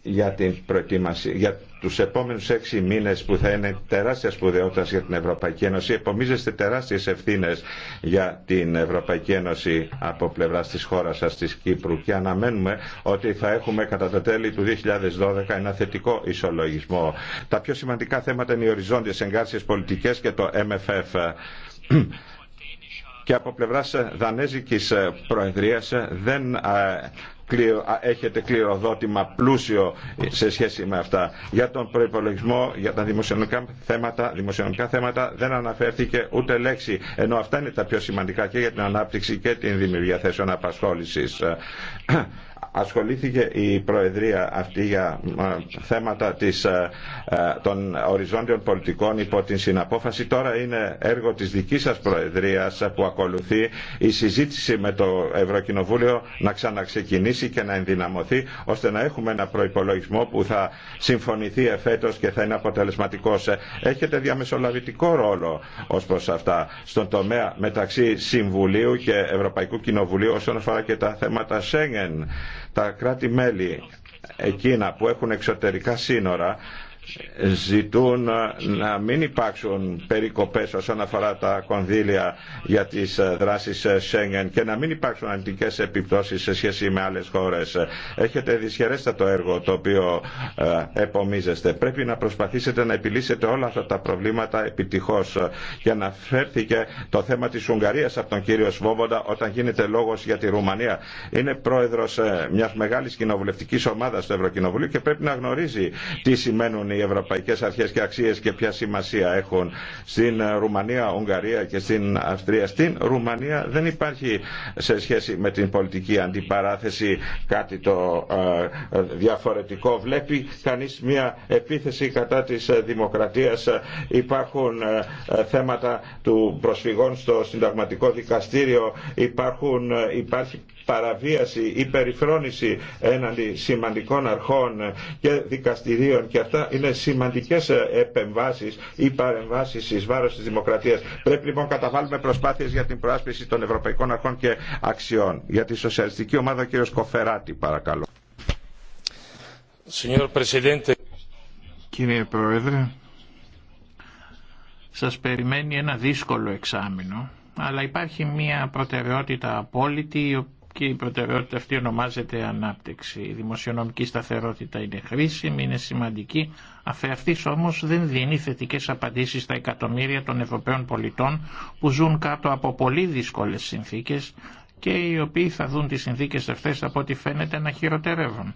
για την προετοίμαση, για τους επόμενους έξι μήνες που θα είναι τεράστια σπουδαιότητα για την Ευρωπαϊκή Ένωση. Επομίζεστε τεράστιες ευθύνες για την Ευρωπαϊκή Ένωση από πλευρά της χώρας σας, της Κύπρου και αναμένουμε ότι θα έχουμε κατά το τέλη του 2012 ένα θετικό ισολογισμό. Τα πιο σημαντικά θέματα είναι οι οριζόντιες εγκάρσεις πολιτικές και το MFF και από πλευράς Δανέζικης Προεδρίας δεν έχετε κληροδότημα πλούσιο σε σχέση με αυτά. Για τον προπολογισμό, για τα δημοσιονομικά θέματα, δημοσιονομικά θέματα δεν αναφέρθηκε ούτε λέξη, ενώ αυτά είναι τα πιο σημαντικά και για την ανάπτυξη και την δημιουργία θέσεων απασχόλησης ασχολήθηκε η Προεδρία αυτή για ε, θέματα της, ε, ε, των οριζόντιων πολιτικών υπό την συναπόφαση. Τώρα είναι έργο της δικής σας Προεδρίας που ακολουθεί η συζήτηση με το Ευρωκοινοβούλιο να ξαναξεκινήσει και να ενδυναμωθεί ώστε να έχουμε ένα προϋπολογισμό που θα συμφωνηθεί εφέτος και θα είναι αποτελεσματικός. Έχετε διαμεσολαβητικό ρόλο ως προς αυτά στον τομέα μεταξύ Συμβουλίου και Ευρωπαϊκού Κοινοβουλίου όσον αφορά και τα θέματα Σέγγεν τα κράτη-μέλη εκείνα που έχουν εξωτερικά σύνορα ζητούν να μην υπάρξουν περικοπές όσον αφορά τα κονδύλια για τις ε, δράσεις ε, Σέγγεν και να μην υπάρξουν αρνητικές επιπτώσεις σε σχέση με άλλες χώρες. Έχετε το έργο το οποίο ε, επομίζεστε. Πρέπει να προσπαθήσετε να επιλύσετε όλα αυτά τα προβλήματα επιτυχώς. Και αναφέρθηκε το θέμα της Ουγγαρίας από τον κύριο Σβόβοντα όταν γίνεται λόγος για τη Ρουμανία. Είναι πρόεδρος μιας μεγάλης κοινοβουλευτικής ομάδας του Ευρωκοινοβουλίου και πρέπει να γνωρίζει τι σημαίνουν οι ευρωπαϊκές αρχές και αξίες και ποια σημασία έχουν στην Ρουμανία, Ουγγαρία και στην Αυστρία. Στην Ρουμανία δεν υπάρχει σε σχέση με την πολιτική αντιπαράθεση κάτι το ε, διαφορετικό. Βλέπει κανείς μια επίθεση κατά της δημοκρατίας. Υπάρχουν ε, θέματα του προσφυγών στο συνταγματικό δικαστήριο. Υπάρχουν, ε, υπάρχει παραβίαση ή περιφρόνηση έναντι σημαντικών αρχών και δικαστηρίων και αυτά είναι σημαντικές επεμβάσεις ή παρεμβάσεις στις βάρος της δημοκρατίας. Πρέπει λοιπόν καταβάλουμε προσπάθειες για την προάσπιση των ευρωπαϊκών αρχών και αξιών. Για τη σοσιαλιστική ομάδα κύριο Σκοφεράτη, Κοφεράτη παρακαλώ. Κύριε Πρόεδρε, σας περιμένει ένα δύσκολο εξάμεινο, αλλά υπάρχει μια προτεραιότητα απόλυτη και η προτεραιότητα αυτή ονομάζεται ανάπτυξη. Η δημοσιονομική σταθερότητα είναι χρήσιμη, είναι σημαντική, αφεαυτής όμω δεν δίνει θετικέ απαντήσει στα εκατομμύρια των Ευρωπαίων πολιτών που ζουν κάτω από πολύ δύσκολε συνθήκε και οι οποίοι θα δουν τι συνθήκε αυτέ από ό,τι φαίνεται να χειροτερεύουν.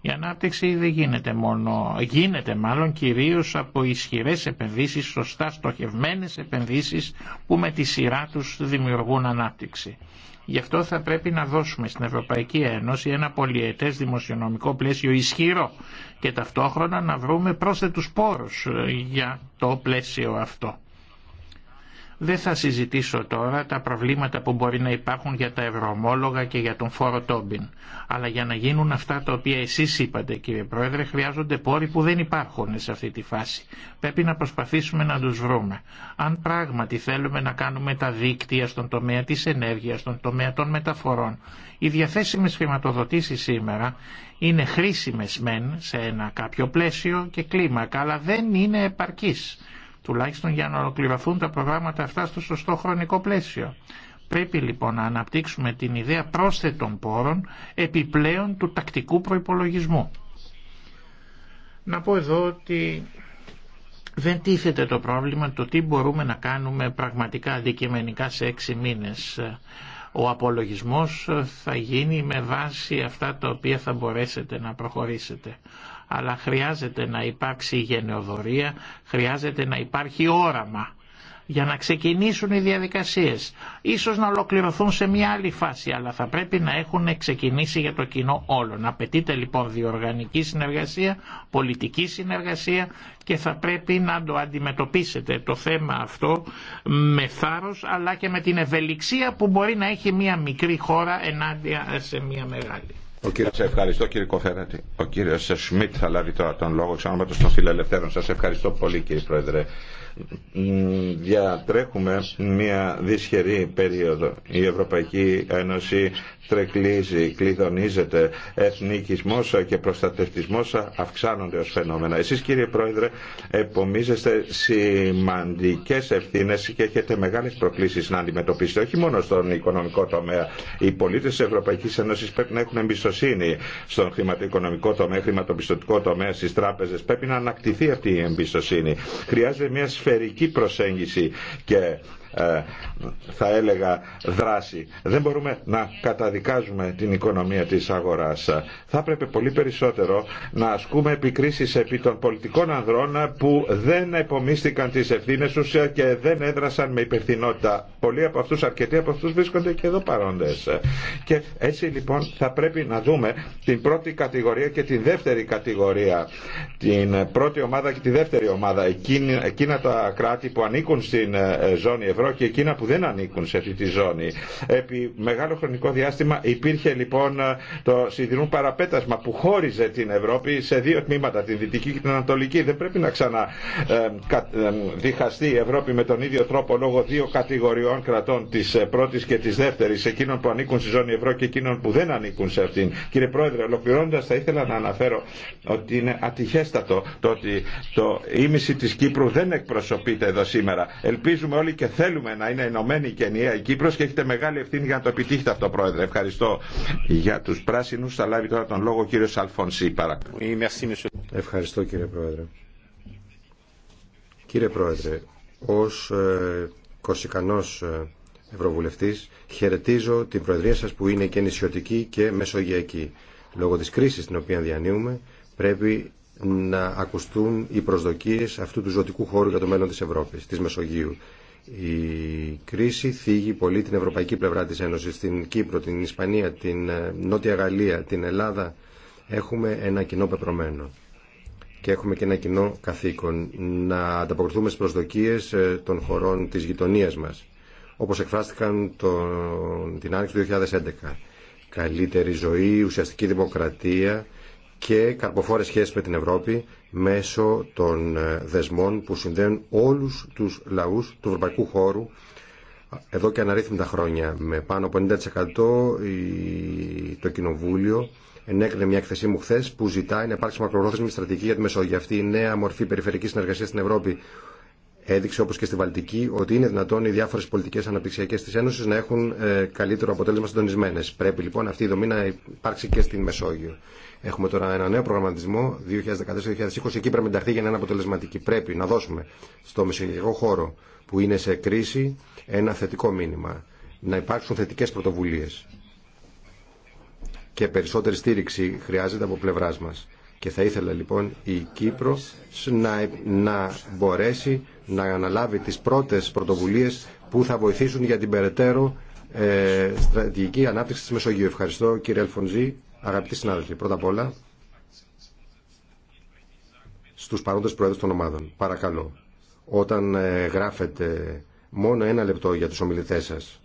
Η ανάπτυξη δεν γίνεται μόνο, γίνεται μάλλον κυρίω από ισχυρέ επενδύσει, σωστά στοχευμένε επενδύσει που με τη σειρά του δημιουργούν ανάπτυξη. Γι' αυτό θα πρέπει να δώσουμε στην Ευρωπαϊκή Ένωση ένα πολυετές δημοσιονομικό πλαίσιο ισχυρό και ταυτόχρονα να βρούμε πρόσθετους πόρους ε, για το πλαίσιο αυτό. Δεν θα συζητήσω τώρα τα προβλήματα που μπορεί να υπάρχουν για τα ευρωομόλογα και για τον φόρο Τόμπιν. Αλλά για να γίνουν αυτά τα οποία εσεί είπατε κύριε Πρόεδρε χρειάζονται πόροι που δεν υπάρχουν σε αυτή τη φάση. Πρέπει να προσπαθήσουμε να του βρούμε. Αν πράγματι θέλουμε να κάνουμε τα δίκτυα στον τομέα τη ενέργεια, στον τομέα των μεταφορών, οι διαθέσιμε χρηματοδοτήσει σήμερα είναι χρήσιμε μεν σε ένα κάποιο πλαίσιο και κλίμακα, αλλά δεν είναι επαρκής τουλάχιστον για να ολοκληρωθούν τα προγράμματα αυτά στο σωστό χρονικό πλαίσιο. Πρέπει λοιπόν να αναπτύξουμε την ιδέα πρόσθετων πόρων επιπλέον του τακτικού προϋπολογισμού. Να πω εδώ ότι δεν τίθεται το πρόβλημα το τι μπορούμε να κάνουμε πραγματικά αντικειμενικά σε έξι μήνες. Ο απολογισμός θα γίνει με βάση αυτά τα οποία θα μπορέσετε να προχωρήσετε αλλά χρειάζεται να υπάρξει γενεοδορία, χρειάζεται να υπάρχει όραμα για να ξεκινήσουν οι διαδικασίες. Ίσως να ολοκληρωθούν σε μια άλλη φάση, αλλά θα πρέπει να έχουν ξεκινήσει για το κοινό Να Απαιτείται λοιπόν διοργανική συνεργασία, πολιτική συνεργασία και θα πρέπει να το αντιμετωπίσετε το θέμα αυτό με θάρρος, αλλά και με την ευελιξία που μπορεί να έχει μια μικρή χώρα ενάντια σε μια μεγάλη. Ο κύριος, ευχαριστώ κύριε Κοφέρατη. Ο κύριος Σμιτ θα λάβει τώρα τον λόγο εξ των φιλελευθέρων. Σα ευχαριστώ πολύ κύριε Πρόεδρε. Διατρέχουμε μια δυσχερή περίοδο. Η Ευρωπαϊκή Ένωση τρεκλίζει, κλειδονίζεται, εθνικισμός και προστατευτισμός αυξάνονται ως φαινόμενα. Εσείς κύριε Πρόεδρε επομίζεστε σημαντικές ευθύνες και έχετε μεγάλες προκλήσεις να αντιμετωπίσετε όχι μόνο στον οικονομικό τομέα. Οι πολίτες της Ευρωπαϊκής Ένωσης πρέπει να έχουν εμπιστοσύνη στον χρηματοοικονομικό τομέα, χρηματοπιστωτικό τομέα, στις τράπεζες. Πρέπει να ανακτηθεί αυτή η εμπιστοσύνη. Χρειάζεται μια σφαιρική προσέγγιση και ε, θα έλεγα δράση. Δεν μπορούμε να καταδικάζουμε την οικονομία της αγοράς. Θα έπρεπε πολύ περισσότερο να ασκούμε επικρίσεις επί των πολιτικών ανδρών που δεν επομίστηκαν τις ευθύνες τους και δεν έδρασαν με υπευθυνότητα. Πολλοί από αυτούς, αρκετοί από αυτούς βρίσκονται και εδώ παρόντες. Και έτσι λοιπόν θα πρέπει να δούμε την πρώτη κατηγορία και την δεύτερη κατηγορία. Την πρώτη ομάδα και τη δεύτερη ομάδα. Εκείνα τα κράτη που ανήκουν στην ε, ζώνη Ευρώπη ευρώ και εκείνα που δεν ανήκουν σε αυτή τη ζώνη. Επί μεγάλο χρονικό διάστημα υπήρχε λοιπόν το σιδηρούν παραπέτασμα που χώριζε την Ευρώπη σε δύο τμήματα, την δυτική και την ανατολική. Δεν πρέπει να ξαναδιχαστεί ε, ε, η Ευρώπη με τον ίδιο τρόπο λόγω δύο κατηγοριών κρατών, τη πρώτη και τη δεύτερη, εκείνων που ανήκουν στη ζώνη ευρώ και εκείνων που δεν ανήκουν σε αυτήν. Κύριε Πρόεδρε, ολοκληρώνοντα θα ήθελα να αναφέρω ότι είναι ατυχέστατο το ότι το ίμιση τη Κύπρου δεν εκπροσωπείται εδώ σήμερα. Ελπίζουμε όλοι και θέλουμε Θέλουμε να είναι ενωμένη και ενιαία η Κύπρο και έχετε μεγάλη ευθύνη για να το επιτύχετε αυτό, Πρόεδρε. Ευχαριστώ. Για του πράσινου. θα λάβει τώρα τον λόγο ο κύριο Αλφονσί. Ευχαριστώ κύριε Πρόεδρε. Κύριε Πρόεδρε, ω ε, κοσικανός ε, Ευρωβουλευτής, χαιρετίζω την Προεδρία σα που είναι και νησιωτική και μεσογειακή. Λόγω τη κρίση την οποία διανύουμε, πρέπει να ακουστούν οι προσδοκίες αυτού του ζωτικού χώρου για το μέλλον της Ευρώπης, της Μεσογείου. Η κρίση θίγει πολύ την ευρωπαϊκή πλευρά της Ένωσης, την Κύπρο, την Ισπανία, την ε, Νότια Γαλλία, την Ελλάδα. Έχουμε ένα κοινό πεπρωμένο και έχουμε και ένα κοινό καθήκον να ανταποκριθούμε στις προσδοκίες ε, των χωρών της γειτονίας μας, όπως εκφράστηκαν τον, την άνοιξη του 2011. Καλύτερη ζωή, ουσιαστική δημοκρατία, και καρποφόρες σχέσεις με την Ευρώπη μέσω των ε, δεσμών που συνδέουν όλους τους λαούς του ευρωπαϊκού χώρου εδώ και αναρρύθμιτα χρόνια. Με πάνω από 90% το Κοινοβούλιο ενέκρινε μια εκθεσή μου χθε που ζητάει να υπάρξει μακροπρόθεσμη στρατηγική για τη Μεσόγειο. Αυτή η νέα μορφή περιφερική συνεργασία στην Ευρώπη έδειξε όπω και στη Βαλτική ότι είναι δυνατόν οι διάφορε πολιτικέ αναπτυξιακέ τη Ένωση να έχουν ε, καλύτερο αποτέλεσμα συντονισμένε. Πρέπει λοιπόν αυτή η δομή να υπάρξει και στην Μεσόγειο. Έχουμε τώρα ένα νέο προγραμματισμό 2014-2020. Εκεί πρέπει να ενταχθεί για να είναι αποτελεσματική. Πρέπει να δώσουμε στο μεσογειακό χώρο που είναι σε κρίση ένα θετικό μήνυμα. Να υπάρξουν θετικέ πρωτοβουλίε. Και περισσότερη στήριξη χρειάζεται από πλευρά μα. Και θα ήθελα λοιπόν η Κύπρο να, να μπορέσει να αναλάβει τι πρώτε πρωτοβουλίε που θα βοηθήσουν για την περαιτέρω ε, στρατηγική ανάπτυξη τη Μεσογείου. Ευχαριστώ κύριε Αλφονζή. Αγαπητοί συνάδελφοι, πρώτα απ' όλα στους παρόντες πρόεδρους των ομάδων. Παρακαλώ, όταν ε, γράφετε μόνο ένα λεπτό για τους ομιλητές σας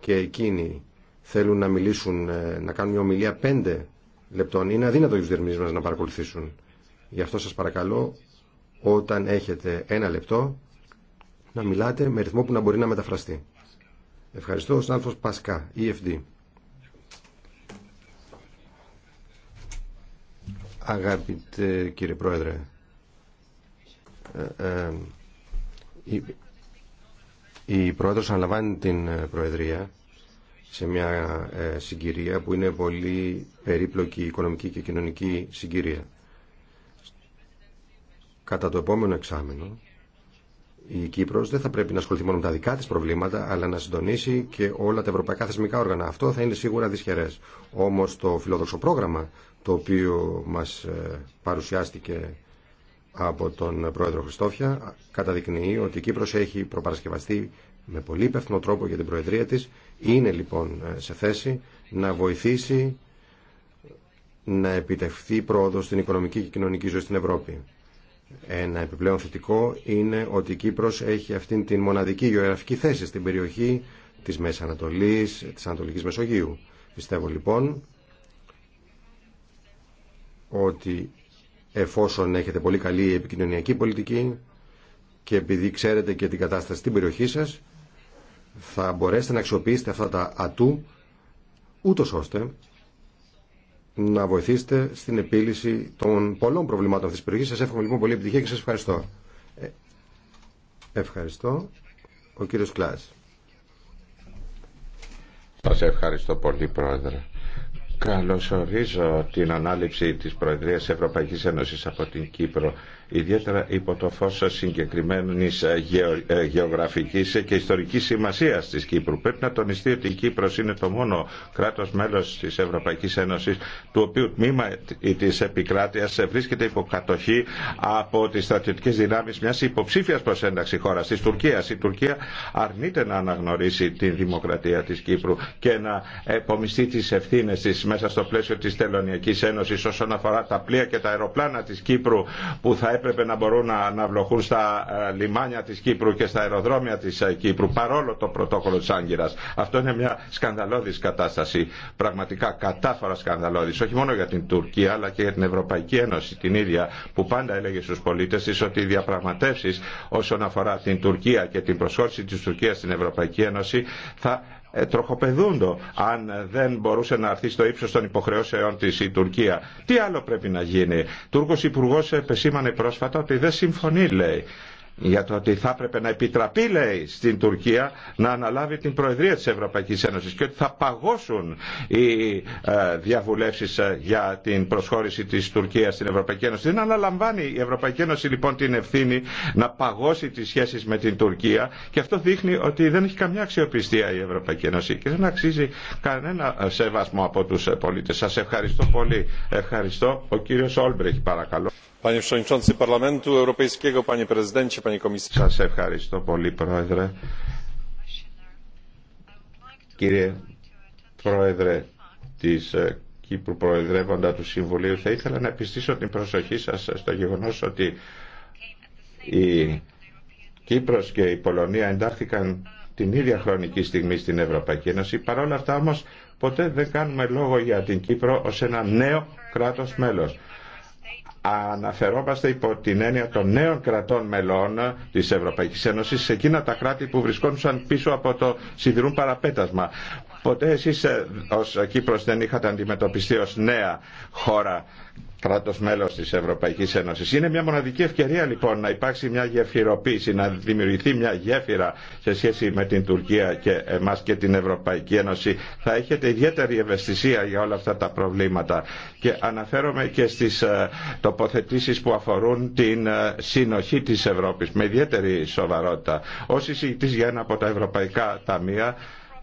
και εκείνοι θέλουν να μιλήσουν, ε, να κάνουν μια ομιλία πέντε λεπτών, είναι αδύνατο για τους διερμηνείς μας να παρακολουθήσουν. Γι' αυτό σας παρακαλώ, όταν έχετε ένα λεπτό, να μιλάτε με ρυθμό που να μπορεί να μεταφραστεί. Ευχαριστώ, ο Πασκά, EFD. Αγαπητέ κύριε Πρόεδρε, ε, ε, η, η Πρόεδρος αναλαμβάνει την ε, Προεδρία σε μια συγκυρία που είναι πολύ περίπλοκη οικονομική και κοινωνική συγκυρία. Κατά το επόμενο εξάμεινο, η Κύπρος δεν θα πρέπει να ασχοληθεί μόνο με τα δικά της προβλήματα, αλλά να συντονίσει και όλα τα ευρωπαϊκά θεσμικά όργανα. Αυτό θα είναι σίγουρα δυσχερές. Όμως το φιλόδοξο πρόγραμμα το οποίο μας ε, παρουσιάστηκε από τον πρόεδρο Χριστόφια καταδεικνύει ότι η Κύπρος έχει προπαρασκευαστεί με πολύ υπεύθυνο τρόπο για την Προεδρία της είναι λοιπόν ε, σε θέση να βοηθήσει να επιτευχθεί πρόοδος στην οικονομική και κοινωνική ζωή στην Ευρώπη. Ένα επιπλέον θετικό είναι ότι η Κύπρος έχει αυτήν την μοναδική γεωγραφική θέση στην περιοχή της Μέσης Ανατολής, της Ανατολικής Μεσογείου. Πιστεύω λοιπόν ότι εφόσον έχετε πολύ καλή επικοινωνιακή πολιτική και επειδή ξέρετε και την κατάσταση στην περιοχή σας, θα μπορέσετε να αξιοποιήσετε αυτά τα ατού, ούτω ώστε να βοηθήσετε στην επίλυση των πολλών προβλημάτων αυτής της περιοχής. Σας εύχομαι λοιπόν πολύ επιτυχία και σας ευχαριστώ. Ε, ευχαριστώ. Ο κύριος Κλάς. Σας ευχαριστώ πολύ, Πρόεδρε. Καλωσορίζω την ανάληψη της Προεδρίας Ευρωπαϊκής Ένωσης από την Κύπρο ιδιαίτερα υπό το φως συγκεκριμένης ε, ε, γεωγραφικής και ιστορικής σημασίας της Κύπρου. Πρέπει να τονιστεί ότι η Κύπρος είναι το μόνο κράτος μέλος της Ευρωπαϊκής Ένωσης, του οποίου τμήμα της επικράτειας βρίσκεται υποκατοχή από τις στρατιωτικές δυνάμεις μιας υποψήφιας προς ένταξη χώρας, της Τουρκίας. Η Τουρκία αρνείται να αναγνωρίσει την δημοκρατία της Κύπρου και να επομιστεί τις ευθύνες της μέσα στο πλαίσιο της Τελωνιακής Ένωσης όσον αφορά τα πλοία και τα αεροπλάνα της Κύπρου που θα έπρεπε να μπορούν να, να στα ε, λιμάνια της Κύπρου και στα αεροδρόμια της ε, Κύπρου παρόλο το πρωτόκολλο της Άγκυρας. Αυτό είναι μια σκανδαλώδης κατάσταση, πραγματικά κατάφορα σκανδαλώδης, όχι μόνο για την Τουρκία αλλά και για την Ευρωπαϊκή Ένωση την ίδια που πάντα έλεγε στους πολίτες της ότι οι διαπραγματεύσεις όσον αφορά την Τουρκία και την προσχώρηση της Τουρκίας στην Ευρωπαϊκή Ένωση θα ε, τροχοπεδούντο αν δεν μπορούσε να έρθει στο ύψο των υποχρεώσεών τη η Τουρκία. Τι άλλο πρέπει να γίνει. Τούρκο Υπουργό επεσήμανε πρόσφατα ότι δεν συμφωνεί, λέει, για το ότι θα έπρεπε να επιτραπεί, λέει, στην Τουρκία να αναλάβει την Προεδρία της Ευρωπαϊκής Ένωσης και ότι θα παγώσουν οι ε, διαβουλεύσεις ε, για την προσχώρηση της Τουρκίας στην Ευρωπαϊκή Ένωση. Δεν αναλαμβάνει η Ευρωπαϊκή Ένωση λοιπόν την ευθύνη να παγώσει τις σχέσεις με την Τουρκία και αυτό δείχνει ότι δεν έχει καμιά αξιοπιστία η Ευρωπαϊκή Ένωση και δεν αξίζει κανένα ε, σεβασμό από τους ε, πολίτες. Σας ευχαριστώ πολύ. Ευχαριστώ. Ο κύριος Όλμπρεχ παρακαλώ. Σας ευχαριστώ πολύ, Πρόεδρε. Κύριε Πρόεδρε της ε, Κύπρου Προεδρεύοντα του Συμβουλίου, θα ήθελα να επιστήσω την προσοχή σας στο γεγονός ότι η Κύπρος και η Πολωνία εντάχθηκαν την ίδια χρονική στιγμή στην Ευρωπαϊκή Ένωση. Παρ' όλα αυτά όμως ποτέ δεν κάνουμε λόγο για την Κύπρο ως ένα νέο κράτος μέλος αναφερόμαστε υπό την έννοια των νέων κρατών μελών της Ευρωπαϊκής Ένωσης σε εκείνα τα κράτη που βρισκόντουσαν πίσω από το σιδηρούν παραπέτασμα Ποτέ εσείς ε, ως Κύπρος δεν είχατε αντιμετωπιστεί ως νέα χώρα κράτος μέλος της Ευρωπαϊκής Ένωσης. Είναι μια μοναδική ευκαιρία λοιπόν να υπάρξει μια γεφυροποίηση, να δημιουργηθεί μια γέφυρα σε σχέση με την Τουρκία και εμάς και την Ευρωπαϊκή Ένωση. Θα έχετε ιδιαίτερη ευαισθησία για όλα αυτά τα προβλήματα. Και αναφέρομαι και στις ε, τοποθετήσεις που αφορούν την ε, συνοχή της Ευρώπης με ιδιαίτερη σοβαρότητα. Ω συζητήσει για ένα από τα ευρωπαϊκά ταμεία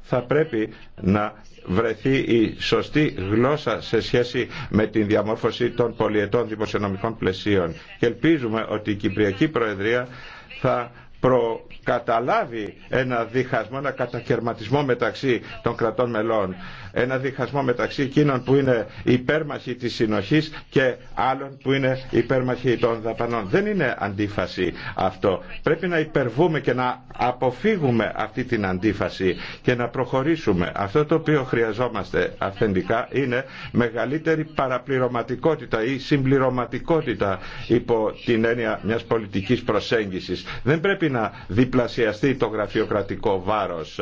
θα πρέπει να βρεθεί η σωστή γλώσσα σε σχέση με την διαμόρφωση των πολιετών δημοσιονομικών πλαισίων. Και ελπίζουμε ότι η Κυπριακή Προεδρία θα προ καταλάβει ένα διχασμό, ένα κατακαιρματισμό μεταξύ των κρατών μελών. Ένα διχασμό μεταξύ εκείνων που είναι υπέρμαχοι της συνοχής και άλλων που είναι υπέρμαχοι των δαπανών. Δεν είναι αντίφαση αυτό. Πρέπει να υπερβούμε και να αποφύγουμε αυτή την αντίφαση και να προχωρήσουμε. Αυτό το οποίο χρειαζόμαστε αυθεντικά είναι μεγαλύτερη παραπληρωματικότητα ή συμπληρωματικότητα υπό την έννοια μιας πολιτικής προσέγγισης. Δεν πρέπει να διπλωθούμε διπλασιαστεί το γραφειοκρατικό βάρος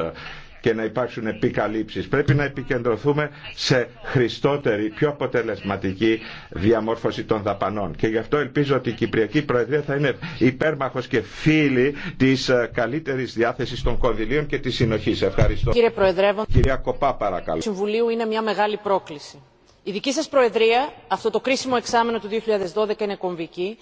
και να υπάρξουν επικαλύψεις. Πρέπει να επικεντρωθούμε σε χρηστότερη, πιο αποτελεσματική διαμόρφωση των δαπανών. Και γι' αυτό ελπίζω ότι η Κυπριακή Προεδρία θα είναι υπέρμαχος και φίλη της ε, καλύτερης διάθεσης των κονδυλίων και της συνοχής. Ευχαριστώ. Κύριε Προεδρεύον, κυρία Κοπά παρακαλώ. Το Συμβουλίου είναι μια μεγάλη πρόκληση. Η δική σας Προεδρία, αυτό το κρίσιμο εξάμενο του 2012 είναι κομβική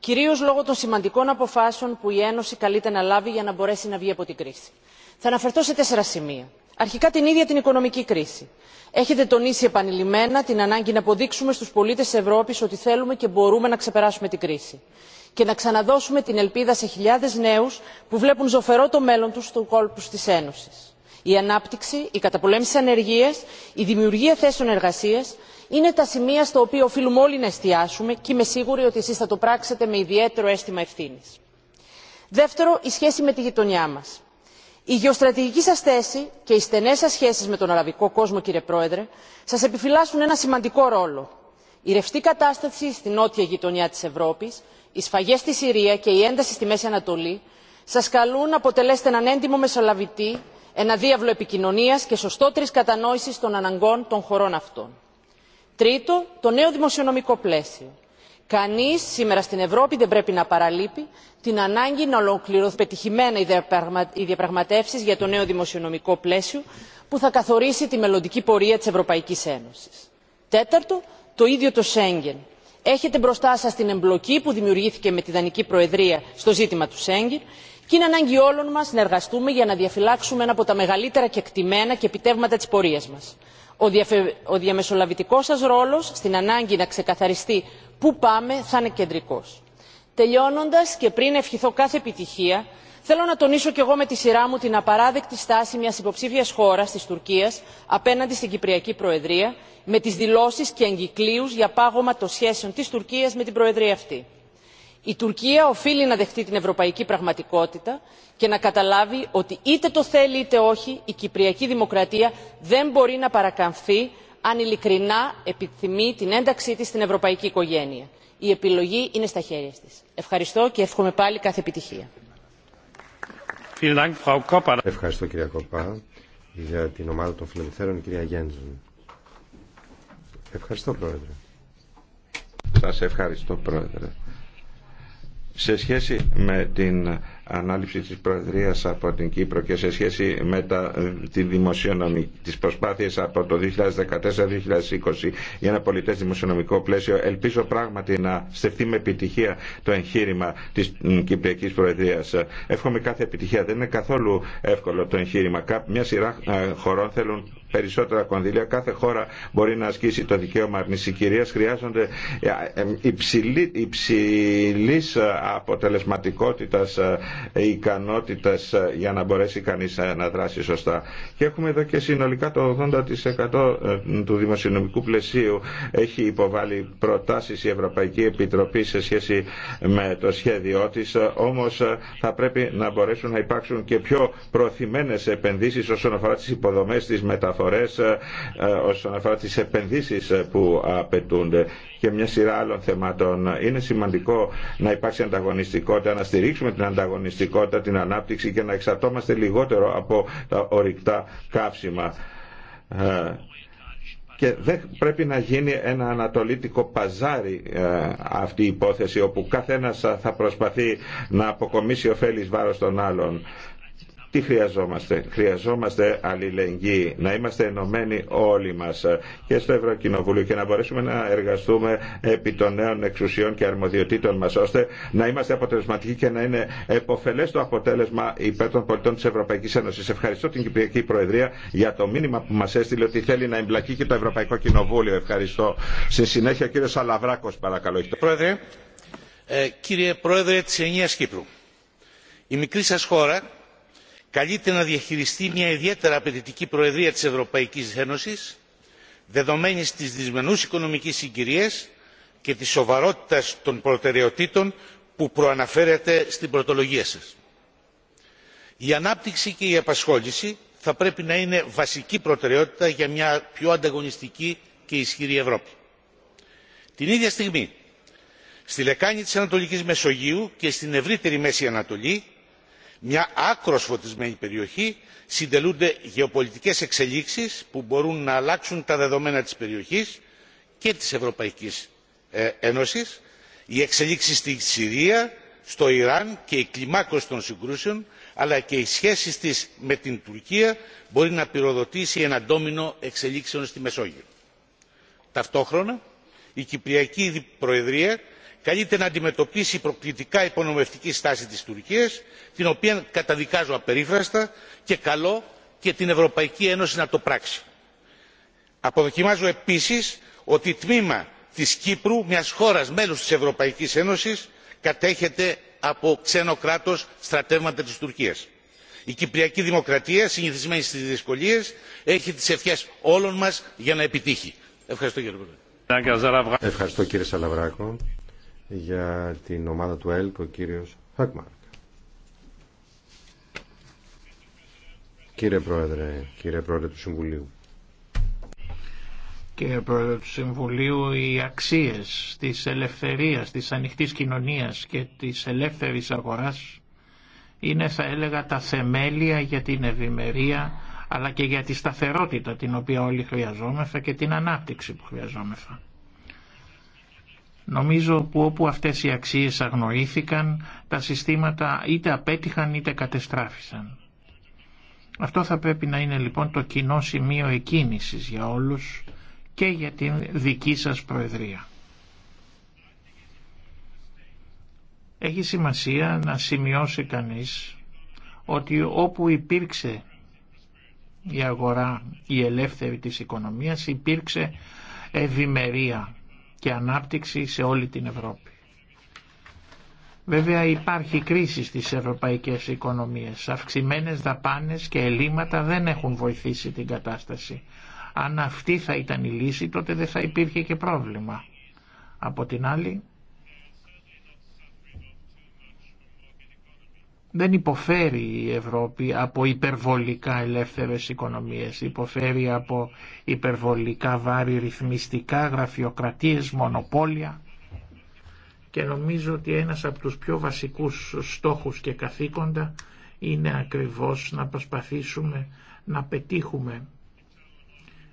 κυρίω λόγω των σημαντικών αποφάσεων που η ένωση καλείται να λάβει για να μπορέσει να βγει από την κρίση. θα αναφερθώ σε τέσσερα σημεία. αρχικά την ίδια την οικονομική κρίση. έχετε τονίσει επανειλημμένα την ανάγκη να αποδείξουμε στου πολίτε τη ευρώπη ότι θέλουμε και μπορούμε να ξεπεράσουμε την κρίση και να ξαναδώσουμε την ελπίδα σε χιλιάδε νέου που βλέπουν ζωφερό το μέλλον του στου κόλπου τη ένωση. η ανάπτυξη η καταπολέμηση τη ανεργία η δημιουργία θέσεων εργασία είναι τα σημεία στα οποία οφείλουμε όλοι να εστιάσουμε και είμαι σίγουρη ότι εσείς θα το πράξετε με ιδιαίτερο αίσθημα ευθύνη. δεύτερο η σχέση με τη γειτονιά μα. η γεωστρατηγική σα θέση και οι στενέ σα σχέσει με τον αραβικό κόσμο κύριε πρόεδρε σα επιφυλάσσουν ένα σημαντικό ρόλο. η ρευστή κατάσταση στην νότια γειτονιά τη Ευρώπη, οι σφαγέ στη συρία και η ένταση στη μέση ανατολή σα καλούν να αποτελέσετε έναν έντιμο μεσολαβητή ένα διάβλο επικοινωνία και σωστότερη κατανόηση των αναγκών των χωρών αυτών τρίτο το νέο δημοσιονομικό πλαίσιο. Κανεί σήμερα στην ευρώπη δεν πρέπει να παραλείπει την ανάγκη να ολοκληρωθούν πετυχημένα οι διαπραγματεύσει για το νέο δημοσιονομικό πλαίσιο που θα καθορίσει τη μελλοντική πορεία τη Ευρωπαϊκή Ένωση. τέταρτο το ίδιο το σέγγεν. έχετε μπροστά σα την εμπλοκή που δημιουργήθηκε με τη δανική προεδρία στο ζήτημα του σέγγεν και είναι ανάγκη όλων μα να εργαστούμε για να διαφυλάξουμε ένα από τα μεγαλύτερα κεκτημένα και επιτεύγματα τη πορεία μα ο διαμεσολαβητικός σας ρόλος στην ανάγκη να ξεκαθαριστεί πού πάμε θα είναι κεντρικός. τελειώνοντας και πριν ευχηθώ κάθε επιτυχία θέλω να τονίσω κι εγώ με τη σειρά μου την απαράδεκτη στάση μιας υποψήφιας χώρας της τουρκίας απέναντι στην κυπριακή προεδρία με τις δηλώσεις και εγκυκλίους για πάγωμα των σχέσεων της τουρκίας με την προεδρία αυτή η τουρκία οφείλει να δεχτεί την ευρωπαϊκή πραγματικότητα και να καταλάβει ότι είτε το θέλει είτε όχι η κυπριακή δημοκρατία δεν μπορεί να παρακαμφθεί αν ειλικρινά επιθυμεί την ένταξή της στην ευρωπαϊκή οικογένεια. η επιλογή είναι στα χέρια της. ευχαριστώ και εύχομαι πάλι κάθε επιτυχία σε σχέση με την ανάληψη της Προεδρίας από την Κύπρο και σε σχέση με τα, ε, τη δημοσιονομική, τις προσπάθειες από το 2014-2020 για ένα πολιτές δημοσιονομικό πλαίσιο ελπίζω πράγματι να στεφτεί με επιτυχία το εγχείρημα της Κυπριακής Προεδρίας. Εύχομαι κάθε επιτυχία. Δεν είναι καθόλου εύκολο το εγχείρημα. Μια σειρά ε, χωρών θέλουν περισσότερα κονδύλια. Κάθε χώρα μπορεί να ασκήσει το δικαίωμα αρνησικυρία. Χρειάζονται ε, υψηλή, υψηλής αποτελεσματικότητας ικανότητες ε, για να μπορέσει κανείς ε, να δράσει σωστά. Και έχουμε εδώ και συνολικά το 80% ε, του δημοσιονομικού πλαισίου έχει υποβάλει προτάσεις η Ευρωπαϊκή Επιτροπή σε σχέση με το σχέδιό της, όμως θα πρέπει να μπορέσουν να υπάρξουν και πιο προθυμένες επενδύσεις όσον αφορά τις υποδομές, τις μεταφορές, όσον αφορά τις επενδύσεις που απαιτούνται και μια σειρά άλλων θεμάτων. Είναι σημαντικό να υπάρξει ανταγωνιστικότητα, να στηρίξουμε την ανταγωνιστικότητα, την ανάπτυξη και να εξαρτώμαστε λιγότερο από τα ορυκτά καύσιμα ε, και δεν πρέπει να γίνει ένα ανατολίτικο παζάρι ε, αυτή η υπόθεση όπου κάθε ένας θα προσπαθεί να αποκομίσει ωφέλης βάρος των άλλων. Τι χρειαζόμαστε. Χρειαζόμαστε αλληλεγγύη, να είμαστε ενωμένοι όλοι μας ε, και στο Ευρωκοινοβούλιο και να μπορέσουμε να εργαστούμε επί των νέων εξουσιών και αρμοδιοτήτων μας ώστε να είμαστε αποτελεσματικοί και να είναι εποφελές το αποτέλεσμα υπέρ των πολιτών της Ευρωπαϊκής Ένωσης. Ευχαριστώ την Κυπριακή Προεδρία για το μήνυμα που μας έστειλε ότι θέλει να εμπλακεί και το Ευρωπαϊκό Κοινοβούλιο. Ευχαριστώ. Στη συνέχεια κύριο Σαλαβράκος παρακαλώ. Πρόεδρε, ε, κύριε Πρόεδρε της Ενίας Κύπρου, η μικρή σας χώρα καλείται να διαχειριστεί μια ιδιαίτερα απαιτητική προεδρία της ευρωπαϊκής ένωσης δεδομένης της δυσμενούς οικονομικής συγκυρίας και της σοβαρότητας των προτεραιοτήτων που προαναφέρετε στην πρωτολογία σας. η ανάπτυξη και η απασχόληση θα πρέπει να είναι βασική προτεραιότητα για μια πιο ανταγωνιστική και ισχυρή ευρώπη. την ίδια στιγμή στη λεκάνη της ανατολικής μεσογείου και στην ευρύτερη μέση ανατολή μια άκρος φωτισμένη περιοχή συντελούνται γεωπολιτικές εξελίξεις που μπορούν να αλλάξουν τα δεδομένα της περιοχής και της ευρωπαϊκής ε, ένωσης οι εξελίξεις στη συρία στο ιράν και η κλιμάκωση των συγκρούσεων αλλά και οι σχέσεις της με την τουρκία μπορεί να πυροδοτήσει ένα ντόμινο εξελίξεων στη μεσόγειο. ταυτόχρονα η κυπριακή προεδρία καλείται να αντιμετωπίσει η προκλητικά υπονομευτική στάση της τουρκίας την οποία καταδικάζω απερίφραστα και καλώ και την ευρωπαϊκή ένωση να το πράξει. αποδοκιμάζω επίσης ότι τμήμα της κύπρου μιας χώρας μέλους της ευρωπαϊκής ένωσης κατέχεται από ξένο κράτος στρατεύματα της τουρκίας. η κυπριακή δημοκρατία συνηθισμένη στις δυσκολίες έχει τις ευχές όλων μας για να επιτύχει. ευχαριστώ κύριε για την ομάδα του ΕΛΚ ο κύριος Χακμάρκ. Κύριε Πρόεδρε, κύριε Πρόεδρε του Συμβουλίου. Κύριε Πρόεδρε του Συμβουλίου, οι αξίες της ελευθερίας, της ανοιχτής κοινωνίας και της ελεύθερης αγοράς είναι θα έλεγα τα θεμέλια για την ευημερία αλλά και για τη σταθερότητα την οποία όλοι χρειαζόμεθα και την ανάπτυξη που χρειαζόμεθα. Νομίζω που όπου αυτές οι αξίες αγνοήθηκαν, τα συστήματα είτε απέτυχαν είτε κατεστράφησαν. Αυτό θα πρέπει να είναι λοιπόν το κοινό σημείο εκκίνησης για όλους και για την δική σας Προεδρία. Έχει σημασία να σημειώσει κανείς ότι όπου υπήρξε η αγορά η ελεύθερη της οικονομίας υπήρξε ευημερία και ανάπτυξη σε όλη την Ευρώπη. Βέβαια υπάρχει κρίση στις ευρωπαϊκές οικονομίες. Αυξημένες δαπάνες και ελλείμματα δεν έχουν βοηθήσει την κατάσταση. Αν αυτή θα ήταν η λύση τότε δεν θα υπήρχε και πρόβλημα. Από την άλλη Δεν υποφέρει η Ευρώπη από υπερβολικά ελεύθερες οικονομίες, υποφέρει από υπερβολικά βάρη ρυθμιστικά, γραφειοκρατίες, μονοπόλια και νομίζω ότι ένας από τους πιο βασικούς στόχους και καθήκοντα είναι ακριβώς να προσπαθήσουμε να πετύχουμε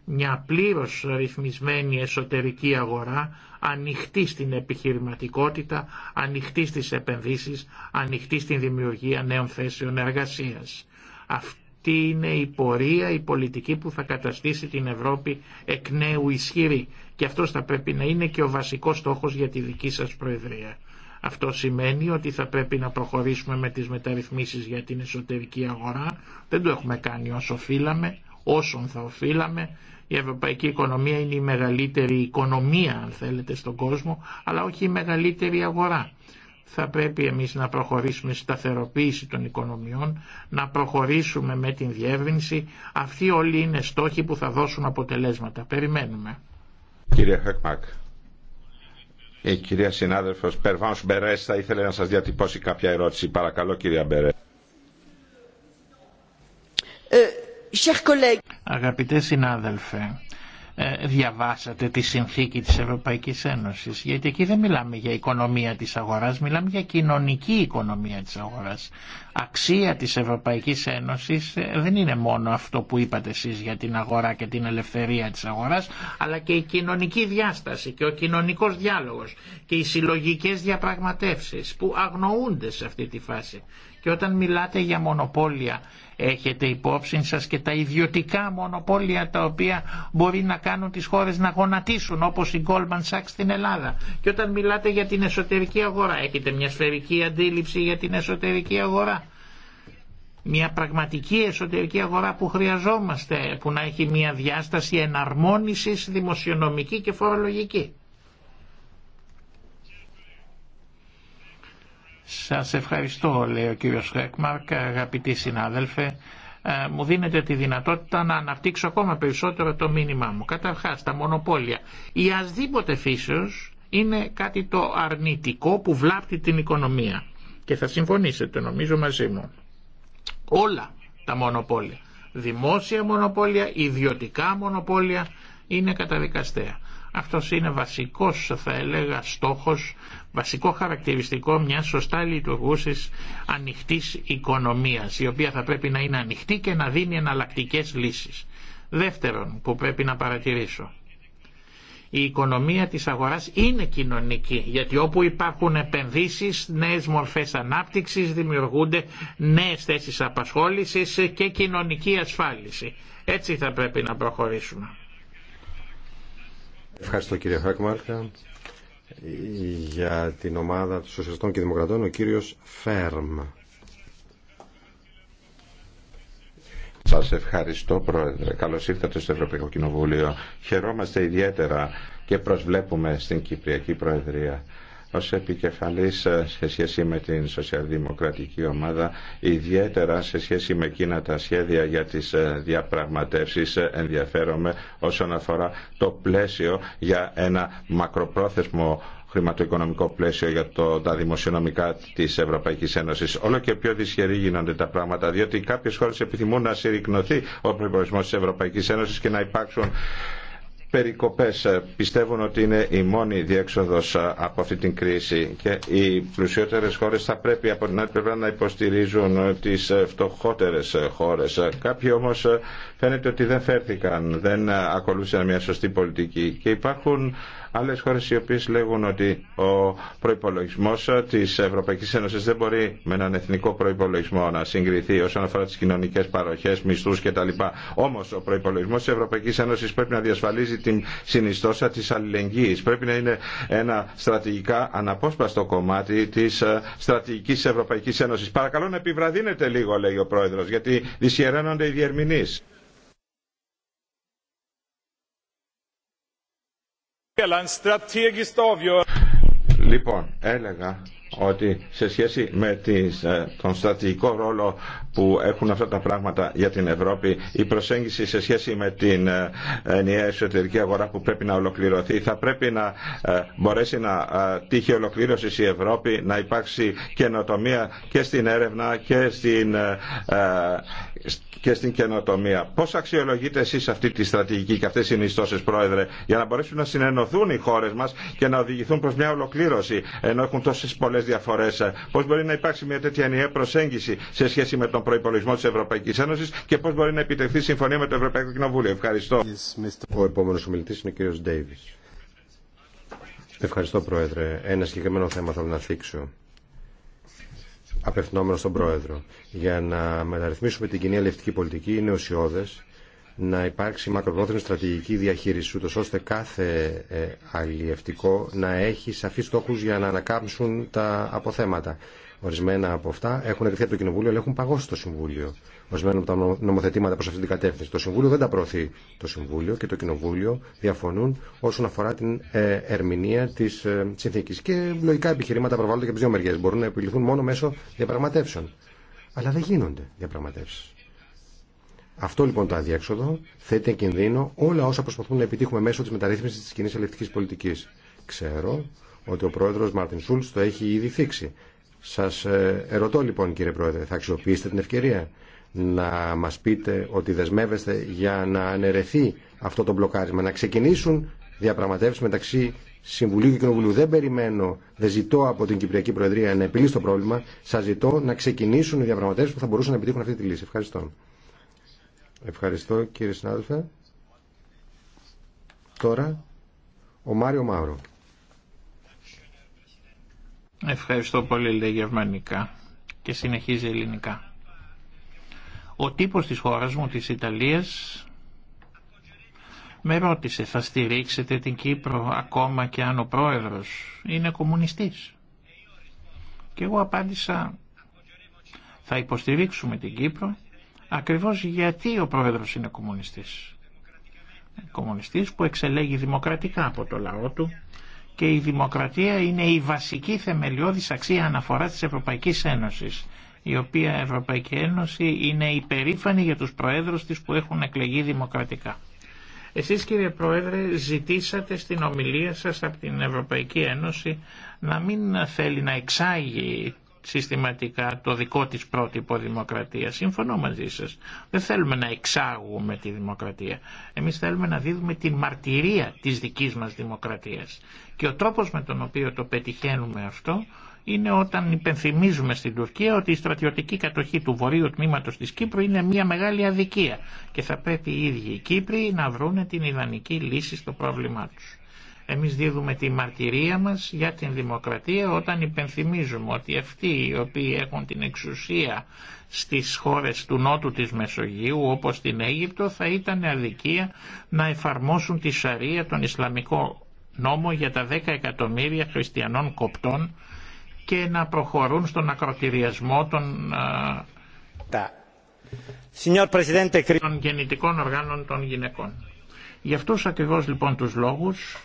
μια πλήρως ρυθμισμένη εσωτερική αγορά, ανοιχτή στην επιχειρηματικότητα, ανοιχτή στις επενδύσεις, ανοιχτή στην δημιουργία νέων θέσεων εργασίας. Αυτή είναι η πορεία, η πολιτική που θα καταστήσει την Ευρώπη εκ νέου ισχυρή και αυτό θα πρέπει να είναι και ο βασικός στόχος για τη δική σας Προεδρία. Αυτό σημαίνει ότι θα πρέπει να προχωρήσουμε με τις μεταρρυθμίσεις για την εσωτερική αγορά. Δεν το έχουμε κάνει όσο οφείλαμε, όσον θα οφείλαμε. Η ευρωπαϊκή οικονομία είναι η μεγαλύτερη οικονομία αν θέλετε στον κόσμο αλλά όχι η μεγαλύτερη αγορά. Θα πρέπει εμείς να προχωρήσουμε σταθεροποίηση των οικονομιών, να προχωρήσουμε με την διεύρυνση. Αυτοί όλοι είναι στόχοι που θα δώσουν αποτελέσματα. Περιμένουμε. Κύριε Χακμάκ, η ε, κυρία συνάδελφος Μπερές ήθελε να σας διατυπώσει κάποια ερώτηση. Παρακαλώ κυρία Μπερές. Ε, Αγαπητέ συνάδελφε, ε, διαβάσατε τη συνθήκη της Ευρωπαϊκής Ένωσης, γιατί εκεί δεν μιλάμε για οικονομία της αγοράς, μιλάμε για κοινωνική οικονομία της αγοράς. Αξία της Ευρωπαϊκής Ένωσης ε, δεν είναι μόνο αυτό που είπατε εσείς για την αγορά και την ελευθερία της αγοράς, αλλά και η κοινωνική διάσταση και ο κοινωνικός διάλογος και οι συλλογικές διαπραγματεύσεις που αγνοούνται σε αυτή τη φάση. Και όταν μιλάτε για μονοπόλια Έχετε υπόψη σας και τα ιδιωτικά μονοπόλια τα οποία μπορεί να κάνουν τις χώρες να γονατίσουν όπως η Goldman Sachs στην Ελλάδα. Και όταν μιλάτε για την εσωτερική αγορά έχετε μια σφαιρική αντίληψη για την εσωτερική αγορά. Μια πραγματική εσωτερική αγορά που χρειαζόμαστε, που να έχει μια διάσταση εναρμόνισης δημοσιονομική και φορολογική. Σας ευχαριστώ, λέει ο κύριος Χέκμαρκ, αγαπητοί συνάδελφε. Ε, μου δίνετε τη δυνατότητα να αναπτύξω ακόμα περισσότερο το μήνυμά μου. Καταρχάς, τα μονοπόλια. Η ασδήποτε φύσεως είναι κάτι το αρνητικό που βλάπτει την οικονομία. Και θα συμφωνήσετε, νομίζω, μαζί μου. Όλα τα μονοπόλια, δημόσια μονοπόλια, ιδιωτικά μονοπόλια, είναι καταδικαστέα. Αυτός είναι βασικός θα έλεγα στόχος βασικό χαρακτηριστικό μιας σωστά λειτουργούσης ανοιχτής οικονομίας, η οποία θα πρέπει να είναι ανοιχτή και να δίνει εναλλακτικέ λύσεις. Δεύτερον, που πρέπει να παρατηρήσω, η οικονομία της αγοράς είναι κοινωνική, γιατί όπου υπάρχουν επενδύσεις, νέες μορφές ανάπτυξης, δημιουργούνται νέες θέσεις απασχόλησης και κοινωνική ασφάλιση. Έτσι θα πρέπει να προχωρήσουμε. Ευχαριστώ κύριε Χάκμαρκα για την ομάδα των Σοσιαλιστών και Δημοκρατών ο κύριος Φέρμ. Σας ευχαριστώ Πρόεδρε. Καλώς ήρθατε στο Ευρωπαϊκό Κοινοβούλιο. Χαιρόμαστε ιδιαίτερα και προσβλέπουμε στην Κυπριακή Προεδρία ως επικεφαλής ε, σε σχέση με την σοσιαλδημοκρατική ομάδα ιδιαίτερα σε σχέση με εκείνα τα σχέδια για τις ε, διαπραγματεύσεις ε, ενδιαφέρομαι όσον αφορά το πλαίσιο για ένα μακροπρόθεσμο χρηματοοικονομικό πλαίσιο για το, τα δημοσιονομικά της Ευρωπαϊκής Ένωσης Όλο και πιο δυσχερή γίνονται τα πράγματα, διότι κάποιε χώρε επιθυμούν να συρρυκνωθεί ο προπολογισμό της Ευρωπαϊκής Ένωσης και να υπάρξουν περικοπές ε, πιστεύουν ότι είναι η μόνη διέξοδος ε, από αυτή την κρίση και οι πλουσιότερες χώρες θα πρέπει από την άλλη πλευρά να υποστηρίζουν ε, τις φτωχότερες χώρες. Κάποιοι όμως φαίνεται ότι δεν φέρθηκαν, δεν ακολούθησαν μια σωστή πολιτική και υπάρχουν άλλες χώρες οι οποίες λέγουν ότι ο προϋπολογισμός της Ευρωπαϊκής Ένωσης δεν μπορεί με έναν εθνικό προϋπολογισμό να συγκριθεί όσον αφορά τις κοινωνικές παροχές, μισθούς κτλ. Όμως ο προϋπολογισμός της Ευρωπαϊκής Ένωσης πρέπει να διασφαλίζει την συνιστόσα της αλληλεγγύης. Πρέπει να είναι ένα στρατηγικά αναπόσπαστο κομμάτι της ε, στρατηγικής Ευρωπαϊκής Ένωσης. Παρακαλώ να επιβραδύνετε λίγο, λέει ο πρόεδρο, γιατί δυσχεραίνονται οι διερμηνείς. Λοιπόν, έλεγα ότι σε σχέση με ε, τον στρατηγικό ρόλο που έχουν αυτά τα πράγματα για την Ευρώπη, η προσέγγιση σε σχέση με την ε, ενιαία εσωτερική αγορά που πρέπει να ολοκληρωθεί, θα πρέπει να ε, μπορέσει να τύχει ολοκλήρωση η Ευρώπη, να υπάρξει καινοτομία και στην έρευνα και στην, και στην καινοτομία. Πώς αξιολογείτε εσείς αυτή τη στρατηγική και αυτές οι νηστώσεις, Πρόεδρε, για να μπορέσουν να συνενωθούν οι χώρες μας και να οδηγηθούν προς μια ολοκλήρωση, ενώ έχουν τόσες πολλές πολλέ διαφορέ. Πώ μπορεί να υπάρξει μια τέτοια ενιαία προσέγγιση σε σχέση με τον προπολογισμό τη Ευρωπαϊκή Ένωση και πώ μπορεί να επιτευχθεί συμφωνία με το Ευρωπαϊκό Κοινοβούλιο. Ευχαριστώ. Ο επόμενο ομιλητή είναι ο κ. Ντέιβι. Ευχαριστώ, Πρόεδρε. Ένα συγκεκριμένο θέμα θέλω να θίξω. Απευθυνόμενο στον Πρόεδρο. Για να μεταρρυθμίσουμε την κοινή αλληλευτική πολιτική είναι ουσιώδε να υπάρξει μακροπρόθεσμη στρατηγική διαχείριση, ούτως ώστε κάθε ε, αλλιευτικό να έχει σαφείς στόχους για να ανακάμψουν τα αποθέματα. Ορισμένα από αυτά έχουν εκτεθεί από το Κοινοβούλιο, αλλά έχουν παγώσει το Συμβούλιο. Ορισμένα από τα νομοθετήματα προ αυτήν την κατεύθυνση. Το Συμβούλιο δεν τα προωθεί. Το Συμβούλιο και το Κοινοβούλιο διαφωνούν όσον αφορά την ε, ερμηνεία τη ε, συνθήκη. Και λογικά επιχειρήματα προβάλλονται και από τι δύο μεριέ. Μπορούν να επιληθούν μόνο μέσω διαπραγματεύσεων. Αλλά δεν γίνονται διαπραγματεύσει. Αυτό λοιπόν το αδιέξοδο θέτει εν κινδύνο όλα όσα προσπαθούμε να επιτύχουμε μέσω τη μεταρρύθμιση τη κοινή ελευτική πολιτική. Ξέρω ότι ο πρόεδρο Μάρτιν Σούλτ το έχει ήδη θίξει. Σα ε, ερωτώ λοιπόν κύριε πρόεδρε, θα αξιοποιήσετε την ευκαιρία να μα πείτε ότι δεσμεύεστε για να αναιρεθεί αυτό το μπλοκάρισμα, να ξεκινήσουν διαπραγματεύσει μεταξύ Συμβουλίου και Κοινοβουλίου. Δεν περιμένω, δεν ζητώ από την Κυπριακή Προεδρία να επιλύσει το πρόβλημα. Σα ζητώ να ξεκινήσουν οι διαπραγματεύσει που θα μπορούσαν να επιτύχουν αυτή τη λύση. Ευχαριστώ. Ευχαριστώ κύριε συνάδελφε. Τώρα ο Μάριο Μαύρο. Ευχαριστώ πολύ λέει γερμανικά και συνεχίζει ελληνικά. Ο τύπος της χώρας μου, της Ιταλίας, με ρώτησε θα στηρίξετε την Κύπρο ακόμα και αν ο πρόεδρος είναι κομμουνιστής. Και εγώ απάντησα θα υποστηρίξουμε την Κύπρο Ακριβώς γιατί ο πρόεδρος είναι κομμουνιστής. Κομμουνιστής που εξελέγει δημοκρατικά από το λαό του και η δημοκρατία είναι η βασική θεμελιώδης αξία αναφοράς της Ευρωπαϊκής Ένωσης η οποία Ευρωπαϊκή Ένωση είναι υπερήφανη για τους προέδρους της που έχουν εκλεγεί δημοκρατικά. Εσείς κύριε Πρόεδρε ζητήσατε στην ομιλία σας από την Ευρωπαϊκή Ένωση να μην θέλει να εξάγει συστηματικά το δικό της πρότυπο δημοκρατία. Συμφωνώ μαζί σας. Δεν θέλουμε να εξάγουμε τη δημοκρατία. Εμείς θέλουμε να δίδουμε την μαρτυρία της δικής μας δημοκρατίας. Και ο τρόπος με τον οποίο το πετυχαίνουμε αυτό είναι όταν υπενθυμίζουμε στην Τουρκία ότι η στρατιωτική κατοχή του βορείου τμήματος της Κύπρου είναι μια μεγάλη αδικία και θα πρέπει οι ίδιοι οι Κύπροι να βρούνε την ιδανική λύση στο πρόβλημά τους. Εμείς δίδουμε τη μαρτυρία μας για την δημοκρατία όταν υπενθυμίζουμε ότι αυτοί οι οποίοι έχουν την εξουσία στις χώρες του νότου της Μεσογείου όπως την Αίγυπτο θα ήταν αδικία να εφαρμόσουν τη Σαρία τον Ισλαμικό νόμο για τα 10 εκατομμύρια χριστιανών κοπτών και να προχωρούν στον ακροτηριασμό των, των γεννητικών οργάνων των γυναικών. Γι' αυτούς ακριβώς λοιπόν τους λόγους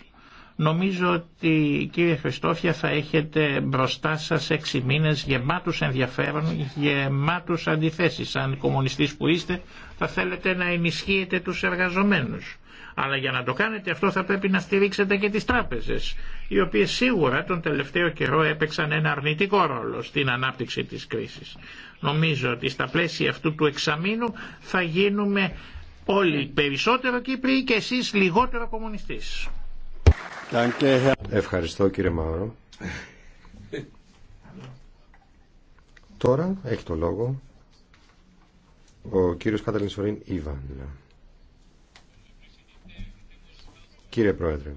Νομίζω ότι κύριε Χριστόφια θα έχετε μπροστά σας έξι μήνες γεμάτους ενδιαφέρον, γεμάτους αντιθέσεις. Σαν κομμουνιστής που είστε θα θέλετε να ενισχύετε τους εργαζομένους. Αλλά για να το κάνετε αυτό θα πρέπει να στηρίξετε και τις τράπεζες, οι οποίες σίγουρα τον τελευταίο καιρό έπαιξαν ένα αρνητικό ρόλο στην ανάπτυξη της κρίσης. Νομίζω ότι στα πλαίσια αυτού του εξαμήνου θα γίνουμε όλοι περισσότερο Κύπροι και εσείς λιγότερο κομμουνιστής. Ευχαριστώ κύριε Μαύρο. Τώρα έχει το λόγο ο κύριος Καταλήν Ιβάν. Κύριε Πρόεδρε,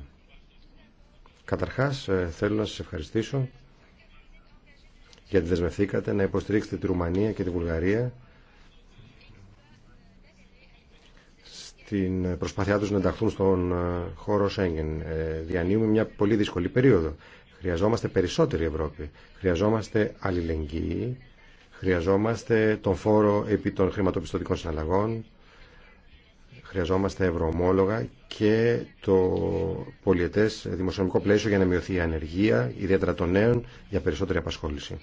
καταρχάς ε, θέλω να σας ευχαριστήσω γιατί δεσμευθήκατε να υποστηρίξετε τη Ρουμανία και τη Βουλγαρία την προσπάθειά τους να ενταχθούν στον ε, χώρο Σέγγεν. Ε, διανύουμε μια πολύ δύσκολη περίοδο. Χρειαζόμαστε περισσότερη Ευρώπη. Χρειαζόμαστε αλληλεγγύη. Χρειαζόμαστε τον φόρο επί των χρηματοπιστωτικών συναλλαγών. Χρειαζόμαστε ευρωομόλογα και το πολιετές δημοσιονομικό πλαίσιο για να μειωθεί η ανεργία, ιδιαίτερα των νέων, για περισσότερη απασχόληση.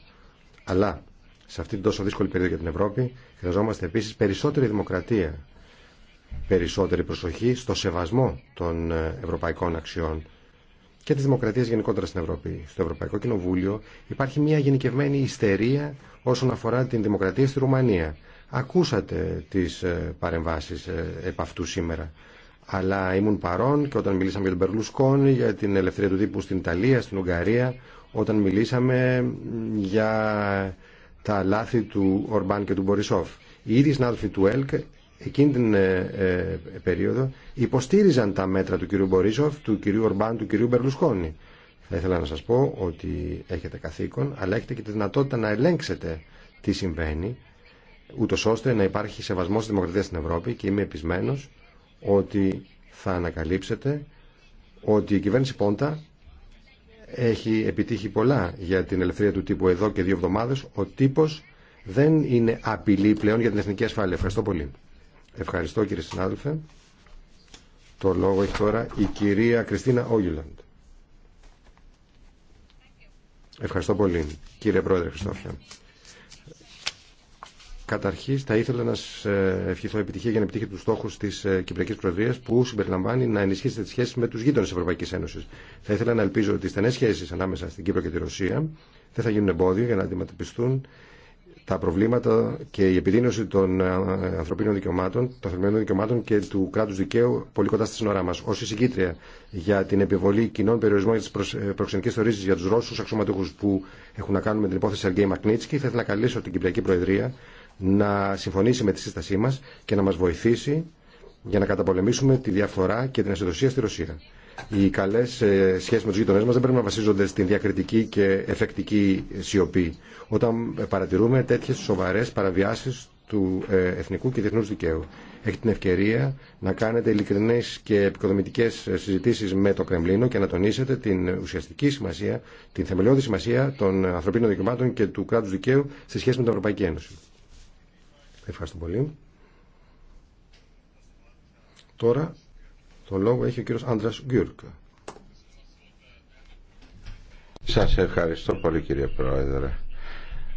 Αλλά σε αυτή την τόσο δύσκολη περίοδο για την Ευρώπη χρειαζόμαστε επίσης περισσότερη δημοκρατία περισσότερη προσοχή στο σεβασμό των ε, ευρωπαϊκών αξιών και της δημοκρατίας γενικότερα στην Ευρώπη. Στο Ευρωπαϊκό Κοινοβούλιο υπάρχει μια γενικευμένη ιστερία όσον αφορά την δημοκρατία στη Ρουμανία. Ακούσατε τις ε, παρεμβάσεις ε, επ' αυτού σήμερα. Αλλά ήμουν παρόν και όταν μιλήσαμε για τον Περλουσκόνη, για την ελευθερία του τύπου στην Ιταλία, στην Ουγγαρία, όταν μιλήσαμε για τα λάθη του Ορμπάν και του Μπορισόφ. Οι ίδιοι συνάδελφοι του εκείνη την ε, ε, περίοδο υποστήριζαν τα μέτρα του κυρίου Μπορίσοφ, του κυρίου Ορμπάν, του κυρίου Μπερλουσκόνη. Θα ήθελα να σας πω ότι έχετε καθήκον, αλλά έχετε και τη δυνατότητα να ελέγξετε τι συμβαίνει, ούτω ώστε να υπάρχει σεβασμός στη δημοκρατία στην Ευρώπη και είμαι επισμένο ότι θα ανακαλύψετε ότι η κυβέρνηση Πόντα έχει επιτύχει πολλά για την ελευθερία του τύπου εδώ και δύο εβδομάδε. Ο τύπο δεν είναι απειλή πλέον για την εθνική ασφάλεια. Ευχαριστώ πολύ. Ευχαριστώ κύριε συνάδελφε. Το λόγο έχει τώρα η κυρία Κριστίνα Όγιουλαντ. Ευχαριστώ πολύ κύριε Πρόεδρε Χριστόφια. Καταρχή, θα ήθελα να σα ε, ευχηθώ επιτυχία για να επιτύχετε του στόχου τη ε, Κυπριακή Προεδρία που συμπεριλαμβάνει να ενισχύσετε τι σχέσει με του γείτονε τη Ευρωπαϊκή Ένωση. Θα ήθελα να ελπίζω ότι οι στενέ σχέσει ανάμεσα στην Κύπρο και τη Ρωσία δεν θα γίνουν εμπόδιο για να αντιμετωπιστούν τα προβλήματα και η επιδείνωση των ε, ανθρωπίνων δικαιωμάτων, των δικαιωμάτων και του κράτου δικαίου πολύ κοντά στη σύνορά μα. Ω εισηγήτρια για την επιβολή κοινών περιορισμών για τι ε, προξενικέ θεωρήσει για του Ρώσου αξιωματούχου που έχουν να κάνουν με την υπόθεση Αργέη Μακνίτσκι, θα ήθελα να καλέσω την Κυπριακή Προεδρία να συμφωνήσει με τη σύστασή μα και να μα βοηθήσει για να καταπολεμήσουμε τη διαφθορά και την ασυνδοσία στη Ρωσία. Οι καλέ ε, σχέσει με του γείτονέ μα δεν πρέπει να βασίζονται στην διακριτική και εφεκτική σιωπή. Όταν ε, παρατηρούμε τέτοιε σοβαρέ παραβιάσει του ε, εθνικού και διεθνού δικαίου. Έχετε την ευκαιρία να κάνετε ειλικρινέ και επικοδομητικέ συζητήσει με το Κρεμλίνο και να τονίσετε την ουσιαστική σημασία, την θεμελιώδη σημασία των ανθρωπίνων δικαιωμάτων και του κράτου δικαίου σε σχέση με την Ευρωπαϊκή Ένωση. Ευχαριστώ πολύ. Τώρα το λόγο έχει ο κύριος Άντρας Γκιούρκ. Σας ευχαριστώ πολύ κύριε Πρόεδρε.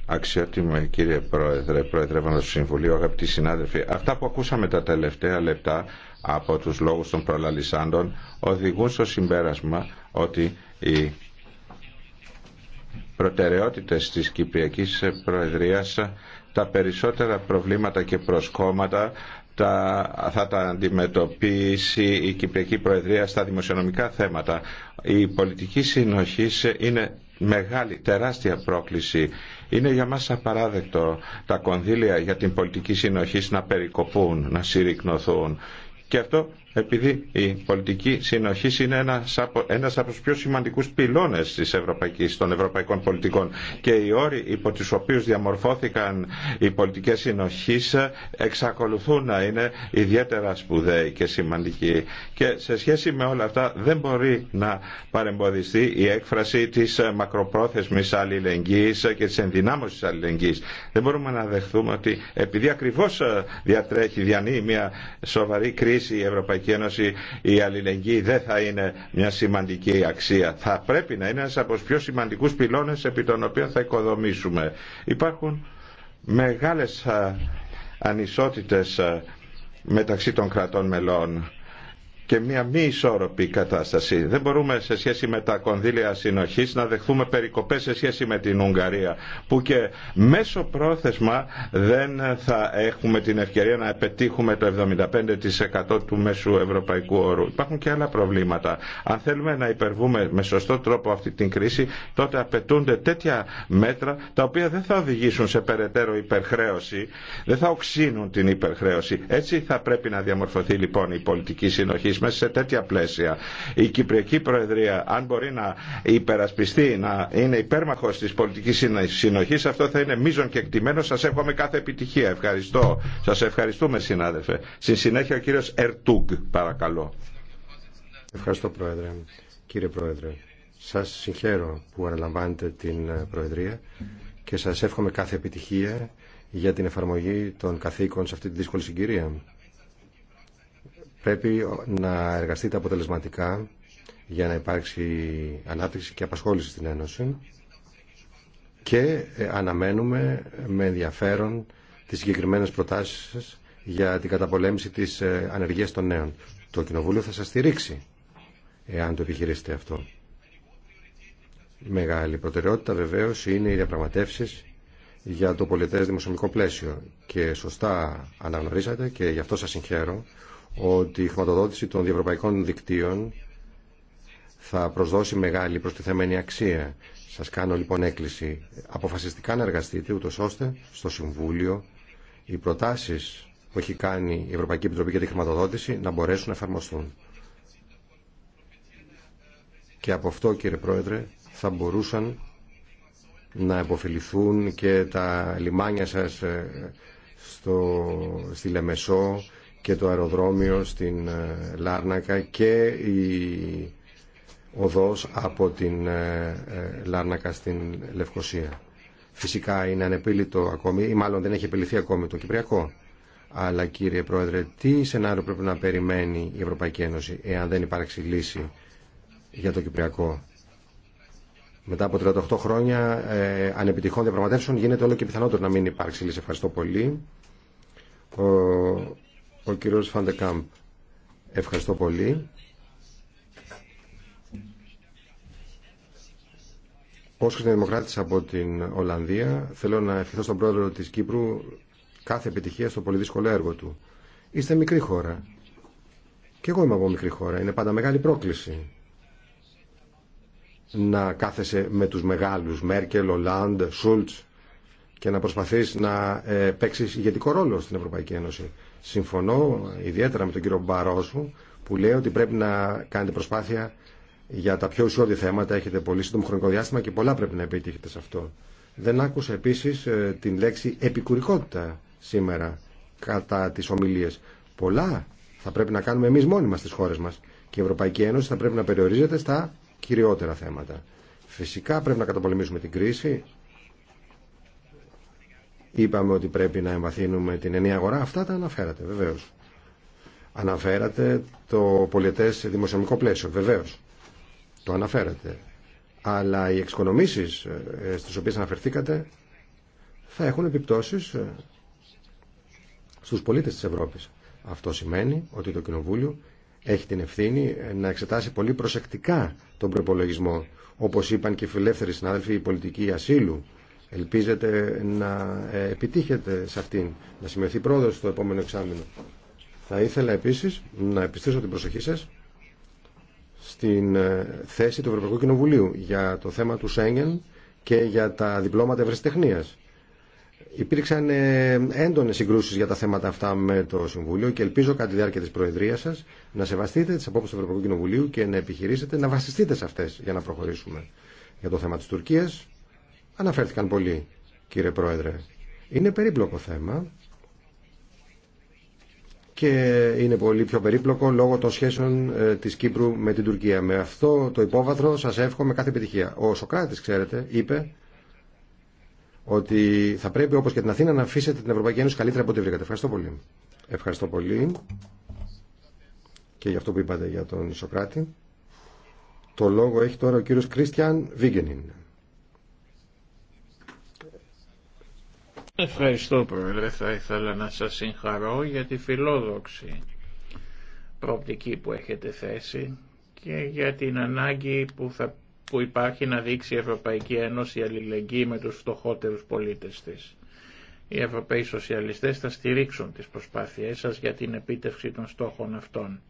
Αξιότιμο κύριε Πρόεδρε, Πρόεδρε του Συμβουλίου, αγαπητοί συνάδελφοι, αυτά που ακούσαμε τα τελευταία λεπτά από τους λόγους των προλαλισσάντων οδηγούν στο συμπέρασμα ότι οι προτεραιότητες της Κυπριακής Προεδρίας τα περισσότερα προβλήματα και προσκόμματα τα, θα τα αντιμετωπίσει η Κυπριακή Προεδρία στα δημοσιονομικά θέματα. Η πολιτική συνοχή είναι μεγάλη, τεράστια πρόκληση. Είναι για μας απαράδεκτο τα κονδύλια για την πολιτική συνοχή να περικοπούν, να συρρυκνωθούν. Και αυτό επειδή η πολιτική συνοχή είναι ένα από, ένας τους πιο σημαντικούς πυλώνες της ευρωπαϊκής, των ευρωπαϊκών πολιτικών και οι όροι υπό τους οποίους διαμορφώθηκαν οι πολιτικές συνοχής ε, εξακολουθούν να είναι ιδιαίτερα σπουδαίοι και σημαντικοί και σε σχέση με όλα αυτά δεν μπορεί να παρεμποδιστεί η έκφραση της ε, μακροπρόθεσμης αλληλεγγύης ε, και της ενδυνάμωσης αλληλεγγύης. Δεν μπορούμε να δεχθούμε ότι επειδή ακριβώς διατρέχει, διανύει μια σοβαρή κρίση η Ευρωπαϊκή Ευρωπαϊκή Ένωση η αλληλεγγύη δεν θα είναι μια σημαντική αξία. Θα πρέπει να είναι ένας από τους πιο σημαντικούς πυλώνες επί των οποίων θα οικοδομήσουμε. Υπάρχουν μεγάλες ανισότητες μεταξύ των κρατών μελών και μια μη ισόρροπη κατάσταση. Δεν μπορούμε σε σχέση με τα κονδύλια συνοχή να δεχθούμε περικοπε σε σχέση με την Ουγγαρία, που και μέσω πρόθεσμα δεν θα έχουμε την ευκαιρία να πετύχουμε το 75% του μέσου ευρωπαϊκού όρου. Υπάρχουν και άλλα προβλήματα. Αν θέλουμε να υπερβούμε με σωστό τρόπο αυτή την κρίση, τότε απαιτούνται τέτοια μέτρα τα οποία δεν θα οδηγήσουν σε περαιτέρω υπερχρέωση, δεν θα οξύνουν την υπερχρέωση. Έτσι θα πρέπει να διαμορφωθεί λοιπόν η πολιτική συνοχή μέσα σε τέτοια πλαίσια. Η Κυπριακή Προεδρία αν μπορεί να υπερασπιστεί, να είναι υπέρμαχος της πολιτικής συνοχής, αυτό θα είναι μείζον και εκτιμένο. Σας εύχομαι κάθε επιτυχία. Ευχαριστώ. Σας ευχαριστούμε συνάδελφε. Στη συνέχεια ο κύριος Ερτούγκ, παρακαλώ. Ευχαριστώ Πρόεδρε. Κύριε Πρόεδρε, σας συγχαίρω που αναλαμβάνετε την ε, Προεδρία και σας εύχομαι κάθε επιτυχία για την εφαρμογή των καθήκων σε αυτή τη δύσκολη συγκυρία. Πρέπει να εργαστείτε αποτελεσματικά για να υπάρξει ανάπτυξη και απασχόληση στην Ένωση και ε, αναμένουμε με ενδιαφέρον τις συγκεκριμένες προτάσεις για την καταπολέμηση της ε, ανεργίας των νέων. Το Κοινοβούλιο θα σας στηρίξει εάν το επιχειρήσετε αυτό. Μεγάλη προτεραιότητα βεβαίως είναι οι διαπραγματεύσεις για το πολιτές δημοσιονομικό πλαίσιο και σωστά αναγνωρίσατε και γι' αυτό σας συγχαίρω ότι η χρηματοδότηση των διευρωπαϊκών δικτύων θα προσδώσει μεγάλη προστιθέμενη αξία. Σας κάνω λοιπόν έκκληση αποφασιστικά να εργαστείτε ούτως ώστε στο Συμβούλιο οι προτάσεις που έχει κάνει η Ευρωπαϊκή Επιτροπή για τη χρηματοδότηση να μπορέσουν να εφαρμοστούν. Και από αυτό κύριε Πρόεδρε θα μπορούσαν να επωφεληθούν και τα λιμάνια σας ε, στο, στη Λεμεσό και το αεροδρόμιο στην ε, Λάρνακα και η οδός από την ε, ε, Λάρνακα στην Λευκοσία. Φυσικά είναι ανεπίλητο ακόμη, ή μάλλον δεν έχει επιληθεί ακόμη το Κυπριακό. Αλλά κύριε Πρόεδρε, τι σενάριο πρέπει να περιμένει η Ευρωπαϊκή Ένωση εάν δεν υπάρξει λύση για το Κυπριακό. Μετά από 38 χρόνια ε, ανεπιτυχών διαπραγματεύσεων γίνεται όλο και πιθανότερο να μην υπάρξει λύση. Ευχαριστώ πολύ ο κύριος Φαντεκάμπ. Ευχαριστώ πολύ. Ως δημοκράτης από την Ολλανδία θέλω να ευχηθώ στον πρόεδρο της Κύπρου κάθε επιτυχία στο πολύ δύσκολο έργο του. Είστε μικρή χώρα. Και εγώ είμαι από μικρή χώρα. Είναι πάντα μεγάλη πρόκληση να κάθεσαι με τους μεγάλους Μέρκελ, Ολάντ, Σούλτς και να προσπαθείς να ε, παίξεις ηγετικό ρόλο στην Ευρωπαϊκή Ένωση. Συμφωνώ ιδιαίτερα με τον κύριο Μπαρόσου που λέει ότι πρέπει να κάνετε προσπάθεια για τα πιο ουσιώδη θέματα. Έχετε πολύ σύντομο χρονικό διάστημα και πολλά πρέπει να επιτύχετε σε αυτό. Δεν άκουσα επίσης ε, την λέξη επικουρικότητα σήμερα κατά τις ομιλίες. Πολλά θα πρέπει να κάνουμε εμείς μόνοι μας στις χώρες μας και η Ευρωπαϊκή Ένωση θα πρέπει να περιορίζεται στα κυριότερα θέματα. Φυσικά πρέπει να καταπολεμήσουμε την κρίση, Είπαμε ότι πρέπει να εμβαθύνουμε την ενή αγορά. Αυτά τα αναφέρατε βεβαίως. Αναφέρατε το πολιτέ δημοσιονομικό πλαίσιο βεβαίως. Το αναφέρατε. Αλλά οι εξοικονομήσεις ε, στις οποίες αναφερθήκατε θα έχουν επιπτώσεις ε, στους πολίτες της Ευρώπης. Αυτό σημαίνει ότι το Κοινοβούλιο έχει την ευθύνη ε, να εξετάσει πολύ προσεκτικά τον προπολογισμό. Όπω είπαν και οι φιλεύθεροι συνάδελφοι, η πολιτική ασύλου Ελπίζετε να ε, επιτύχετε σε αυτήν, να σημειωθεί πρόοδο στο επόμενο εξάμεινο. Θα ήθελα επίσης να επιστήσω την προσοχή σας στην ε, θέση του Ευρωπαϊκού Κοινοβουλίου για το θέμα του Σέγγεν και για τα διπλώματα ευρεσιτεχνία. Υπήρξαν ε, έντονε συγκρούσει για τα θέματα αυτά με το Συμβούλιο και ελπίζω κατά τη διάρκεια τη Προεδρία σα να σεβαστείτε τι απόψει του Ευρωπαϊκού Κοινοβουλίου και να επιχειρήσετε να βασιστείτε σε αυτέ για να προχωρήσουμε. Για το θέμα τη Τουρκία, Αναφέρθηκαν πολύ, κύριε Πρόεδρε. Είναι περίπλοκο θέμα και είναι πολύ πιο περίπλοκο λόγω των σχέσεων ε, της Κύπρου με την Τουρκία. Με αυτό το υπόβαθρο σας εύχομαι κάθε επιτυχία. Ο Σοκράτης, ξέρετε, είπε ότι θα πρέπει όπως και την Αθήνα να αφήσετε την Ευρωπαϊκή Ένωση καλύτερα από ό,τι βρήκατε. Ευχαριστώ πολύ. Ευχαριστώ πολύ και για αυτό που είπατε για τον Σοκράτη. Το λόγο έχει τώρα ο κύριος Κρίστιαν Βίγκενιν. Ευχαριστώ Πρόεδρε, θα ήθελα να σας συγχαρώ για τη φιλόδοξη προοπτική που έχετε θέσει και για την ανάγκη που, θα, που υπάρχει να δείξει η Ευρωπαϊκή Ένωση αλληλεγγύη με τους φτωχότερους πολίτες της. Οι Ευρωπαίοι Σοσιαλιστές θα στηρίξουν τις προσπάθειές σας για την επίτευξη των στόχων αυτών.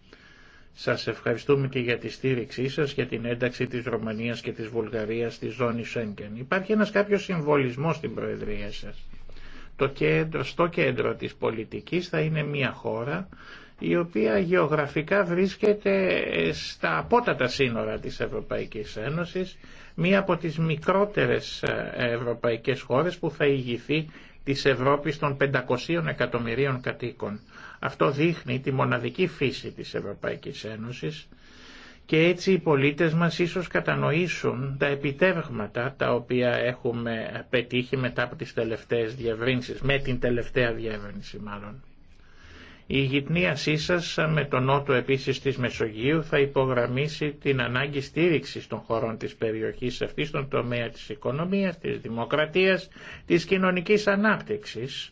Σας ευχαριστούμε και για τη στήριξή σας για την ένταξη της Ρωμανίας και της Βουλγαρίας στη ζώνη Σέγγεν. Υπάρχει ένας κάποιος συμβολισμός στην Προεδρία σας. Το κέντρο, στο κέντρο της πολιτικής θα είναι μια χώρα η οποία γεωγραφικά βρίσκεται στα απότατα σύνορα της Ευρωπαϊκής Ένωσης, μία από τις μικρότερες ε, ευρωπαϊκές χώρες που θα ηγηθεί της Ευρώπης των 500 εκατομμυρίων κατοίκων. Αυτό δείχνει τη μοναδική φύση της Ευρωπαϊκής Ένωσης και έτσι οι πολίτες μας ίσως κατανοήσουν τα επιτεύγματα τα οποία έχουμε πετύχει μετά από τις τελευταίες διαβρύνσεις, με την τελευταία διαβρύνση μάλλον. Η γυπνίασή σα, με τον νότο επίσης της Μεσογείου θα υπογραμμίσει την ανάγκη στήριξης των χωρών της περιοχής αυτής στον τομέα της οικονομίας, της δημοκρατίας, της κοινωνικής ανάπτυξης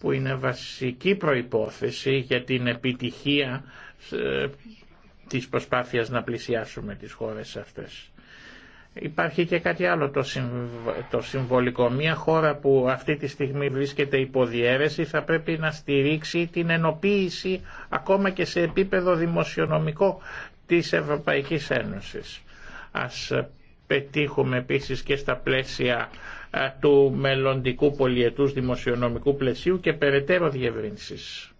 που είναι βασική προϋπόθεση για την επιτυχία ε, της προσπάθειας να πλησιάσουμε τις χώρες αυτές. Υπάρχει και κάτι άλλο το, το συμβολικό. Μια χώρα που αυτή τη στιγμή βρίσκεται υποδιέρεση θα πρέπει να στηρίξει την ενοποίηση ακόμα και σε επίπεδο δημοσιονομικό της Ευρωπαϊκής Ένωσης. Ας πετύχουμε επίσης και στα πλαίσια του μελλοντικού πολιετούς δημοσιονομικού πλαισίου και περαιτέρω διευρύνσης.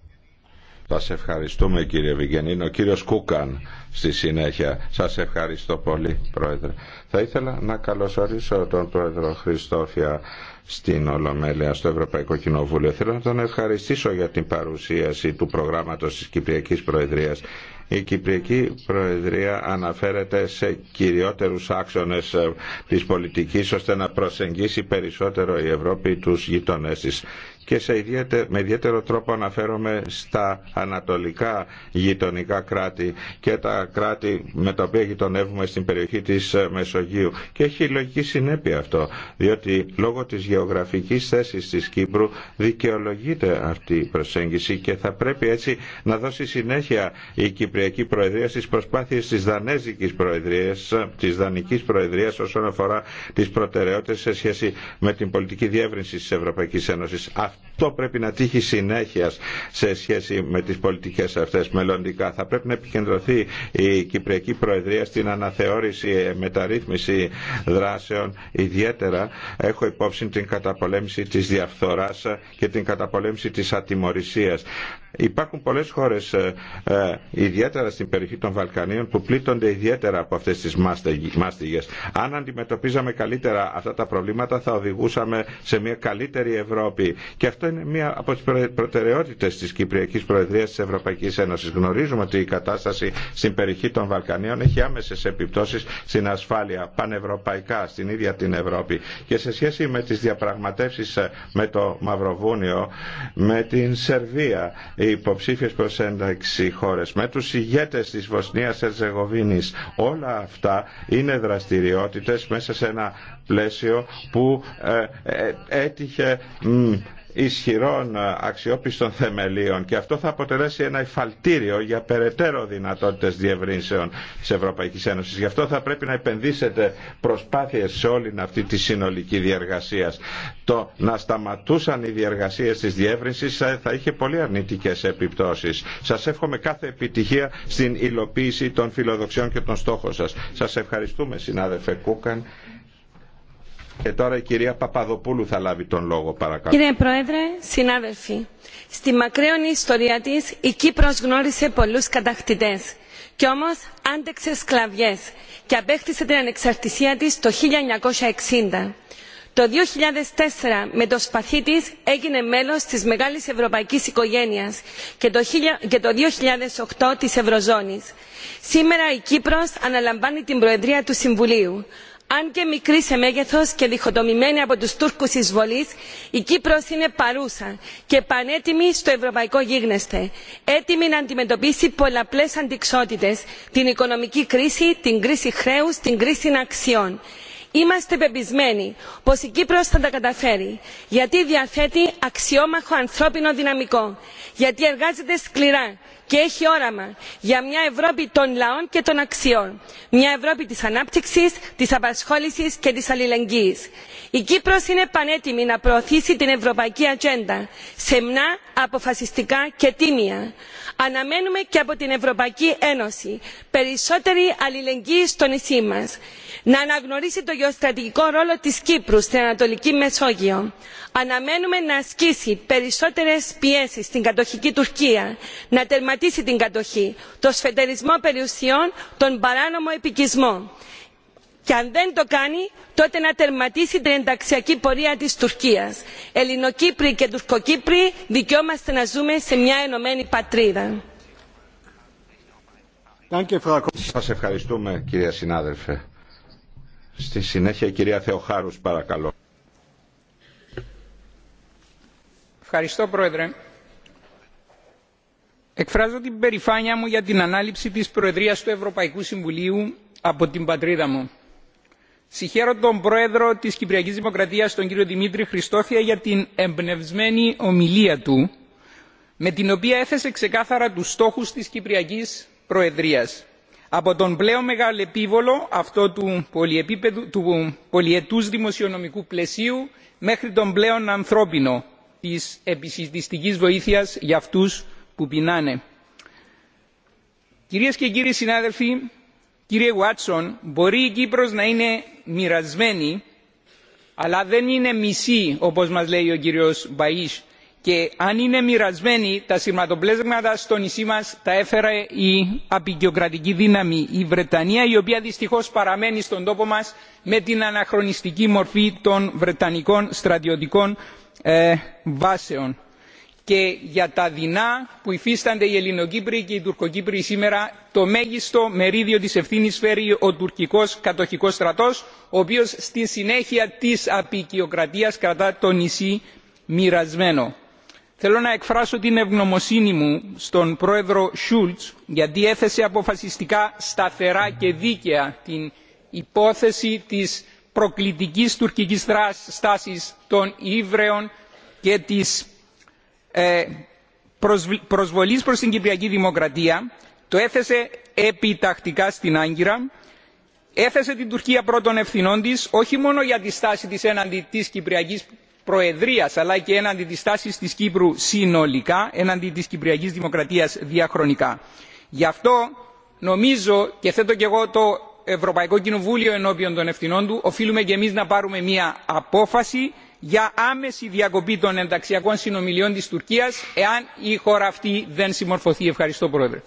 Σας ευχαριστούμε κύριε Βιγενίνο. Ο κύριος Κούκαν στη συνέχεια. Σας ευχαριστώ πολύ πρόεδρε. Θα ήθελα να καλωσορίσω τον πρόεδρο Χριστόφια στην Ολομέλεια, στο Ευρωπαϊκό Κοινοβούλιο. Θέλω να τον ευχαριστήσω για την παρουσίαση του προγράμματος της Κυπριακής Προεδρίας. Η Κυπριακή Προεδρία αναφέρεται σε κυριότερους άξονες ε, της πολιτικής ώστε να προσεγγίσει περισσότερο η Ευρώπη τους γείτονές της και σε με ιδιαίτερο τρόπο αναφέρομαι στα ανατολικά γειτονικά κράτη και τα κράτη με τα οποία γειτονεύουμε στην περιοχή της ε, Μεσογείου. Και έχει λογική συνέπεια αυτό, διότι λόγω της γεωγραφικής θέσης της Κύπρου δικαιολογείται αυτή η προσέγγιση και θα πρέπει έτσι να δώσει συνέχεια η Κυπριακή Προεδρία στις προσπάθειες της Δανέζικης Προεδρίας, ε, της Δανικής Προεδρίας όσον αφορά τις προτεραιότητες σε σχέση με την πολιτική διεύρυνση της Ευρωπαϊκής Ένωσης αυτό πρέπει να τύχει συνέχεια σε σχέση με τις πολιτικές αυτές μελλοντικά. Θα πρέπει να επικεντρωθεί η Κυπριακή Προεδρία στην αναθεώρηση ε, μεταρρύθμιση δράσεων. Ιδιαίτερα έχω υπόψη την καταπολέμηση της διαφθοράς και την καταπολέμηση της ατιμορρησίας Υπάρχουν πολλές χώρες, ε, ε, ιδιαίτερα στην περιοχή των Βαλκανίων, που πλήττονται ιδιαίτερα από αυτές τις μάστιγες. Αν αντιμετωπίζαμε καλύτερα αυτά τα προβλήματα, θα οδηγούσαμε σε μια καλύτερη Ευρώπη. Και αυτό είναι μια από τις προτεραιότητες της Κυπριακής Προεδρίας της Ευρωπαϊκής Ένωσης. Γνωρίζουμε ότι η κατάσταση στην περιοχή των Βαλκανίων έχει άμεσες επιπτώσεις στην ασφάλεια πανευρωπαϊκά, στην ίδια την Ευρώπη. Και σε σχέση με τις διαπραγματεύσεις ε, με το Μαυροβούνιο, με την Σερβία, υποψήφιες προς ένταξη χώρες, με τους ηγέτες της Βοσνίας Ερζεγοβίνης. Όλα αυτά είναι δραστηριότητες μέσα σε ένα πλαίσιο που ε, ε, έτυχε ισχυρών ε, αξιόπιστων θεμελίων και αυτό θα αποτελέσει ένα υφαλτήριο για περαιτέρω δυνατότητες διευρύνσεων της Ευρωπαϊκής Ένωσης. Γι' αυτό θα πρέπει να επενδύσετε προσπάθειες σε όλη αυτή τη συνολική διεργασία. Το να σταματούσαν οι διεργασίες της διεύρυνσης θα είχε πολύ αρνητικές επιπτώσεις. Σας εύχομαι κάθε επιτυχία στην υλοποίηση των φιλοδοξιών και των στόχων σας. Σας ευχαριστούμε συνάδελφε Κούκαν. Και ε, τώρα η κυρία Παπαδοπούλου θα λάβει τον λόγο παρακαλώ. Κύριε Πρόεδρε, συνάδελφοι, στη μακραίωνη ιστορία της η Κύπρος γνώρισε πολλούς κατακτητές κι όμως άντεξε σκλαβιές και απέκτησε την ανεξαρτησία της το 1960. Το 2004 με το σπαθί της έγινε μέλος της μεγάλης ευρωπαϊκής οικογένεια και το 2008 τη Ευρωζώνης. Σήμερα η Κύπρος αναλαμβάνει την Προεδρία του Συμβουλίου αν και μικρή σε μέγεθο και διχοτομημένη από του Τούρκου εισβολείς η κύπρος είναι παρούσα και πανέτοιμη στο ευρωπαϊκό γίγνεσθε έτοιμη να αντιμετωπίσει πολλαπλές αντικσότητες την οικονομική κρίση την κρίση χρέους την κρίση αξιών. Είμαστε πεπισμένοι πως η Κύπρος θα τα καταφέρει, γιατί διαθέτει αξιόμαχο ανθρώπινο δυναμικό, γιατί εργάζεται σκληρά και έχει όραμα για μια Ευρώπη των λαών και των αξιών, μια Ευρώπη της ανάπτυξης, της απασχόλησης και της αλληλεγγύης. Η Κύπρος είναι πανέτοιμη να προωθήσει την ευρωπαϊκή ατζέντα, σεμνά, αποφασιστικά και τίμια. Αναμένουμε και από την Ευρωπαϊκή Ένωση περισσότερη αλληλεγγύη στο νησί μα να αναγνωρίσει το γεωστρατηγικό ρόλο της κύπρου στην ανατολική μεσόγειο. αναμένουμε να ασκήσει περισσότερες πιέσεις στην κατοχική τουρκία να τερματίσει την κατοχή το σφετερισμό περιουσιών τον παράνομο επικισμό και αν δεν το κάνει τότε να τερματίσει την ενταξιακή πορεία της τουρκίας. ελληνοκύπροι και τουρκοκύπροι δικαιούμαστε να ζούμε σε μια ενωμένη πατρίδα. ευχαριστούμε συνάδελφε. Στη συνέχεια η κυρία Θεοχάρους παρακαλώ. Ευχαριστώ πρόεδρε. Εκφράζω την περηφάνεια μου για την ανάληψη της Προεδρίας του Ευρωπαϊκού Συμβουλίου από την πατρίδα μου. Συγχαίρω τον Πρόεδρο της Κυπριακής Δημοκρατίας, τον κύριο Δημήτρη Χριστόφια, για την εμπνευσμένη ομιλία του, με την οποία έθεσε ξεκάθαρα τους στόχους της Κυπριακής Προεδρίας από τον πλέον επίβολο, αυτό του, του πολυετούς δημοσιονομικού πλαισίου μέχρι τον πλέον ανθρώπινο της επισητιστικής βοήθειας για αυτούς που πεινάνε. Κυρίες και κύριοι συνάδελφοι, κύριε Βάτσον, μπορεί η Κύπρος να είναι μοιρασμένη, αλλά δεν είναι μισή όπως μας λέει ο κύριος Μπαΐς και αν είναι μοιρασμένοι τα σειρματοπλέγματα στο νησί μα τα έφερε η απεικιοκρατική δύναμη η βρετανία η οποία δυστυχώ παραμένει στον τόπο μα με την αναχρονιστική μορφή των βρετανικών στρατιωτικών ε, βάσεων. και για τα δεινά που υφίστανται οι ελληνοκύπροι και οι τουρκοκύπροι σήμερα το μέγιστο μερίδιο τη ευθύνη φέρει ο τουρκικό κατοχικό στρατό, ο οποίο στη συνέχεια τη απεικιοκρατία κρατά το νησί μοιρασμένο Θέλω να εκφράσω την ευγνωμοσύνη μου στον πρόεδρο Σούλτς γιατί έθεσε αποφασιστικά σταθερά και δίκαια την υπόθεση της προκλητικής τουρκικής στάσης των Ήβρεων και της ε, προσβολής προς την Κυπριακή Δημοκρατία. Το έθεσε επιτακτικά στην Άγκυρα. Έθεσε την Τουρκία πρώτων ευθυνών της όχι μόνο για τη στάση της έναντι της Κυπριακής προεδρίας αλλά και έναντι της τάσης της κύπρου συνολικά έναντι της κυπριακής δημοκρατίας διαχρονικά. γι' αυτό νομίζω και θέτω και εγώ το ευρωπαϊκό κοινοβούλιο ενώπιον των ευθυνών του οφείλουμε και εμείς να πάρουμε μια απόφαση για άμεση διακοπή των ενταξιακών συνομιλιών της τουρκίας εάν η χώρα αυτή δεν συμμορφωθεί. ευχαριστώ πρόεδρε.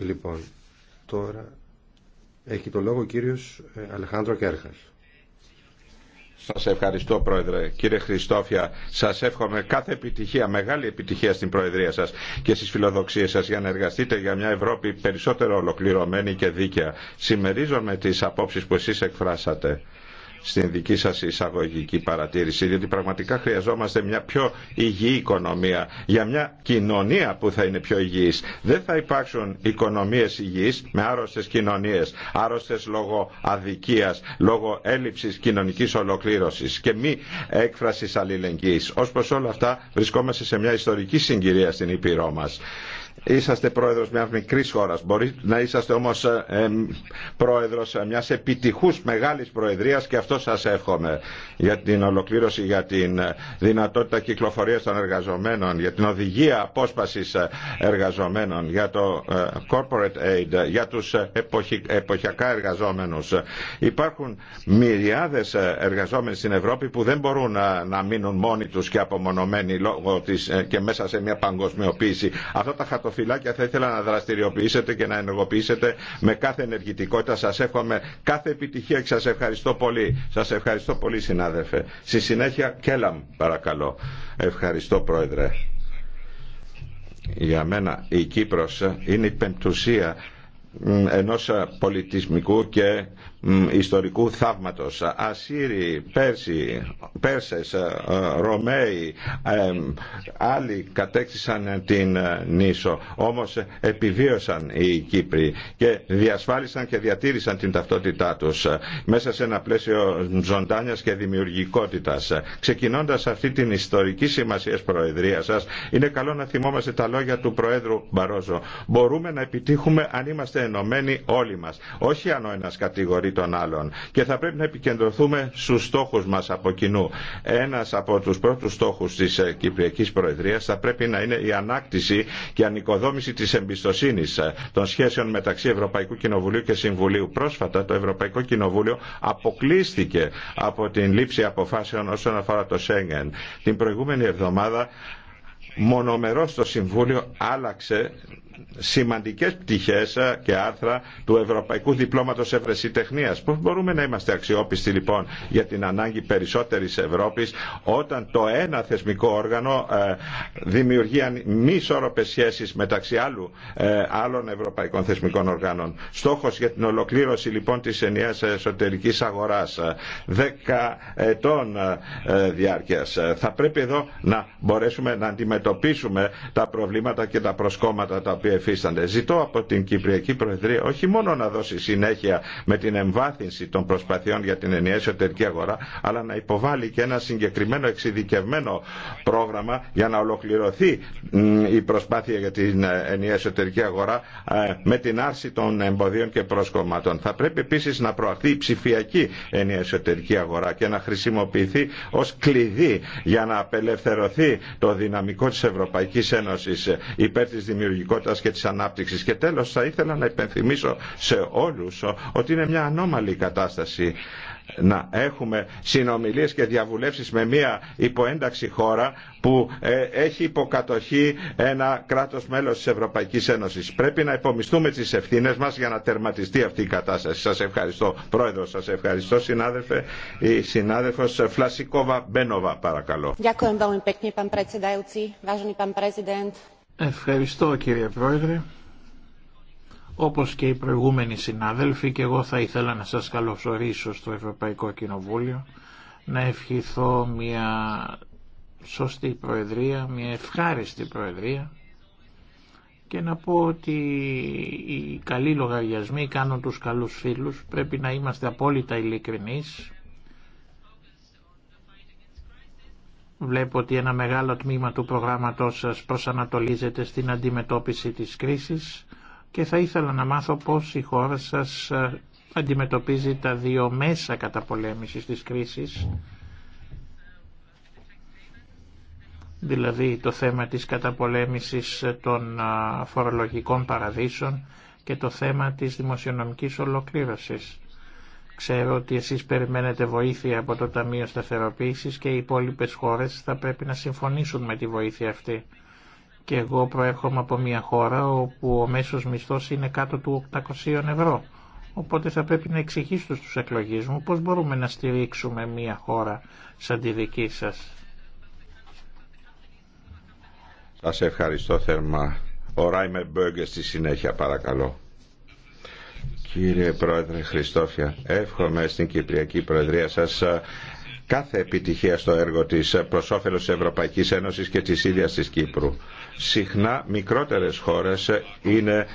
Λοιπόν, τώρα έχει το λόγο ο κύριος ε, Αλεχάνδρο Κέρχας. Σας ευχαριστώ Πρόεδρε. Κύριε Χριστόφια, σας εύχομαι κάθε επιτυχία, μεγάλη επιτυχία στην Προεδρία σας και στις φιλοδοξίες σας για να εργαστείτε για μια Ευρώπη περισσότερο ολοκληρωμένη και δίκαια. Συμμερίζομαι τις απόψεις που εσείς εκφράσατε στην δική σας εισαγωγική παρατήρηση, διότι πραγματικά χρειαζόμαστε μια πιο υγιή οικονομία, για μια κοινωνία που θα είναι πιο υγιής. Δεν θα υπάρξουν οικονομίες υγιής με άρρωστες κοινωνίες, άρρωστες λόγω αδικίας, λόγω έλλειψης κοινωνικής ολοκλήρωσης και μη έκφρασης αλληλεγγύης. Ως προς όλα αυτά βρισκόμαστε σε μια ιστορική συγκυρία στην Ήπειρό μας είσαστε πρόεδρος μιας μικρής χώρας, μπορεί να είσαστε όμως ε, ε, πρόεδρος μιας επιτυχούς μεγάλης προεδρίας και αυτό σας εύχομαι για την ολοκλήρωση, για την δυνατότητα κυκλοφορίας των εργαζομένων, για την οδηγία απόσπασης ε, εργαζομένων, για το corporate aid, για τους εποχιακά εργαζόμενους. Υπάρχουν μυριάδες εργαζόμενοι στην Ευρώπη που δεν μπορούν να μείνουν μόνοι τους και απομονωμένοι λόγω της, και μέσα σε μια παγκοσμιοποίηση. τα φυλάκια. θα ήθελα να δραστηριοποιήσετε και να ενεργοποιήσετε με κάθε ενεργητικότητα. Σας εύχομαι κάθε επιτυχία και σας ευχαριστώ πολύ. Σας ευχαριστώ πολύ συνάδελφε. Στη συνέχεια Κέλαμ παρακαλώ. Ευχαριστώ πρόεδρε. Για μένα η Κύπρος είναι η πεμπτουσία ενός πολιτισμικού και ιστορικού θαύματος. Ασσύριοι, Πέρσοι, Πέρσες, ε, Ρωμαίοι, ε, άλλοι κατέκτησαν την ε, νήσο. Όμως επιβίωσαν οι Κύπροι και διασφάλισαν και διατήρησαν την ταυτότητά τους μέσα σε ένα πλαίσιο ζωντάνιας και δημιουργικότητας. Ξεκινώντας αυτή την ιστορική σημασία προεδρία σας, είναι καλό να θυμόμαστε τα λόγια του Προέδρου Μπαρόζο. Μπορούμε να επιτύχουμε αν είμαστε ενωμένοι όλοι μας. Όχι αν ένας των άλλων. Και θα πρέπει να επικεντρωθούμε στους στόχους μας από κοινού. Ένας από τους πρώτους στόχους της ε, Κυπριακής Προεδρίας θα πρέπει να είναι η ανάκτηση και ανοικοδόμηση της εμπιστοσύνης ε, των σχέσεων μεταξύ Ευρωπαϊκού Κοινοβουλίου και Συμβουλίου. Πρόσφατα το Ευρωπαϊκό Κοινοβούλιο αποκλείστηκε από την λήψη αποφάσεων όσον αφορά το Σέγγεν. Την προηγούμενη εβδομάδα μονομερός το Συμβούλιο άλλαξε σημαντικές πτυχές ε, και άρθρα του Ευρωπαϊκού Διπλώματος Ευρεσιτεχνίας. Πώς μπορούμε να είμαστε αξιόπιστοι λοιπόν για την ανάγκη περισσότερης Ευρώπης όταν το ένα θεσμικό όργανο ε, δημιουργεί μη σώροπες σχέσεις μεταξύ ε, άλλων ευρωπαϊκών θεσμικών οργάνων. Στόχος για την ολοκλήρωση λοιπόν της ενιαίας εσωτερικής αγοράς δέκα ετών διάρκειας. Θα πρέπει εδώ να μπορέσουμε να αντιμετωπίσουμε τα προβλήματα και τα προσκόμματα τα οποία οποία Ζητώ από την Κυπριακή Προεδρία όχι μόνο να δώσει συνέχεια με την εμβάθυνση των προσπαθειών για την ενιαία εσωτερική αγορά, αλλά να υποβάλει και ένα συγκεκριμένο εξειδικευμένο πρόγραμμα για να ολοκληρωθεί η προσπάθεια για την ενιαία εσωτερική αγορά ε, με την άρση των εμποδίων και προσκομμάτων. Θα πρέπει επίση να προαχθεί η ψηφιακή ενιαία εσωτερική αγορά και να χρησιμοποιηθεί ω κλειδί για να απελευθερωθεί το δυναμικό τη Ευρωπαϊκή Ένωση ε, υπέρ τη δημιουργικότητα και της ανάπτυξης. Και τέλος θα ήθελα να υπενθυμίσω σε όλους ότι είναι μια ανώμαλη κατάσταση να έχουμε συνομιλίες και διαβουλεύσεις με μια υποένταξη χώρα που ε, έχει υποκατοχή ένα κράτος μέλος της Ευρωπαϊκής Ένωσης. Πρέπει να υπομισθούμε τις ευθύνες μας για να τερματιστεί αυτή η κατάσταση. Σας ευχαριστώ πρόεδρο, σας ευχαριστώ συνάδελφε. Η συνάδελφος Φλασικόβα Μπένοβα παρακαλώ. Ευχαριστώ κύριε Πρόεδρε. Όπως και οι προηγούμενοι συνάδελφοι και εγώ θα ήθελα να σας καλωσορίσω στο Ευρωπαϊκό Κοινοβούλιο να ευχηθώ μια σωστή Προεδρία, μια ευχάριστη Προεδρία και να πω ότι οι καλοί λογαριασμοί κάνουν τους καλούς φίλους πρέπει να είμαστε απόλυτα ειλικρινείς Βλέπω ότι ένα μεγάλο τμήμα του προγράμματός σας προσανατολίζεται στην αντιμετώπιση της κρίσης και θα ήθελα να μάθω πώς η χώρα σας ε, αντιμετωπίζει τα δύο μέσα καταπολέμησης της κρίσης, δηλαδή το θέμα της καταπολέμησης των ε, φορολογικών παραδείσων και το θέμα της δημοσιονομικής ολοκλήρωσης. Ξέρω ότι εσείς περιμένετε βοήθεια από το Ταμείο Σταθεροποίησης και οι υπόλοιπες χώρες θα πρέπει να συμφωνήσουν με τη βοήθεια αυτή. Και εγώ προέρχομαι από μια χώρα όπου ο μέσος μισθός είναι κάτω του 800 ευρώ. Οπότε θα πρέπει να εξηγήσω στους εκλογείς μου πώς μπορούμε να στηρίξουμε μια χώρα σαν τη δική σας. Σας ευχαριστώ θερμά. Ο Ράιμερ Μπέργκε στη συνέχεια παρακαλώ. Κύριε Πρόεδρε Χριστόφια, εύχομαι στην Κυπριακή Προεδρία σας κάθε επιτυχία στο έργο της προς όφελος της Ευρωπαϊκής Ένωσης και της ίδιας της Κύπρου. Συχνά μικρότερες χώρες ε, είναι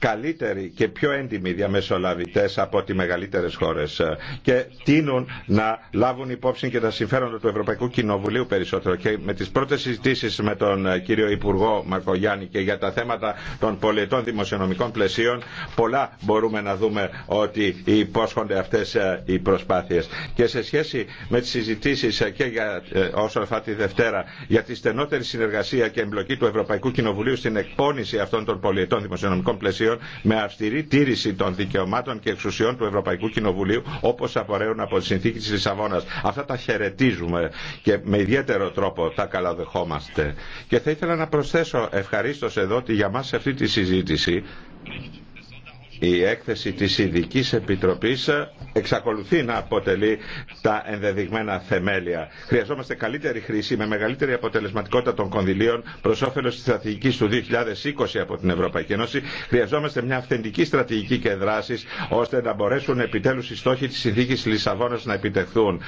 καλύτεροι και πιο έντιμοι διαμεσολαβητές από τι μεγαλύτερες χώρες ε, και τείνουν να λάβουν υπόψη και τα συμφέροντα του Ευρωπαϊκού Κοινοβουλίου περισσότερο και με τις πρώτες συζητήσεις με τον ε, κύριο Υπουργό Μακογιάννη και για τα θέματα των πολιτών δημοσιονομικών πλαισίων πολλά μπορούμε να δούμε ότι υπόσχονται αυτές ε, οι προσπάθειες και σε σχέση με τις συζητήσεις και για όσον τη Δευτέρα για τη στενότερη συνεργασία και εμπλοκή του Ευρωπαϊκού Κοινοβουλίου στην εκπόνηση αυτών των πολιτών δημοσιονομικών πλαισίων με αυστηρή τήρηση των δικαιωμάτων και εξουσιών του Ευρωπαϊκού Κοινοβουλίου όπω απορρέουν από τη συνθήκη τη Λισαβόνα. Αυτά τα χαιρετίζουμε και με ιδιαίτερο τρόπο τα καλαδεχόμαστε. Και θα ήθελα να προσθέσω ευχαρίστω εδώ ότι για μα αυτή τη συζήτηση η έκθεση της ειδική Επιτροπής εξακολουθεί να αποτελεί τα ενδεδειγμένα θεμέλια. Χρειαζόμαστε καλύτερη χρήση με μεγαλύτερη αποτελεσματικότητα των κονδυλίων προ όφελο τη στρατηγική του 2020 από την Ευρωπαϊκή Ένωση. Χρειαζόμαστε μια αυθεντική στρατηγική και δράση ώστε να μπορέσουν επιτέλου οι στόχοι τη συνθήκη Λισαβόνα να επιτευχθούν.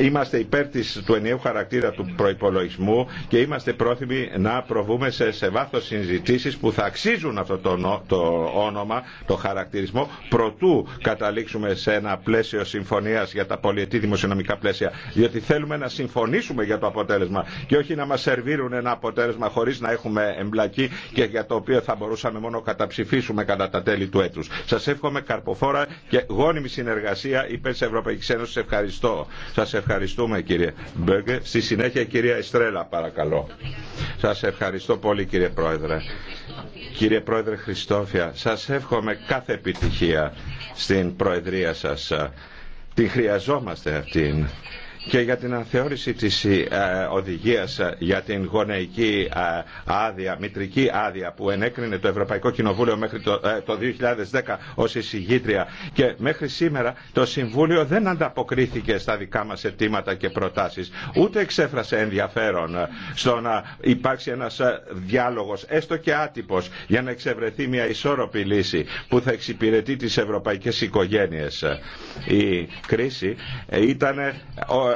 Είμαστε υπέρ της, του ενιαίου χαρακτήρα του προπολογισμού και είμαστε πρόθυμοι να προβούμε σε, σε βάθο συζητήσει που θα αξίζουν αυτό το, το όνομα, το χαρακτηρισμό προτού καταλήξουμε σε ένα πλαίσιο συμφωνία για τα πολιετή δημοσιονομικά πλαίσια. Διότι θέλουμε να συμφωνήσουμε για το αποτέλεσμα και όχι να μα σερβίρουν ένα αποτέλεσμα χωρί να έχουμε εμπλακεί και για το οποίο θα μπορούσαμε μόνο καταψηφίσουμε κατά τα τέλη του έτου. Σα εύχομαι καρποφόρα και γόνιμη συνεργασία υπέρ τη Ευρωπαϊκή Ένωση. Ευχαριστώ. Σα ευχαριστούμε κύριε Μπέγκε. Στη συνέχεια κυρία Εστρέλα παρακαλώ. Σα ευχαριστώ πολύ κύριε Πρόεδρε. Κύριε Πρόεδρε Χριστόφια, σας εύχομαι κάθε επιτυχία στην Προεδρία σας. Την χρειαζόμαστε αυτήν και για την ανθεώρηση της ε, οδηγίας ε, για την γονεϊκή ε, άδεια, μητρική άδεια που ενέκρινε το Ευρωπαϊκό Κοινοβούλιο μέχρι το, το 2010 ως εισηγήτρια και μέχρι σήμερα το Συμβούλιο δεν ανταποκρίθηκε στα δικά μας αιτήματα και προτάσεις ούτε εξέφρασε ενδιαφέρον στο να υπάρξει ένας διάλογος έστω και άτυπος για να εξευρεθεί μια ισόρροπη λύση που θα εξυπηρετεί τις ευρωπαϊκές οικογένειες. Η κρίση ήταν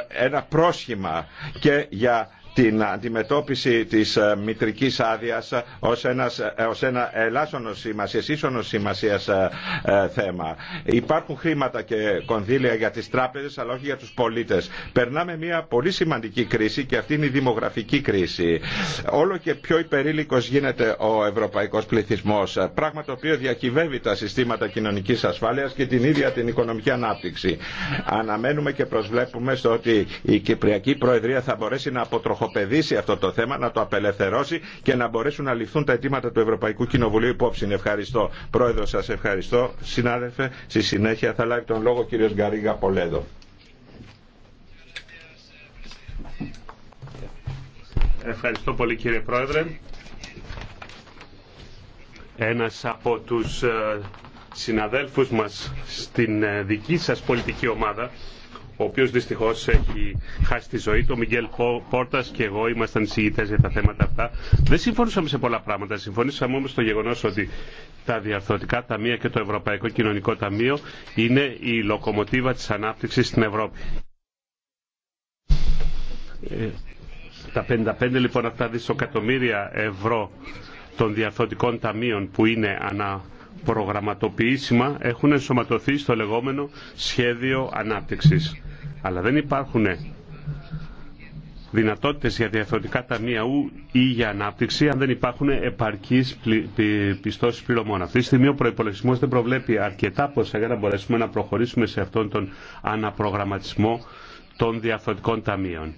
ένα πρόσχημα και για την αντιμετώπιση της ε, μητρικής άδεια ε, ως, ένας, ε, ως ένα ελάσσονο σημασίας, ίσονος σημασίας θέμα. Υπάρχουν χρήματα και κονδύλια για τις τράπεζες αλλά όχι για τους πολίτες. Περνάμε μια πολύ σημαντική κρίση και αυτή είναι η δημογραφική κρίση. Όλο και πιο υπερήλικος γίνεται ο ευρωπαϊκός πληθυσμός, πράγμα το οποίο διακυβεύει τα συστήματα κοινωνικής ασφάλειας και την ίδια την οικονομική ανάπτυξη. Αναμένουμε και προσβλέπουμε στο ότι η Κυπριακή Προεδρία θα μπορέσει να αποτροχ αυτό το θέμα, να το απελευθερώσει και να μπορέσουν να ληφθούν τα αιτήματα του Ευρωπαϊκού Κοινοβουλίου υπόψη. Ευχαριστώ. Πρόεδρο, σα ευχαριστώ. Συνάδελφε, στη συνέχεια θα λάβει τον λόγο ο κ. Γκαρίγα Πολέδο. Ευχαριστώ πολύ κύριε Πρόεδρε. Ένας από τους ε, συναδέλφους μας στην ε, δική σας πολιτική ομάδα ο οποίος δυστυχώς έχει χάσει τη ζωή του, ο Μιγγέλ Πόρτας και εγώ ήμασταν συγητές για τα θέματα αυτά. Δεν συμφωνήσαμε σε πολλά πράγματα, συμφωνήσαμε όμως στο γεγονός ότι τα διαρθωτικά ταμεία και το Ευρωπαϊκό Κοινωνικό Ταμείο είναι η λοκομοτίβα της ανάπτυξης στην Ευρώπη. Ε, τα 55 λοιπόν αυτά δισεκατομμύρια ευρώ των διαρθρωτικών ταμείων που είναι ανα προγραμματοποιήσιμα έχουν ενσωματωθεί στο λεγόμενο σχέδιο ανάπτυξης. Αλλά δεν υπάρχουν δυνατότητες για διαφορετικά ταμεία ή για ανάπτυξη αν δεν υπάρχουν επαρκείς πιστώσεις πληρωμών. Αυτή τη στιγμή ο προϋπολογισμός δεν προβλέπει αρκετά ποσά για να μπορέσουμε να προχωρήσουμε σε αυτόν τον αναπρογραμματισμό των διαφορετικών ταμείων.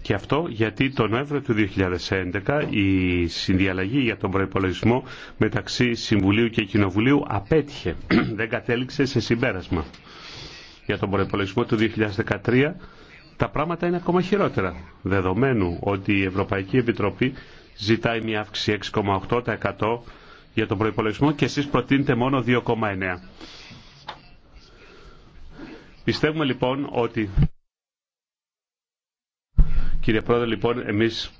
Και αυτό γιατί τον Νοέμβριο του 2011 η συνδιαλλαγή για τον προϋπολογισμό μεταξύ Συμβουλίου και Κοινοβουλίου απέτυχε. (clears throat) Δεν κατέληξε σε συμπέρασμα. Για τον προϋπολογισμό του 2013 τα πράγματα είναι ακόμα χειρότερα. Δεδομένου ότι η Ευρωπαϊκή Επιτροπή ζητάει μια αύξηση 6,8% για τον προϋπολογισμό και εσείς προτείνετε μόνο 2,9%. Πιστεύουμε λοιπόν ότι Κύριε Πρόεδρε, λοιπόν, εμείς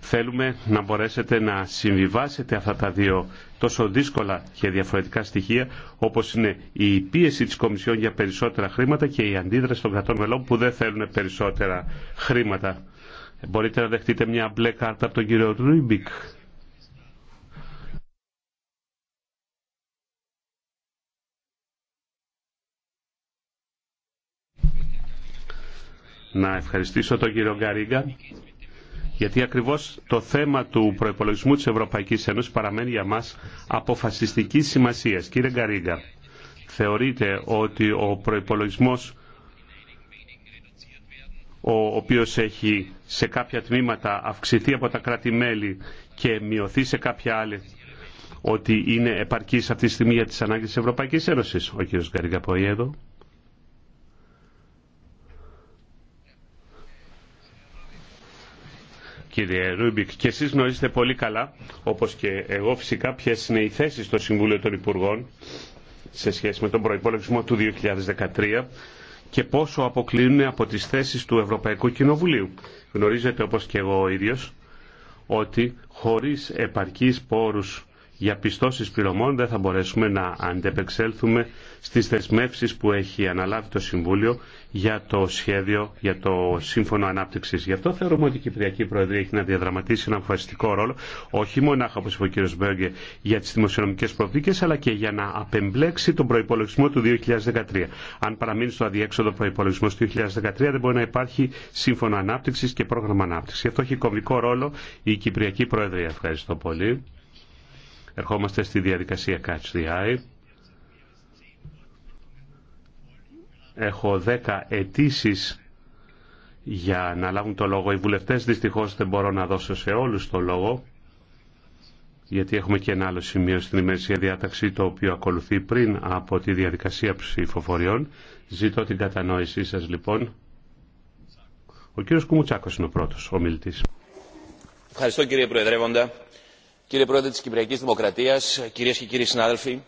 θέλουμε να μπορέσετε να συμβιβάσετε αυτά τα δύο τόσο δύσκολα και διαφορετικά στοιχεία όπως είναι η πίεση της Κομισιόν για περισσότερα χρήματα και η αντίδραση των κρατών μελών που δεν θέλουν περισσότερα χρήματα. Μπορείτε να δεχτείτε μια μπλε κάρτα από τον κύριο Ρούιμπικ. να ευχαριστήσω τον κύριο Γκαρίγκα γιατί ακριβώς το θέμα του προϋπολογισμού της Ευρωπαϊκής Ένωσης παραμένει για μας αποφασιστικής σημασίας. Κύριε Γκαρίγκα, θεωρείτε ότι ο προϋπολογισμός ο οποίος έχει σε κάποια τμήματα αυξηθεί από τα κράτη-μέλη και μειωθεί σε κάποια άλλη ότι είναι επαρκής αυτή τη στιγμή για τις ανάγκες της Ευρωπαϊκής Ένωσης. Ο κύριος Γκαρίγκα Ποϊέδο. κύριε Ρούμπικ. Και εσείς γνωρίζετε πολύ καλά, όπως και εγώ φυσικά, ποιε είναι οι θέσεις στο Συμβούλιο των Υπουργών σε σχέση με τον προϋπολογισμό του 2013 και πόσο αποκλίνουν από τις θέσεις του Ευρωπαϊκού Κοινοβουλίου. Γνωρίζετε όπως και εγώ ο ίδιος ότι χωρίς επαρκείς πόρους για πιστώσει πληρωμών δεν θα μπορέσουμε να αντεπεξέλθουμε στις δεσμεύσει που έχει αναλάβει το Συμβούλιο για το σχέδιο, για το Σύμφωνο Ανάπτυξης. Γι' αυτό θεωρούμε ότι η Κυπριακή Προεδρία έχει να διαδραματίσει ένα αποφασιστικό ρόλο, όχι μονάχα όπως είπε ο κ. Μπέργκε για τις δημοσιονομικές προοπτικές, αλλά και για να απεμπλέξει τον προϋπολογισμό του 2013. Αν παραμείνει στο αδιέξοδο προϋπολογισμός του 2013 δεν μπορεί να υπάρχει Σύμφωνο ανάπτυξη και Πρόγραμμα Ανάπτυξης. Γι' αυτό έχει κομβικό ρόλο η Κυπριακή Προεδρία. Ευχαριστώ πολύ. Ερχόμαστε στη διαδικασία Catch the Eye. Έχω 10 αιτήσει για να λάβουν το λόγο. Οι βουλευτές δυστυχώς δεν μπορώ να δώσω σε όλους το λόγο γιατί έχουμε και ένα άλλο σημείο στην ημερησία διάταξη το οποίο ακολουθεί πριν από τη διαδικασία ψηφοφοριών. Ζητώ την κατανόησή σας λοιπόν. Ο κύριος Κουμουτσάκος είναι ο πρώτος ομιλητής. Ευχαριστώ κύριε Προεδρεύοντα κύριε πρόεδρε της κυπριακής δημοκρατίας κυρίες και κύριοι συνάδελφοι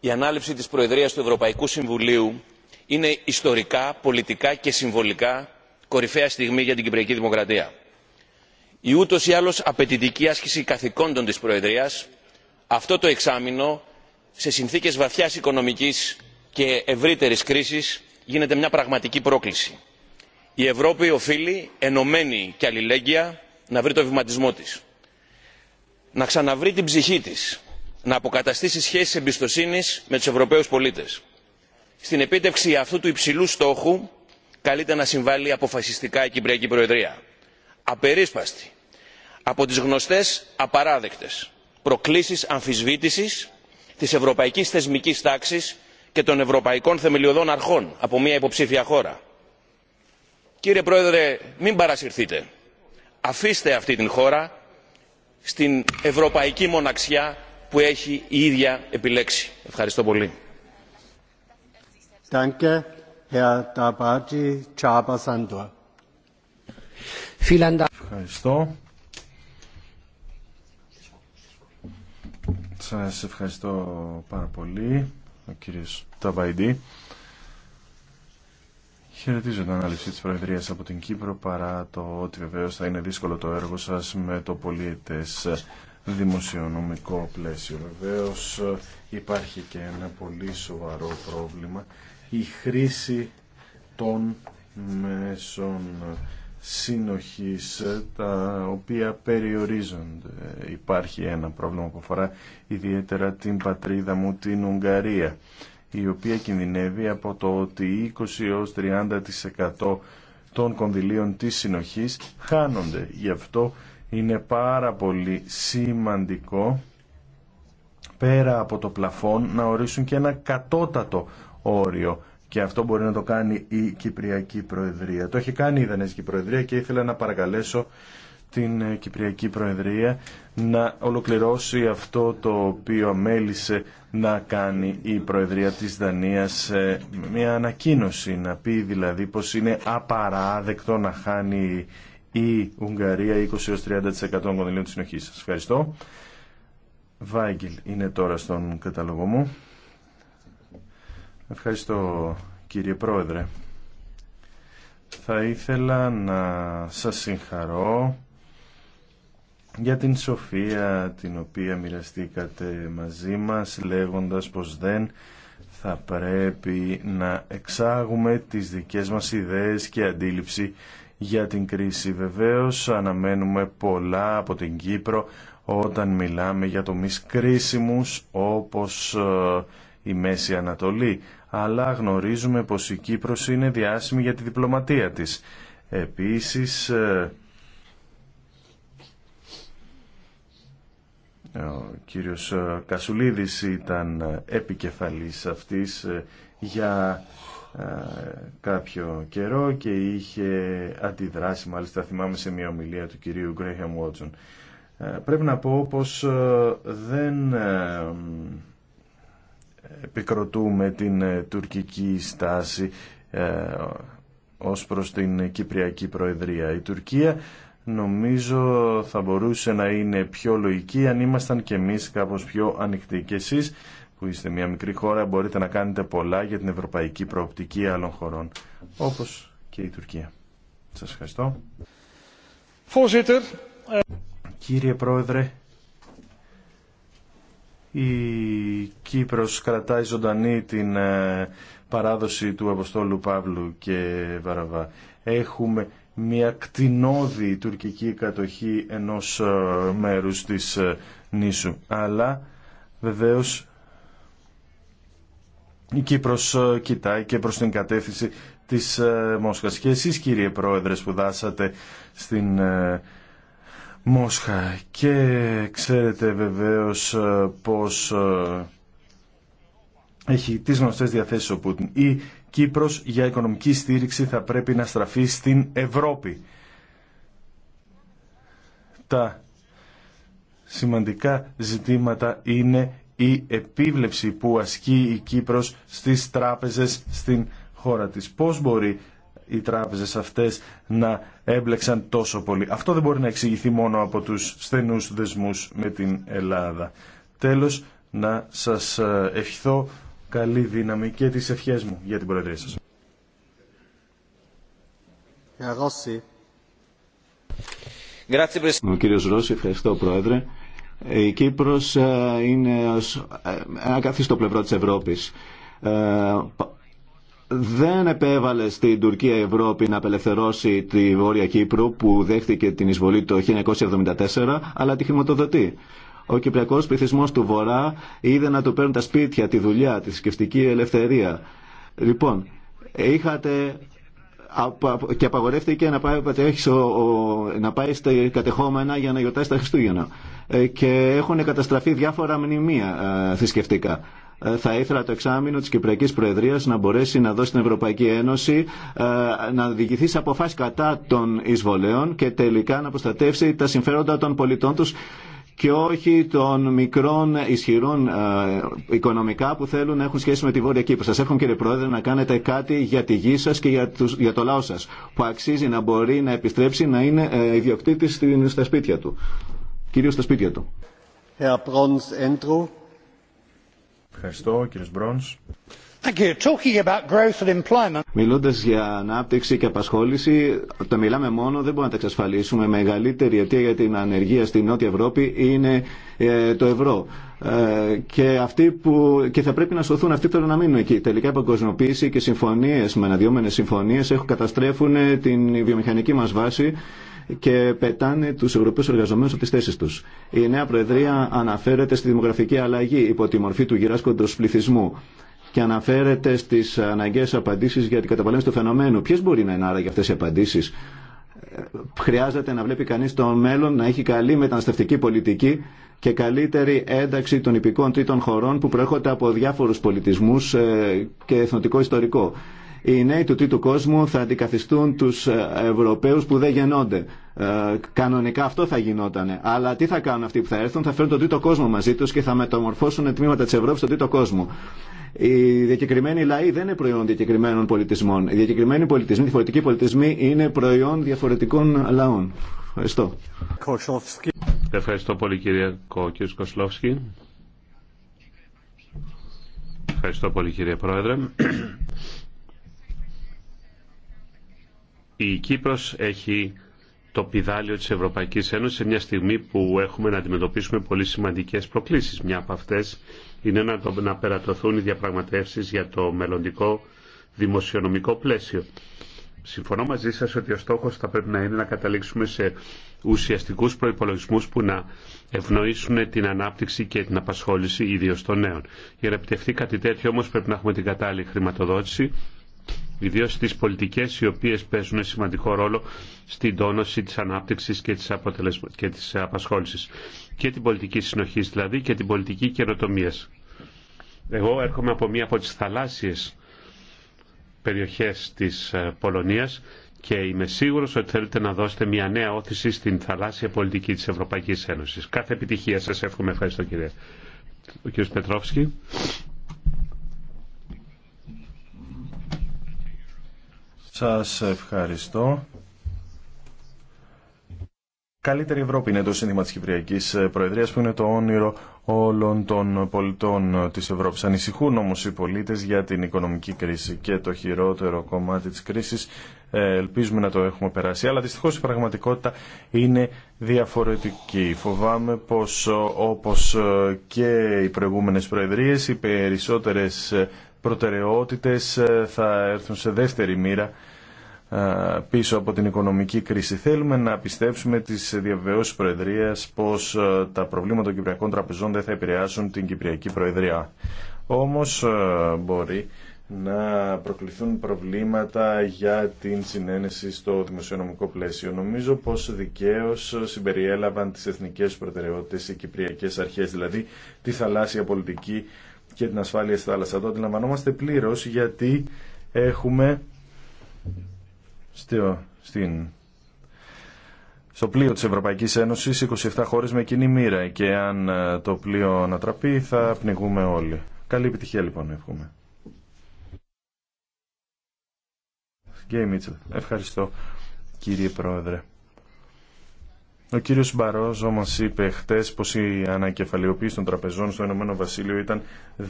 η ανάληψη της προεδρίας του ευρωπαϊκού συμβουλίου είναι ιστορικά πολιτικά και συμβολικά κορυφαία στιγμή για την κυπριακή δημοκρατία. η ούτως ή άλλως απαιτητική άσκηση καθηκόντων της προεδρίας αυτό το εξάμεινο σε συνθήκες βαθιάς οικονομικής και ευρύτερης κρίσης γίνεται μια πραγματική πρόκληση. η ευρώπη οφείλει ενωμένη και αλληλέγγυα να βρει το βηματισμό της να ξαναβρει την ψυχή της να αποκαταστήσει σχέσεις εμπιστοσύνης με τους ευρωπαίους πολίτες. στην επίτευξη αυτού του υψηλού στόχου καλείται να συμβάλει αποφασιστικά η κυπριακή προεδρία απερίσπαστη από τις γνωστές απαράδεκτες προκλήσεις αμφισβήτησης της ευρωπαϊκής θεσμικής τάξης και των ευρωπαϊκών θεμελιωδών αρχών από μια υποψήφια χώρα. κύριε πρόεδρε μην παρασυρθείτε. αφήστε αυτή την χώρα στην ευρωπαϊκή μοναξιά που έχει η ίδια επιλέξει. Ευχαριστώ πολύ. Ευχαριστώ. Σας ευχαριστώ πάρα πολύ, κύριε κύριος Χαιρετίζω την ανάλυση της Προεδρίας από την Κύπρο παρά το ότι βεβαίω θα είναι δύσκολο το έργο σας με το πολίτες δημοσιονομικό πλαίσιο. Βεβαίω υπάρχει και ένα πολύ σοβαρό πρόβλημα η χρήση των μέσων συνοχής τα οποία περιορίζονται. Υπάρχει ένα πρόβλημα που αφορά ιδιαίτερα την πατρίδα μου, την Ουγγαρία η οποία κινδυνεύει από το ότι 20-30% των κονδυλίων της συνοχής χάνονται. Γι' αυτό είναι πάρα πολύ σημαντικό πέρα από το πλαφόν να ορίσουν και ένα κατώτατο όριο και αυτό μπορεί να το κάνει η Κυπριακή Προεδρία. Το έχει κάνει η Δανέζικη Προεδρία και ήθελα να παρακαλέσω την ε, Κυπριακή Προεδρία να ολοκληρώσει αυτό το οποίο μέλησε να κάνει η Προεδρία της Δανίας ε, μια ανακοίνωση να πει δηλαδή πως είναι απαράδεκτο να χάνει η Ουγγαρία 20-30% των κονδυλίων της συνοχής. Σας ευχαριστώ. Βάγγελ είναι τώρα στον καταλογό μου. Ευχαριστώ κύριε Πρόεδρε. Θα ήθελα να σας συγχαρώ για την σοφία την οποία μοιραστήκατε μαζί μας λέγοντας πως δεν θα πρέπει να εξάγουμε τις δικές μας ιδέες και αντίληψη για την κρίση. Βεβαίως αναμένουμε πολλά από την Κύπρο όταν μιλάμε για τομείς κρίσιμους όπως ε, η Μέση Ανατολή, αλλά γνωρίζουμε πως η Κύπρος είναι διάσημη για τη διπλωματία της. Επίσης ε, Ε, ο κύριος ε, Κασουλίδης ήταν ε, επικεφαλής αυτής για κάποιο καιρό και είχε αντιδράσει μάλιστα θυμάμαι σε μια ομιλία του κυρίου Γκρέχαμ Βότσον. Πρέπει να πω πως δεν επικροτούμε την τουρκική στάση ως προς την Κυπριακή Προεδρία. Η Τουρκία νομίζω θα μπορούσε να είναι πιο λογική αν ήμασταν κι εμείς κάπως πιο ανοιχτοί. Και εσείς που είστε μια μικρή χώρα μπορείτε να κάνετε πολλά για την ευρωπαϊκή προοπτική άλλων χωρών όπως και η Τουρκία. Σας ευχαριστώ. Κύριε Πρόεδρε, η Κύπρος κρατάει ζωντανή την ε, παράδοση του Αποστόλου Παύλου και Βαραβά. Έχουμε μια κτηνόδη τουρκική κατοχή ενός ε, μέρους της ε, νήσου. Αλλά βεβαίως η Κύπρος ε, κοιτάει και προς την κατεύθυνση της Μόσχας. Και εσείς κύριε Πρόεδρε δάσατε στην Μόσχα και ξέρετε βεβαίως πως έχει τις γνωστές διαθέσεις ο Πούτιν. Κύπρος για οικονομική στήριξη θα πρέπει να στραφεί στην Ευρώπη. Τα σημαντικά ζητήματα είναι η επίβλεψη που ασκεί η Κύπρος στις τράπεζες στην χώρα της. Πώς μπορεί οι τράπεζες αυτές να έμπλεξαν τόσο πολύ. Αυτό δεν μπορεί να εξηγηθεί μόνο από τους στενούς δεσμούς με την Ελλάδα. Τέλος, να σας ε, ευχηθώ καλή δύναμη και τις ευχές μου για την Προεδρία σας. Ο κύριος Ρώση, ευχαριστώ Πρόεδρε. Η Κύπρος ε, είναι ε, ένα καθίστο πλευρό της Ευρώπης. Ε, δεν επέβαλε στην Τουρκία η Ευρώπη να απελευθερώσει τη Βόρεια Κύπρου που δέχτηκε την εισβολή το 1974, αλλά τη χρηματοδοτεί. Ο κυπριακό πληθυσμό του Βορρά είδε να του παίρνουν τα σπίτια, τη δουλειά, τη θρησκευτική ελευθερία. Λοιπόν, είχατε και απαγορεύτηκε να πάει, να πάει στα κατεχόμενα για να γιορτάσει τα Χριστούγεννα. Ε, και έχουν καταστραφεί διάφορα μνημεία ε, θρησκευτικά. Ε, θα ήθελα το εξάμεινο τη Κυπριακή Προεδρία να μπορέσει να δώσει στην Ευρωπαϊκή Ένωση να διηγηθεί σε αποφάσει κατά των εισβολέων και τελικά να προστατεύσει τα συμφέροντα των πολιτών του και όχι των μικρών ισχυρών ε, οικονομικά που θέλουν να έχουν σχέση με τη Βόρεια Κύπρο. Σα εύχομαι κύριε Πρόεδρε να κάνετε κάτι για τη γη σα και για, τους, για το λαό σας που αξίζει να μπορεί να επιστρέψει να είναι ε, ιδιοκτήτης στα σπίτια του. Κυρίω στα σπίτια του. Herr Ευχαριστώ κύριε Μιλώντα για ανάπτυξη και απασχόληση, το μιλάμε μόνο, δεν μπορούμε να τα εξασφαλίσουμε. Μεγαλύτερη αιτία για την ανεργία στην Νότια Ευρώπη είναι ε, το ευρώ. Ε, και, αυτοί που, και θα πρέπει να σωθούν αυτοί που θέλουν να μείνουν εκεί. Τελικά η παγκοσμιοποίηση και συμφωνίε, με αναδυόμενε συμφωνίε έχουν καταστρέφουν ε, την βιομηχανική μα βάση και πετάνε του Ευρωπαίου εργαζομένου από τι θέσει του. Η νέα Προεδρία αναφέρεται στη δημογραφική αλλαγή υπό τη μορφή του γυράσκοντο πληθυσμού και αναφέρεται στις αναγκαίε απαντήσει για την καταπολέμηση του φαινομένου. Ποιες μπορεί να είναι άραγε αυτές οι απαντήσει, Χρειάζεται να βλέπει κανείς το μέλλον να έχει καλή μεταναστευτική πολιτική και καλύτερη ένταξη των υπηκών τρίτων χωρών που προέρχονται από διάφορους πολιτισμούς ε, και εθνοτικό ιστορικό. Οι νέοι του τρίτου κόσμου θα αντικαθιστούν τους ε, Ευρωπαίους που δεν γεννώνται. Ε, κανονικά αυτό θα γινόταν. Αλλά τι θα κάνουν αυτοί που θα έρθουν, θα φέρουν τον τρίτο κόσμο μαζί τους και θα μεταμορφώσουν τμήματα της Ευρώπης στον τρίτο κόσμο. Οι διακεκριμένοι λαοί δεν είναι προϊόν διακεκριμένων πολιτισμών. Οι διακεκριμένοι πολιτισμοί, οι διαφορετικοί πολιτισμοί είναι προϊόν διαφορετικών λαών. Ευχαριστώ. Ευχαριστώ πολύ κύριε Ευχαριστώ πολύ κύριε Πρόεδρε η Κύπρος έχει το πιδάλιο της Ευρωπαϊκής Ένωσης σε μια στιγμή που έχουμε να αντιμετωπίσουμε πολύ σημαντικές προκλήσεις. Μια από αυτές είναι να, το, να περατωθούν οι διαπραγματεύσεις για το μελλοντικό δημοσιονομικό πλαίσιο. Συμφωνώ μαζί σας ότι ο στόχος θα πρέπει να είναι να καταλήξουμε σε ουσιαστικούς προϋπολογισμούς που να ευνοήσουν την ανάπτυξη και την απασχόληση ιδίως των νέων. Για να επιτευχθεί κάτι τέτοιο όμως πρέπει να έχουμε την κατάλληλη χρηματοδότηση Ιδίω στις πολιτικές οι οποίες παίζουν σημαντικό ρόλο στην τόνωση της ανάπτυξη και της, αποτελεσμα... και απασχόλησης και την πολιτική συνοχής δηλαδή και την πολιτική καινοτομία. Εγώ έρχομαι από μία από τις θαλάσσιες περιοχές της ε, Πολωνίας και είμαι σίγουρος ότι θέλετε να δώσετε μια νέα όθηση στην θαλάσσια πολιτική της πολωνιας και ειμαι σίγουρο οτι Ένωσης. οθηση στην θαλασσια πολιτικη τη Ευρωπαϊκή Ένωση. καθε επιτυχια σα εύχομαι. Ευχαριστώ κύριε. κύριος Σας ευχαριστώ. Καλύτερη Ευρώπη είναι το σύνθημα της Κυπριακής Προεδρίας που είναι το όνειρο όλων των πολιτών της Ευρώπης. Ανησυχούν όμως οι πολίτες για την οικονομική κρίση και το χειρότερο κομμάτι της κρίσης ελπίζουμε να το έχουμε περάσει. Αλλά δυστυχώς η πραγματικότητα είναι διαφορετική. Φοβάμαι πως όπως και οι προηγούμενες προεδρίες οι περισσότερες προτεραιότητες ε, θα έρθουν σε δεύτερη μοίρα ε, πίσω από την οικονομική κρίση. Θέλουμε να πιστέψουμε τις διαβεβαιώσεις Προεδρίας πως ε, τα προβλήματα των Κυπριακών Τραπεζών δεν θα επηρεάσουν την Κυπριακή Προεδρία. Όμως μπορεί να προκληθούν προβλήματα για την συνένεση στο δημοσιονομικό πλαίσιο. Νομίζω πως δικαίως συμπεριέλαβαν τις εθνικές προτεραιότητες οι κυπριακές αρχές, δηλαδή τη θαλάσσια πολιτική, και την ασφάλεια στη θάλασσα. Το αντιλαμβανόμαστε πλήρως γιατί έχουμε στο, στην, στο πλοίο της Ευρωπαϊκής Ένωσης 27 χώρες με κοινή μοίρα και αν ε, το πλοίο ανατραπεί θα πνιγούμε όλοι. Καλή επιτυχία λοιπόν εύχομαι. Γκέι ευχαριστώ κύριε Πρόεδρε. Ο κύριος Μπαρόζο όμως είπε χτες πως η ανακεφαλαιοποίηση των τραπεζών στο Ηνωμένο Βασίλειο ήταν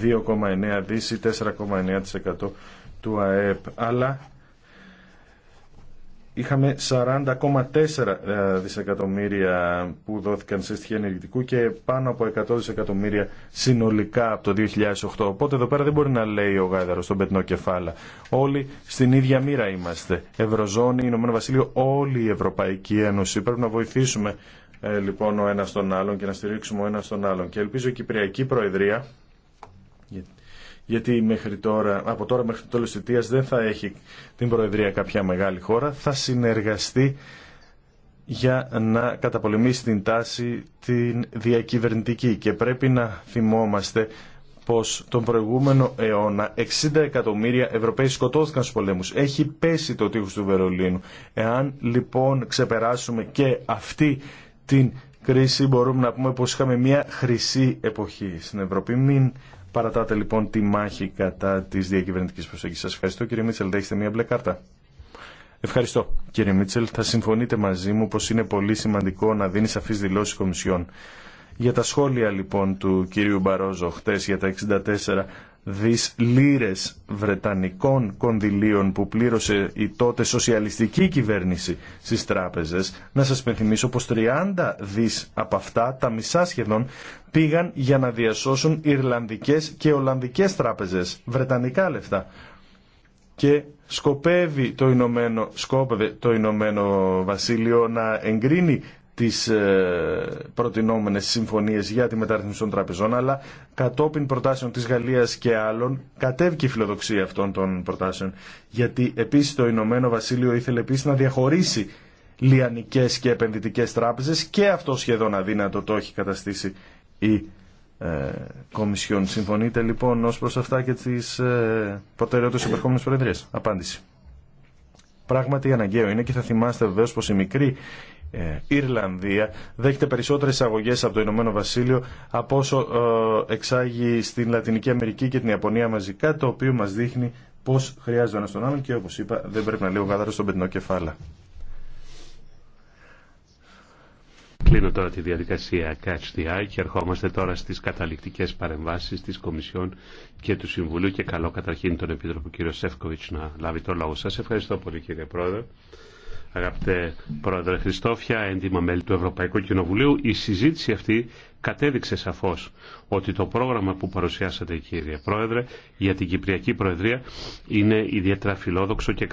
2,9 δι ή 4,9% του ΑΕΠ. Αλλά είχαμε 40,4 ε, δισεκατομμύρια που δόθηκαν σε στοιχεία ενεργητικού και πάνω από 100 δισεκατομμύρια συνολικά από το 2008. Οπότε εδώ πέρα δεν μπορεί να λέει ο Γάιδαρος στον πετνό κεφάλα. Όλοι στην ίδια μοίρα είμαστε. Ευρωζώνη, Ηνωμένο Βασίλειο, όλη η Ευρωπαϊκή Ένωση. Πρέπει να βοηθήσουμε ε, λοιπόν ο ένας τον άλλον και να στηρίξουμε ο ένας τον άλλον. Και ελπίζω η Κυπριακή Προεδρία γιατί μέχρι τώρα, από τώρα μέχρι το τέλος της δεν θα έχει την Προεδρία κάποια μεγάλη χώρα, θα συνεργαστεί για να καταπολεμήσει την τάση την διακυβερνητική και πρέπει να θυμόμαστε πως τον προηγούμενο αιώνα 60 εκατομμύρια Ευρωπαίοι σκοτώθηκαν στους πολέμους. Έχει πέσει το τείχος του Βερολίνου. Εάν λοιπόν ξεπεράσουμε και αυτή την κρίση μπορούμε να πούμε πως είχαμε μια χρυσή εποχή στην Ευρώπη. Παρατάτε λοιπόν τη μάχη κατά της διακυβερνητικής προσέγγισης. Σας ευχαριστώ κύριε Μίτσελ, έχετε μία μπλε κάρτα. Ευχαριστώ κύριε Μίτσελ, θα συμφωνείτε μαζί μου πως είναι πολύ σημαντικό να δίνει σαφεί δηλώσει κομισιών. Για τα σχόλια λοιπόν του κυρίου Μπαρόζο χτε για τα 64 δις λίρες βρετανικών κονδυλίων που πλήρωσε η τότε σοσιαλιστική κυβέρνηση στις τράπεζες. Να σας πενθυμίσω πως 30 δις από αυτά, τα μισά σχεδόν, πήγαν για να διασώσουν Ιρλανδικές και Ολλανδικές τράπεζες, βρετανικά λεφτά. Και σκοπεύει το Ηνωμένο, σκόπευε το Ηνωμένο Βασίλειο να εγκρίνει τις ε, προτινόμενες συμφωνίες για τη μεταρρύθμιση των τραπεζών, αλλά κατόπιν προτάσεων της Γαλλίας και άλλων κατέβηκε η φιλοδοξία αυτών των προτάσεων. Γιατί επίσης το Ηνωμένο Βασίλειο ήθελε επίσης να διαχωρίσει λιανικές και επενδυτικές τράπεζες και αυτό σχεδόν αδύνατο το έχει καταστήσει η ε, Κομισιόν. Συμφωνείτε λοιπόν ως προς αυτά και τις ε, προτεραιότητες υπερχόμενες προεδρίας. Απάντηση. Πράγματι αναγκαίο είναι και θα θυμάστε βεβαίω πως η μικρή ε, Ιρλανδία δέχεται περισσότερες εισαγωγέ από το Ηνωμένο Βασίλειο από όσο ε, εξάγει στην Λατινική Αμερική και την Ιαπωνία μαζικά, το οποίο μας δείχνει πώς χρειάζεται ένα τον άλλον και όπως είπα δεν πρέπει να λέει ο γάδαρος στον πεντινό κεφάλα. Κλείνω τώρα τη διαδικασία Catch the Eye και ερχόμαστε τώρα στι καταληκτικέ παρεμβάσει τη Κομισιόν και του Συμβουλίου και καλό καταρχήν τον Επίτροπο κύριο Σεφκοβιτ να λάβει το λόγο. σα. ευχαριστώ πολύ κύριε Πρόεδρε. Αγαπητέ Πρόεδρε Χριστόφια, έντιμα μέλη του Ευρωπαϊκού Κοινοβουλίου, η συζήτηση αυτή κατέδειξε σαφώς ότι το πρόγραμμα που παρουσιάσατε κύριε Πρόεδρε για την Κυπριακή Προεδρία είναι ιδιαίτερα φιλόδοξο και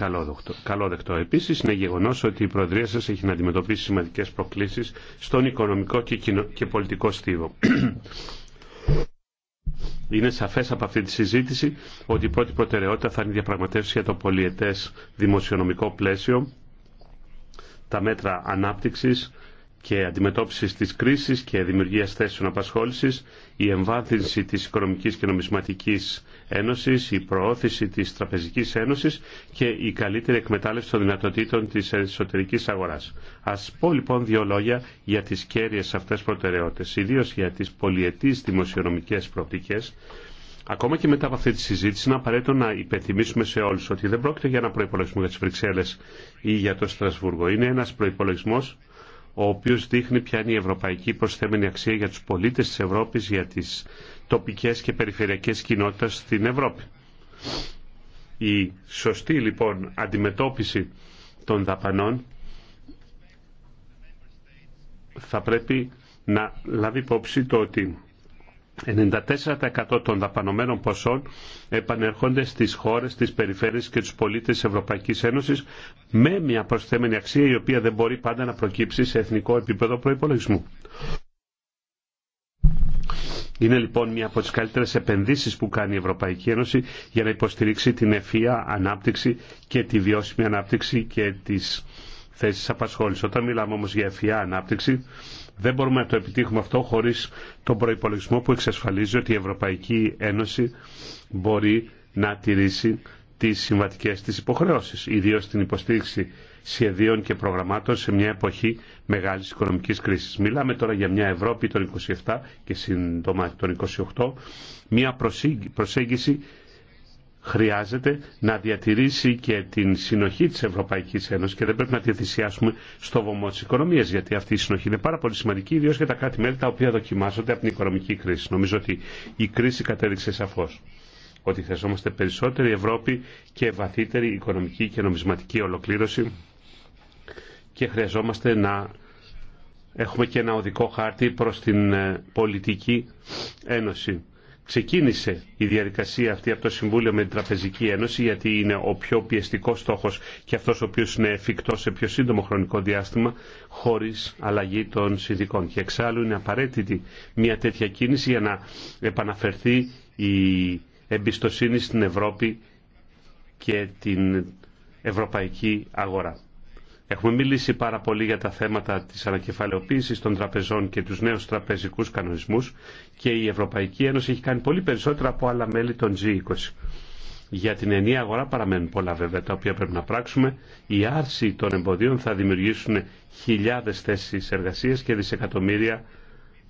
καλόδεκτο. Επίσης είναι γεγονός ότι η Προεδρία σας έχει να αντιμετωπίσει σημαντικές προκλήσεις στον οικονομικό και, και πολιτικό στίβο. Είναι σαφέ από αυτή τη συζήτηση ότι η πρώτη προτεραιότητα θα είναι η για το πολιετέ δημοσιονομικό πλαίσιο τα μέτρα ανάπτυξης και αντιμετώπισης της κρίσης και δημιουργίας θέσεων απασχόλησης, η εμβάθυνση της Οικονομικής και Νομισματικής Ένωσης, η προώθηση της Τραπεζικής Ένωσης και η καλύτερη εκμετάλλευση των δυνατοτήτων της εσωτερικής αγοράς. Ας πω λοιπόν δύο λόγια για τις κέρυες αυτές προτεραιότητες, ιδίως για τις πολιετή δημοσιονομικές προοπτικές, Ακόμα και μετά από αυτή τη συζήτηση, είναι απαραίτητο να υπενθυμίσουμε σε όλου ότι δεν πρόκειται για ένα προπολογισμό για τι Βρυξέλλε ή για το Στρασβούργο. Είναι ένα προπολογισμό ο οποίος δείχνει ποια είναι η ευρωπαϊκή προσθέμενη αξία για τους πολίτες της Ευρώπης, για τις τοπικές και περιφερειακές κοινότητε στην Ευρώπη. Η σωστή λοιπόν αντιμετώπιση των δαπανών θα πρέπει να λάβει υπόψη το ότι 94% των δαπανωμένων ποσών επανερχόνται στις χώρες, στις περιφέρειες και τους πολίτες της Ευρωπαϊκής Ένωσης με μια προσθέμενη αξία η οποία δεν μπορεί πάντα να προκύψει σε εθνικό επίπεδο προϋπολογισμού. Είναι λοιπόν μία από τις καλύτερες επενδύσεις που κάνει η Ευρωπαϊκή Ένωση για να υποστηρίξει την ευφυα ανάπτυξη και τη βιώσιμη ανάπτυξη και τις θέσεις απασχόλησης. Όταν μιλάμε όμως για ευφυα ανάπτυξη δεν μπορούμε να το επιτύχουμε αυτό χωρίς τον προϋπολογισμό που εξασφαλίζει ότι η Ευρωπαϊκή Ένωση μπορεί να τηρήσει τις συμβατικές της υποχρεώσεις, ιδίως την υποστήριξη σχεδίων και προγραμμάτων σε μια εποχή μεγάλης οικονομικής κρίσης. Μιλάμε τώρα για μια Ευρώπη των 27 και σύντομα των 28, μια προσέγγιση χρειάζεται να διατηρήσει και την συνοχή της Ευρωπαϊκής Ένωσης και δεν πρέπει να τη θυσιάσουμε στο βωμό της οικονομίας γιατί αυτή η συνοχή είναι πάρα πολύ σημαντική ιδίω για τα κράτη-μέλη τα οποία δοκιμάζονται από την οικονομική κρίση. Νομίζω ότι η κρίση κατέληξε σαφώς ότι χρειαζόμαστε περισσότερη Ευρώπη και βαθύτερη οικονομική και νομισματική ολοκλήρωση και χρειαζόμαστε να έχουμε και ένα οδικό χάρτη προς την ε, πολιτική ένωση ξεκίνησε η διαδικασία αυτή από το Συμβούλιο με την Τραπεζική Ένωση γιατί είναι ο πιο πιεστικός στόχος και αυτός ο οποίο είναι εφικτό σε πιο σύντομο χρονικό διάστημα χωρίς αλλαγή των συνδικών. Και εξάλλου είναι απαραίτητη μια τέτοια κίνηση για να επαναφερθεί η εμπιστοσύνη στην Ευρώπη και την ευρωπαϊκή αγορά. Έχουμε μιλήσει πάρα πολύ για τα θέματα της ανακεφαλαιοποίησης των τραπεζών και τους νέους τραπεζικούς κανονισμούς και η Ευρωπαϊκή Ένωση έχει κάνει πολύ περισσότερα από άλλα μέλη των G20. Για την ενιαία αγορά παραμένουν πολλά βέβαια τα οποία πρέπει να πράξουμε. Η άρση των εμποδίων θα δημιουργήσουν χιλιάδες θέσεις εργασίας και δισεκατομμύρια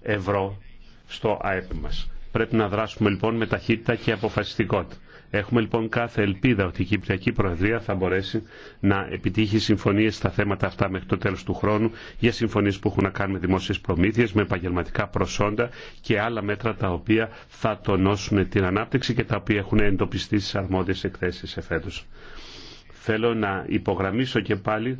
ευρώ στο ΑΕΠ μας. Πρέπει να δράσουμε λοιπόν με ταχύτητα και αποφασιστικότητα. Έχουμε λοιπόν κάθε ελπίδα ότι η Κυπριακή Προεδρία θα μπορέσει να επιτύχει συμφωνίε στα θέματα αυτά μέχρι το τέλο του χρόνου για συμφωνίε που έχουν να κάνουν με δημόσιε προμήθειε, με επαγγελματικά προσόντα και άλλα μέτρα τα οποία θα τονώσουν την ανάπτυξη και τα οποία έχουν εντοπιστεί στι αρμόδιε εκθέσει εφέτο. Θέλω να υπογραμμίσω και πάλι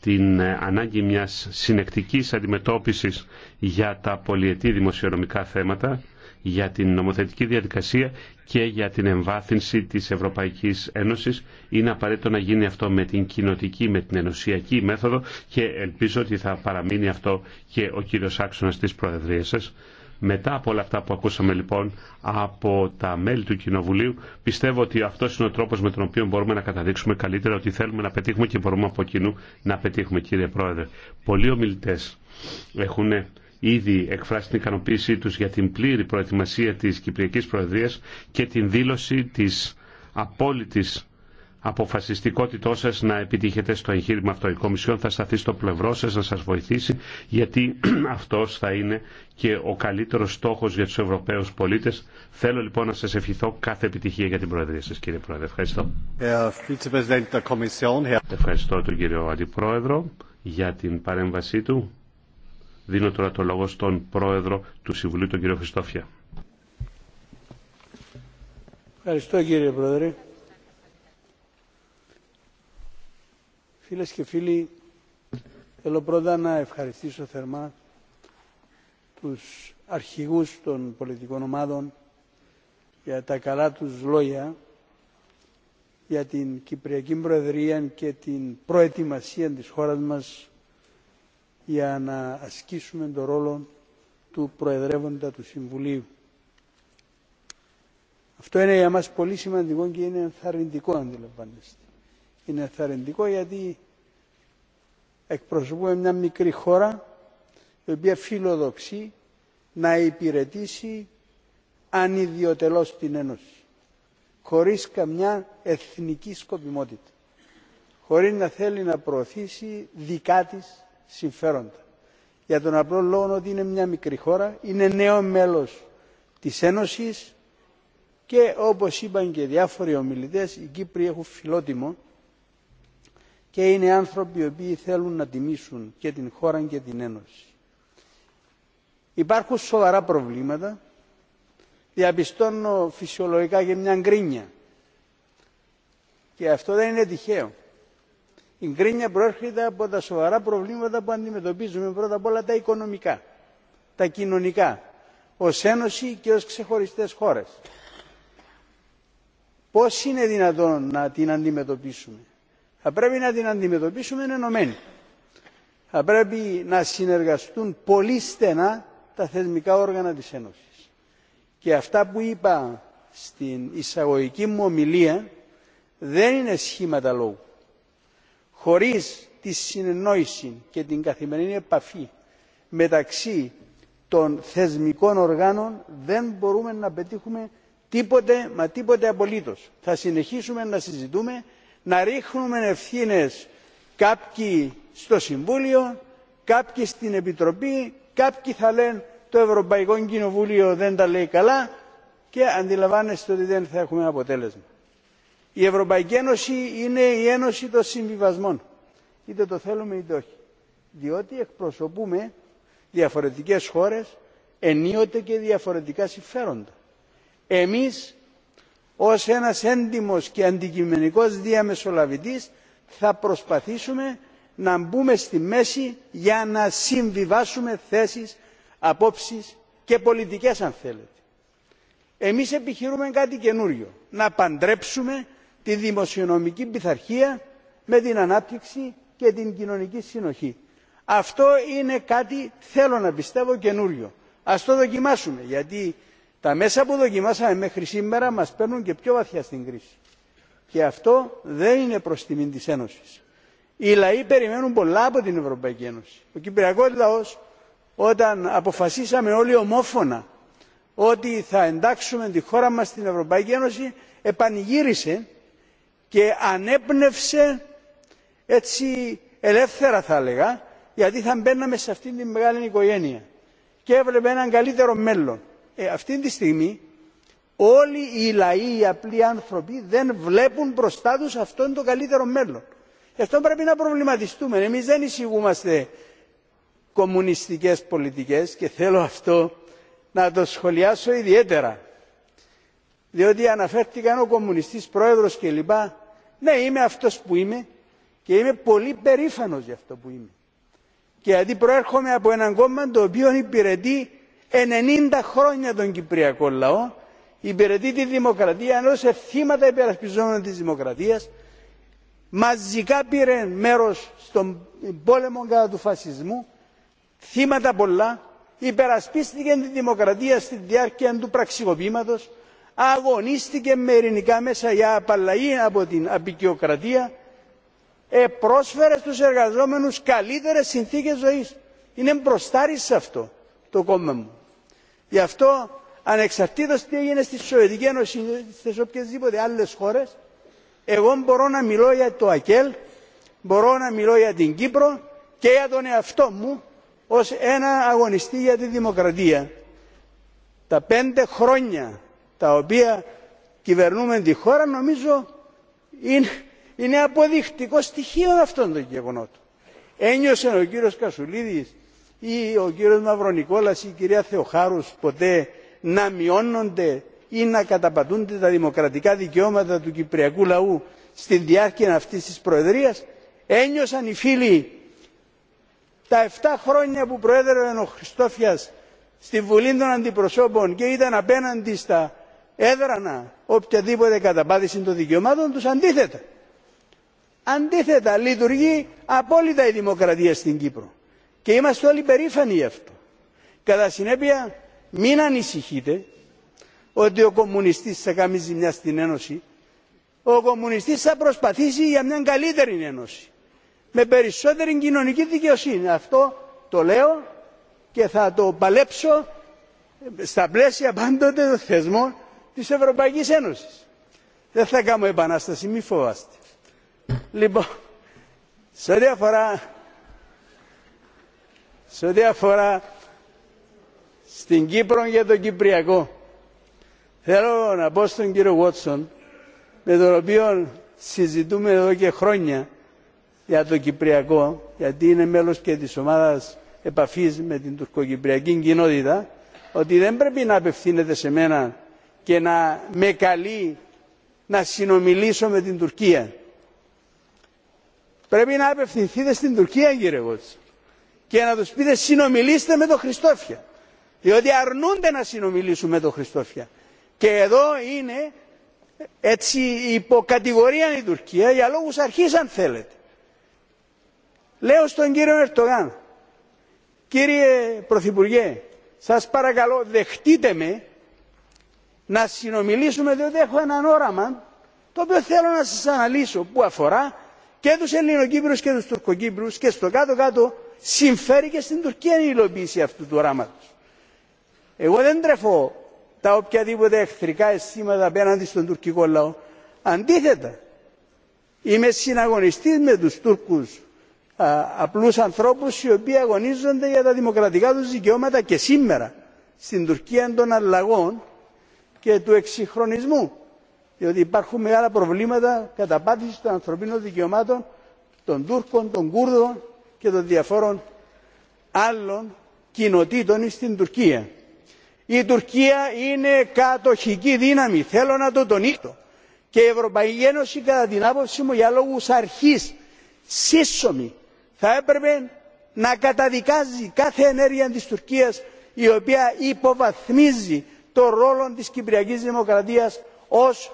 την ε, ανάγκη μιας συνεκτικής αντιμετώπισης για τα πολιετή δημοσιονομικά θέματα για την νομοθετική διαδικασία και για την εμβάθυνση της Ευρωπαϊκής Ένωσης. Είναι απαραίτητο να γίνει αυτό με την κοινοτική, με την ενωσιακή μέθοδο και ελπίζω ότι θα παραμείνει αυτό και ο κύριος άξονας της Προεδρίας σας. Μετά από όλα αυτά που ακούσαμε λοιπόν από τα μέλη του Κοινοβουλίου, πιστεύω ότι αυτό είναι ο τρόπο με τον οποίο μπορούμε να καταδείξουμε καλύτερα ότι θέλουμε να πετύχουμε και μπορούμε από κοινού να πετύχουμε, κύριε Πρόεδρε. Πολλοί ομιλητέ έχουν ήδη εκφράσει την ικανοποίησή τους για την πλήρη προετοιμασία της Κυπριακής Προεδρίας και την δήλωση της απόλυτης αποφασιστικότητό σα να επιτύχετε στο εγχείρημα αυτό. Η Κομισιόν θα σταθεί στο πλευρό σα να σα βοηθήσει, γιατί (clears throat) αυτό θα είναι και ο καλύτερο στόχο για του Ευρωπαίου πολίτε. Θέλω λοιπόν να σα ευχηθώ κάθε επιτυχία για την Προεδρία σα, κύριε Πρόεδρε. Ευχαριστώ. Ευχαριστώ τον κύριο Αντιπρόεδρο για την παρέμβασή του. Δίνω τώρα το λόγο στον πρόεδρο του Συμβουλίου, τον κύριο Χριστόφια. Ευχαριστώ κύριε Πρόεδρε. Φίλες και φίλοι, θέλω πρώτα να ευχαριστήσω θερμά τους αρχηγούς των πολιτικών ομάδων για τα καλά τους λόγια για την Κυπριακή Προεδρία και την προετοιμασία της χώρας μας για να ασκήσουμε τον ρόλο του Προεδρεύοντα του Συμβουλίου. Αυτό είναι για μας πολύ σημαντικό και είναι ενθαρρυντικό αντιλαμβάνεστε. Είναι ενθαρρυντικό γιατί εκπροσωπούμε μια μικρή χώρα η οποία φιλοδοξεί να υπηρετήσει ανιδιοτελώς την Ένωση χωρίς καμιά εθνική σκοπιμότητα χωρίς να θέλει να προωθήσει δικά της συμφέροντα. Για τον απλό λόγο ότι είναι μια μικρή χώρα, είναι νέο μέλος της Ένωσης και όπως είπαν και διάφοροι ομιλητές, οι Κύπροι έχουν φιλότιμο και είναι άνθρωποι οι οποίοι θέλουν να τιμήσουν και την χώρα και την Ένωση. Υπάρχουν σοβαρά προβλήματα. Διαπιστώνω φυσιολογικά και μια γκρίνια. Και αυτό δεν είναι τυχαίο. Η γκρίνια προέρχεται από τα σοβαρά προβλήματα που αντιμετωπίζουμε πρώτα απ' όλα τα οικονομικά, τα κοινωνικά, ως Ένωση και ως ξεχωριστές χώρες. Πώς είναι δυνατόν να την αντιμετωπίσουμε. Θα πρέπει να την αντιμετωπίσουμε ενωμένοι. Θα πρέπει να συνεργαστούν πολύ στενά τα θεσμικά όργανα της Ένωσης. Και αυτά που είπα στην εισαγωγική μου ομιλία δεν είναι σχήματα λόγου χωρίς τη συνεννόηση και την καθημερινή επαφή μεταξύ των θεσμικών οργάνων δεν μπορούμε να πετύχουμε τίποτε μα τίποτε απολύτως. Θα συνεχίσουμε να συζητούμε, να ρίχνουμε ευθύνε κάποιοι στο Συμβούλιο, κάποιοι στην Επιτροπή, κάποιοι θα λένε το Ευρωπαϊκό Κοινοβούλιο δεν τα λέει καλά και αντιλαμβάνεστε ότι δεν θα έχουμε αποτέλεσμα. Η Ευρωπαϊκή Ένωση είναι η ένωση των συμβιβασμών. Είτε το θέλουμε είτε όχι. Διότι εκπροσωπούμε διαφορετικές χώρες, ενίοτε και διαφορετικά συμφέροντα. Εμείς, ως ένας έντιμος και αντικειμενικός διαμεσολαβητής, θα προσπαθήσουμε να μπούμε στη μέση για να συμβιβάσουμε θέσεις, απόψεις και πολιτικές αν θέλετε. Εμείς επιχειρούμε κάτι καινούριο. Να παντρέψουμε τη δημοσιονομική πειθαρχία με την ανάπτυξη και την κοινωνική συνοχή. Αυτό είναι κάτι, θέλω να πιστεύω, καινούριο. Ας το δοκιμάσουμε, γιατί τα μέσα που δοκιμάσαμε μέχρι σήμερα μας παίρνουν και πιο βαθιά στην κρίση. Και αυτό δεν είναι προς τιμή της Ένωσης. Οι λαοί περιμένουν πολλά από την Ευρωπαϊκή Ένωση. Ο κυπριακό λαός, όταν αποφασίσαμε όλοι ομόφωνα ότι θα εντάξουμε τη χώρα μας στην Ευρωπαϊκή Ένωση, επανηγύρισε και ανέπνευσε έτσι ελεύθερα θα έλεγα γιατί θα μπαίναμε σε αυτήν την μεγάλη οικογένεια και έβλεπε έναν καλύτερο μέλλον. Ε, αυτή τη στιγμή όλοι οι λαοί, οι απλοί άνθρωποι δεν βλέπουν μπροστά τους αυτόν το καλύτερο μέλλον. Γι' αυτό πρέπει να προβληματιστούμε. Εμείς δεν εισηγούμαστε κομμουνιστικές πολιτικές και θέλω αυτό να το σχολιάσω ιδιαίτερα διότι αναφέρθηκαν ο κομμουνιστής πρόεδρος κλπ. Ναι, είμαι αυτός που είμαι και είμαι πολύ περήφανος για αυτό που είμαι. Και γιατί προέρχομαι από έναν κόμμα το οποίο υπηρετεί 90 χρόνια τον Κυπριακό λαό, υπηρετεί τη δημοκρατία, ενώ σε θύματα υπερασπιζόμενων της δημοκρατίας, μαζικά πήρε μέρος στον πόλεμο κατά του φασισμού, θύματα πολλά, υπερασπίστηκε τη δημοκρατία στη διάρκεια του πραξικοπήματος, αγωνίστηκε με ειρηνικά μέσα για απαλλαγή από την απεικιοκρατία, ε, πρόσφερε στους εργαζόμενους καλύτερες συνθήκες ζωής. Είναι μπροστάρι σε αυτό το κόμμα μου. Γι' αυτό ανεξαρτήτως τι έγινε στη Σοβιετική Ένωση ή στις οποιασδήποτε άλλες χώρες, εγώ μπορώ να μιλώ για το ΑΚΕΛ, μπορώ να μιλώ για την Κύπρο και για τον εαυτό μου ως ένα αγωνιστή για τη δημοκρατία. Τα πέντε χρόνια τα οποία κυβερνούμε τη χώρα νομίζω είναι, είναι αποδεικτικό στοιχείο αυτών των γεγονότων. Ένιωσε ο κύριος Κασουλίδης ή ο κύριος Μαυρονικόλας ή η κυρία Θεοχάρους ποτέ να μειώνονται ή να καταπατούνται τα δημοκρατικά δικαιώματα του κυπριακού λαού στην διάρκεια αυτής της προεδρίας. Ένιωσαν οι φίλοι τα 7 χρόνια που προέδρευε ο Χριστόφιας στη Βουλή των Αντιπροσώπων και ήταν απέναντι στα έδρανα οποιαδήποτε καταπάτηση των δικαιωμάτων τους αντίθετα. Αντίθετα λειτουργεί απόλυτα η δημοκρατία στην Κύπρο και είμαστε όλοι περήφανοι γι' αυτό. Κατά συνέπεια μην ανησυχείτε ότι ο κομμουνιστής θα κάνει ζημιά στην Ένωση. Ο κομμουνιστής θα προσπαθήσει για μια καλύτερη Ένωση με περισσότερη κοινωνική δικαιοσύνη. Αυτό το λέω και θα το παλέψω στα πλαίσια πάντοτε των θεσμών της Ευρωπαϊκής Ένωσης. Δεν θα κάνουμε επανάσταση, μη φοβάστε. Λοιπόν, σε ό,τι αφορά, σε ό,τι αφορά στην Κύπρο για τον Κυπριακό, θέλω να πω στον κύριο Βότσον, με τον οποίο συζητούμε εδώ και χρόνια για τον Κυπριακό, γιατί είναι μέλος και της ομάδας επαφής με την τουρκοκυπριακή κοινότητα, ότι δεν πρέπει να απευθύνεται σε μένα και να με καλεί να συνομιλήσω με την Τουρκία. Πρέπει να απευθυνθείτε στην Τουρκία κύριε και να τους πείτε συνομιλήστε με τον Χριστόφια. Διότι αρνούνται να συνομιλήσουν με τον Χριστόφια. Και εδώ είναι έτσι υποκατηγορία η Τουρκία για λόγους αρχής αν θέλετε. Λέω στον κύριο Ερτογάν, κύριε Πρωθυπουργέ, σας παρακαλώ δεχτείτε με να συνομιλήσουμε διότι έχω ένα όραμα το οποίο θέλω να σας αναλύσω που αφορά και τους Ελληνοκύπρους και τους Τουρκοκύπρους και στο κάτω-κάτω συμφέρει και στην Τουρκία η υλοποίηση αυτού του οράματος. Εγώ δεν τρέφω τα οποιαδήποτε εχθρικά αισθήματα απέναντι στον τουρκικό λαό. Αντίθετα, είμαι συναγωνιστή με τους Τούρκους α, απλούς ανθρώπους οι οποίοι αγωνίζονται για τα δημοκρατικά τους δικαιώματα και σήμερα στην Τουρκία των αλλαγών και του εξυγχρονισμού διότι υπάρχουν μεγάλα προβλήματα καταπάτησης των ανθρωπίνων δικαιωμάτων των Τούρκων, των Κούρδων και των διαφόρων άλλων κοινοτήτων στην Τουρκία. Η Τουρκία είναι κατοχική δύναμη, θέλω να το τονίσω. Και η Ευρωπαϊκή Ένωση κατά την άποψή μου για λόγου αρχή, σύσσωμη, θα έπρεπε να καταδικάζει κάθε ενέργεια τη Τουρκία, η οποία υποβαθμίζει το ρόλο της Κυπριακής Δημοκρατίας ως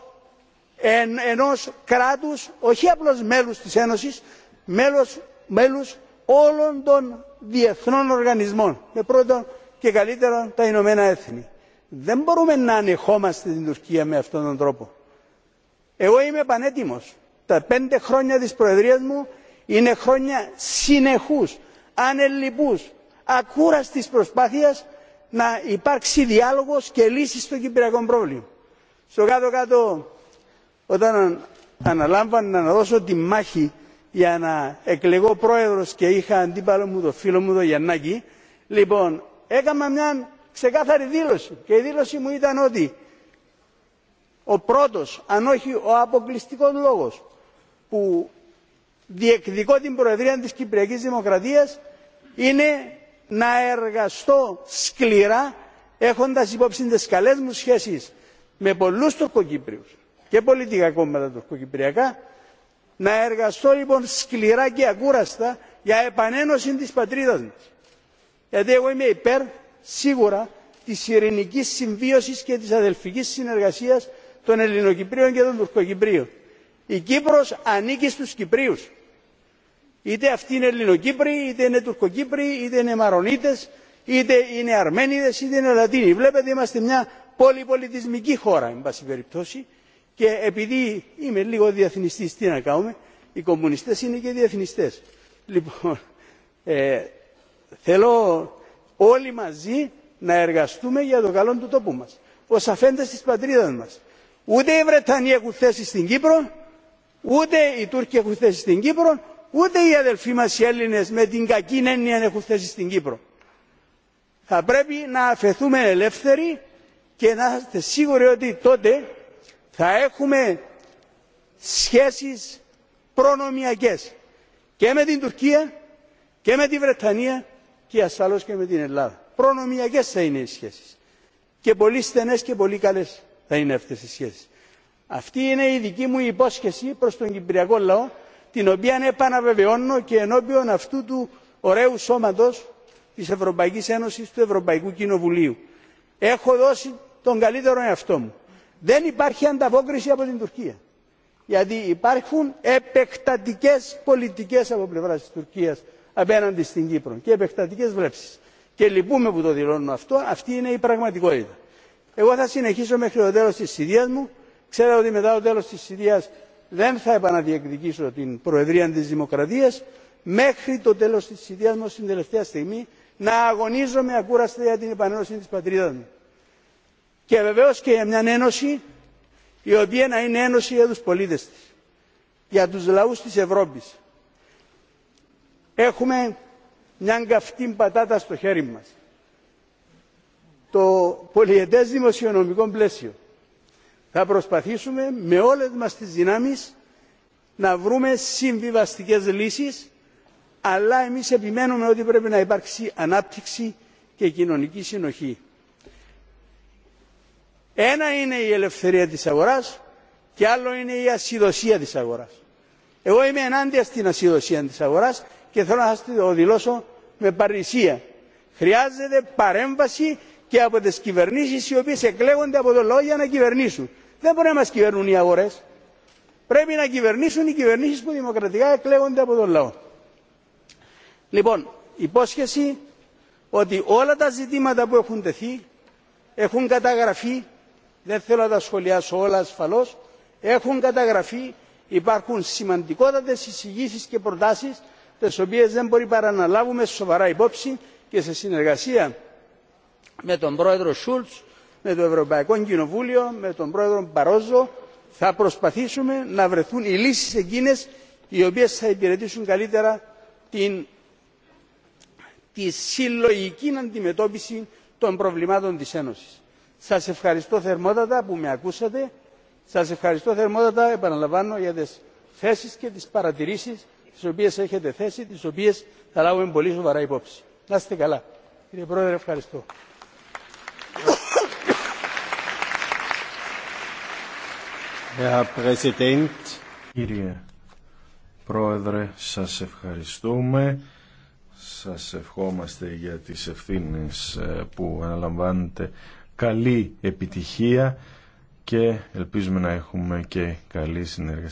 ενός κράτους, όχι απλώς μέλους της Ένωσης, μέλος, μέλους όλων των διεθνών οργανισμών, με πρώτον και καλύτερα τα Ηνωμένα Έθνη. Δεν μπορούμε να ανεχόμαστε την Τουρκία με αυτόν τον τρόπο. Εγώ είμαι πανέτοιμος. Τα πέντε χρόνια της Προεδρίας μου είναι χρόνια συνεχούς, ανελειπούς, ακούραστης προσπάθειας να υπάρξει διάλογο και λύση στο κυπριακό πρόβλημα. Στο κάτω-κάτω, όταν αναλάμβανα να δώσω τη μάχη για να εκλεγώ πρόεδρο και είχα αντίπαλο μου το φίλο μου το Γιαννάκη, λοιπόν, έκανα μια ξεκάθαρη δήλωση. Και η δήλωση μου ήταν ότι ο πρώτος, αν όχι ο αποκλειστικός λόγος που διεκδικώ την Προεδρία της Κυπριακής Δημοκρατίας είναι να εργαστώ σκληρά έχοντας υπόψη τις καλές μου σχέσεις με πολλούς τουρκοκύπριους και πολιτικά κόμματα τουρκοκυπριακά να εργαστώ λοιπόν σκληρά και ακούραστα για επανένωση της πατρίδας μας. Γιατί εγώ είμαι υπέρ σίγουρα της ειρηνικής συμβίωσης και της αδελφικής συνεργασίας των Ελληνοκυπρίων και των Τουρκοκυπρίων. Η Κύπρος ανήκει στους Κυπρίους Είτε αυτοί είναι Ελληνοκύπροι, είτε είναι Τουρκοκύπροι, είτε είναι Μαρονίτες, είτε είναι Αρμένιδες, είτε είναι Λατίνοι. Βλέπετε είμαστε μια πολυπολιτισμική χώρα, εν πάση περιπτώσει, και επειδή είμαι λίγο διεθνιστής, τι να κάνουμε, οι κομμουνιστές είναι και διεθνιστές. Λοιπόν, ε, θέλω όλοι μαζί να εργαστούμε για το καλό του τόπου μας, ως αφέντες της πατρίδας μας. Ούτε οι Βρετανοί έχουν θέση στην Κύπρο, ούτε οι Τούρκοι έχουν θέση στην Κύπρο, Ούτε οι αδελφοί μας οι Έλληνες με την κακή έννοια έχουν θέση στην Κύπρο. Θα πρέπει να αφαιθούμε ελεύθεροι και να είστε σίγουροι ότι τότε θα έχουμε σχέσεις προνομιακές και με την Τουρκία και με την Βρετανία και ασφαλώς και με την Ελλάδα. Προνομιακές θα είναι οι σχέσεις. Και πολύ στενές και πολύ καλές θα είναι αυτές οι σχέσεις. Αυτή είναι η δική μου υπόσχεση προς τον Κυπριακό λαό την οποία επαναβεβαιώνω και ενώπιον αυτού του ωραίου σώματος της Ευρωπαϊκής Ένωσης του Ευρωπαϊκού Κοινοβουλίου. Έχω δώσει τον καλύτερο εαυτό μου. Δεν υπάρχει ανταπόκριση από την Τουρκία. Γιατί υπάρχουν επεκτατικές πολιτικές από πλευρά της Τουρκίας απέναντι στην Κύπρο και επεκτατικές βλέψεις. Και λυπούμε που το δηλώνω αυτό, αυτή είναι η πραγματικότητα. Εγώ θα συνεχίσω μέχρι το τέλος της Συρίας μου. Ξέρω ότι μετά το τέλος τη Συρίας δεν θα επαναδιεκδικήσω την προεδρία της δημοκρατίας μέχρι το τέλος της θητείας μου στην τελευταία στιγμή να αγωνίζομαι ακούραστα για την επανένωση της πατρίδας μου. Και βεβαίως και για μια ένωση η οποία να είναι ένωση για τους πολίτες της, για τους λαούς της Ευρώπης. Έχουμε μια καυτή πατάτα στο χέρι μας. Το πολιετές δημοσιονομικό πλαίσιο θα προσπαθήσουμε με όλες μας τις δυνάμεις να βρούμε συμβιβαστικές λύσεις, αλλά εμείς επιμένουμε ότι πρέπει να υπάρξει ανάπτυξη και κοινωνική συνοχή. Ένα είναι η ελευθερία της αγοράς και άλλο είναι η ασυδοσία της αγοράς. Εγώ είμαι ενάντια στην ασυδοσία της αγοράς και θέλω να σας το δηλώσω με παρησία. Χρειάζεται παρέμβαση και από τις κυβερνήσεις οι οποίες εκλέγονται από το λόγο για να κυβερνήσουν. Δεν μπορεί να μας κυβερνούν οι αγορέ. Πρέπει να κυβερνήσουν οι κυβερνήσει που δημοκρατικά εκλέγονται από τον λαό. Λοιπόν, υπόσχεση ότι όλα τα ζητήματα που έχουν τεθεί έχουν καταγραφεί, δεν θέλω να τα σχολιάσω όλα ασφαλώ, έχουν καταγραφεί, υπάρχουν σημαντικότατες εισηγήσει και προτάσει, τι οποίε δεν μπορεί παρά να λάβουμε σοβαρά υπόψη και σε συνεργασία με τον πρόεδρο Σούλτ με το Ευρωπαϊκό Κοινοβούλιο, με τον πρόεδρο Μπαρόζο, θα προσπαθήσουμε να βρεθούν οι λύσεις εκείνες οι οποίες θα υπηρετήσουν καλύτερα την, τη συλλογική αντιμετώπιση των προβλημάτων της Ένωσης. Σας ευχαριστώ θερμότατα που με ακούσατε. Σας ευχαριστώ θερμότατα, επαναλαμβάνω, για τις θέσεις και τις παρατηρήσεις τις οποίες έχετε θέσει, τις οποίες θα λάβουμε πολύ σοβαρά υπόψη. Να είστε καλά. Κύριε Πρόεδρε, ευχαριστώ. Κύριε Πρόεδρε, σας ευχαριστούμε. Σας ευχόμαστε για τις ευθύνες ε, που αναλαμβάνετε. Καλή επιτυχία και ελπίζουμε να έχουμε και καλή συνεργασία.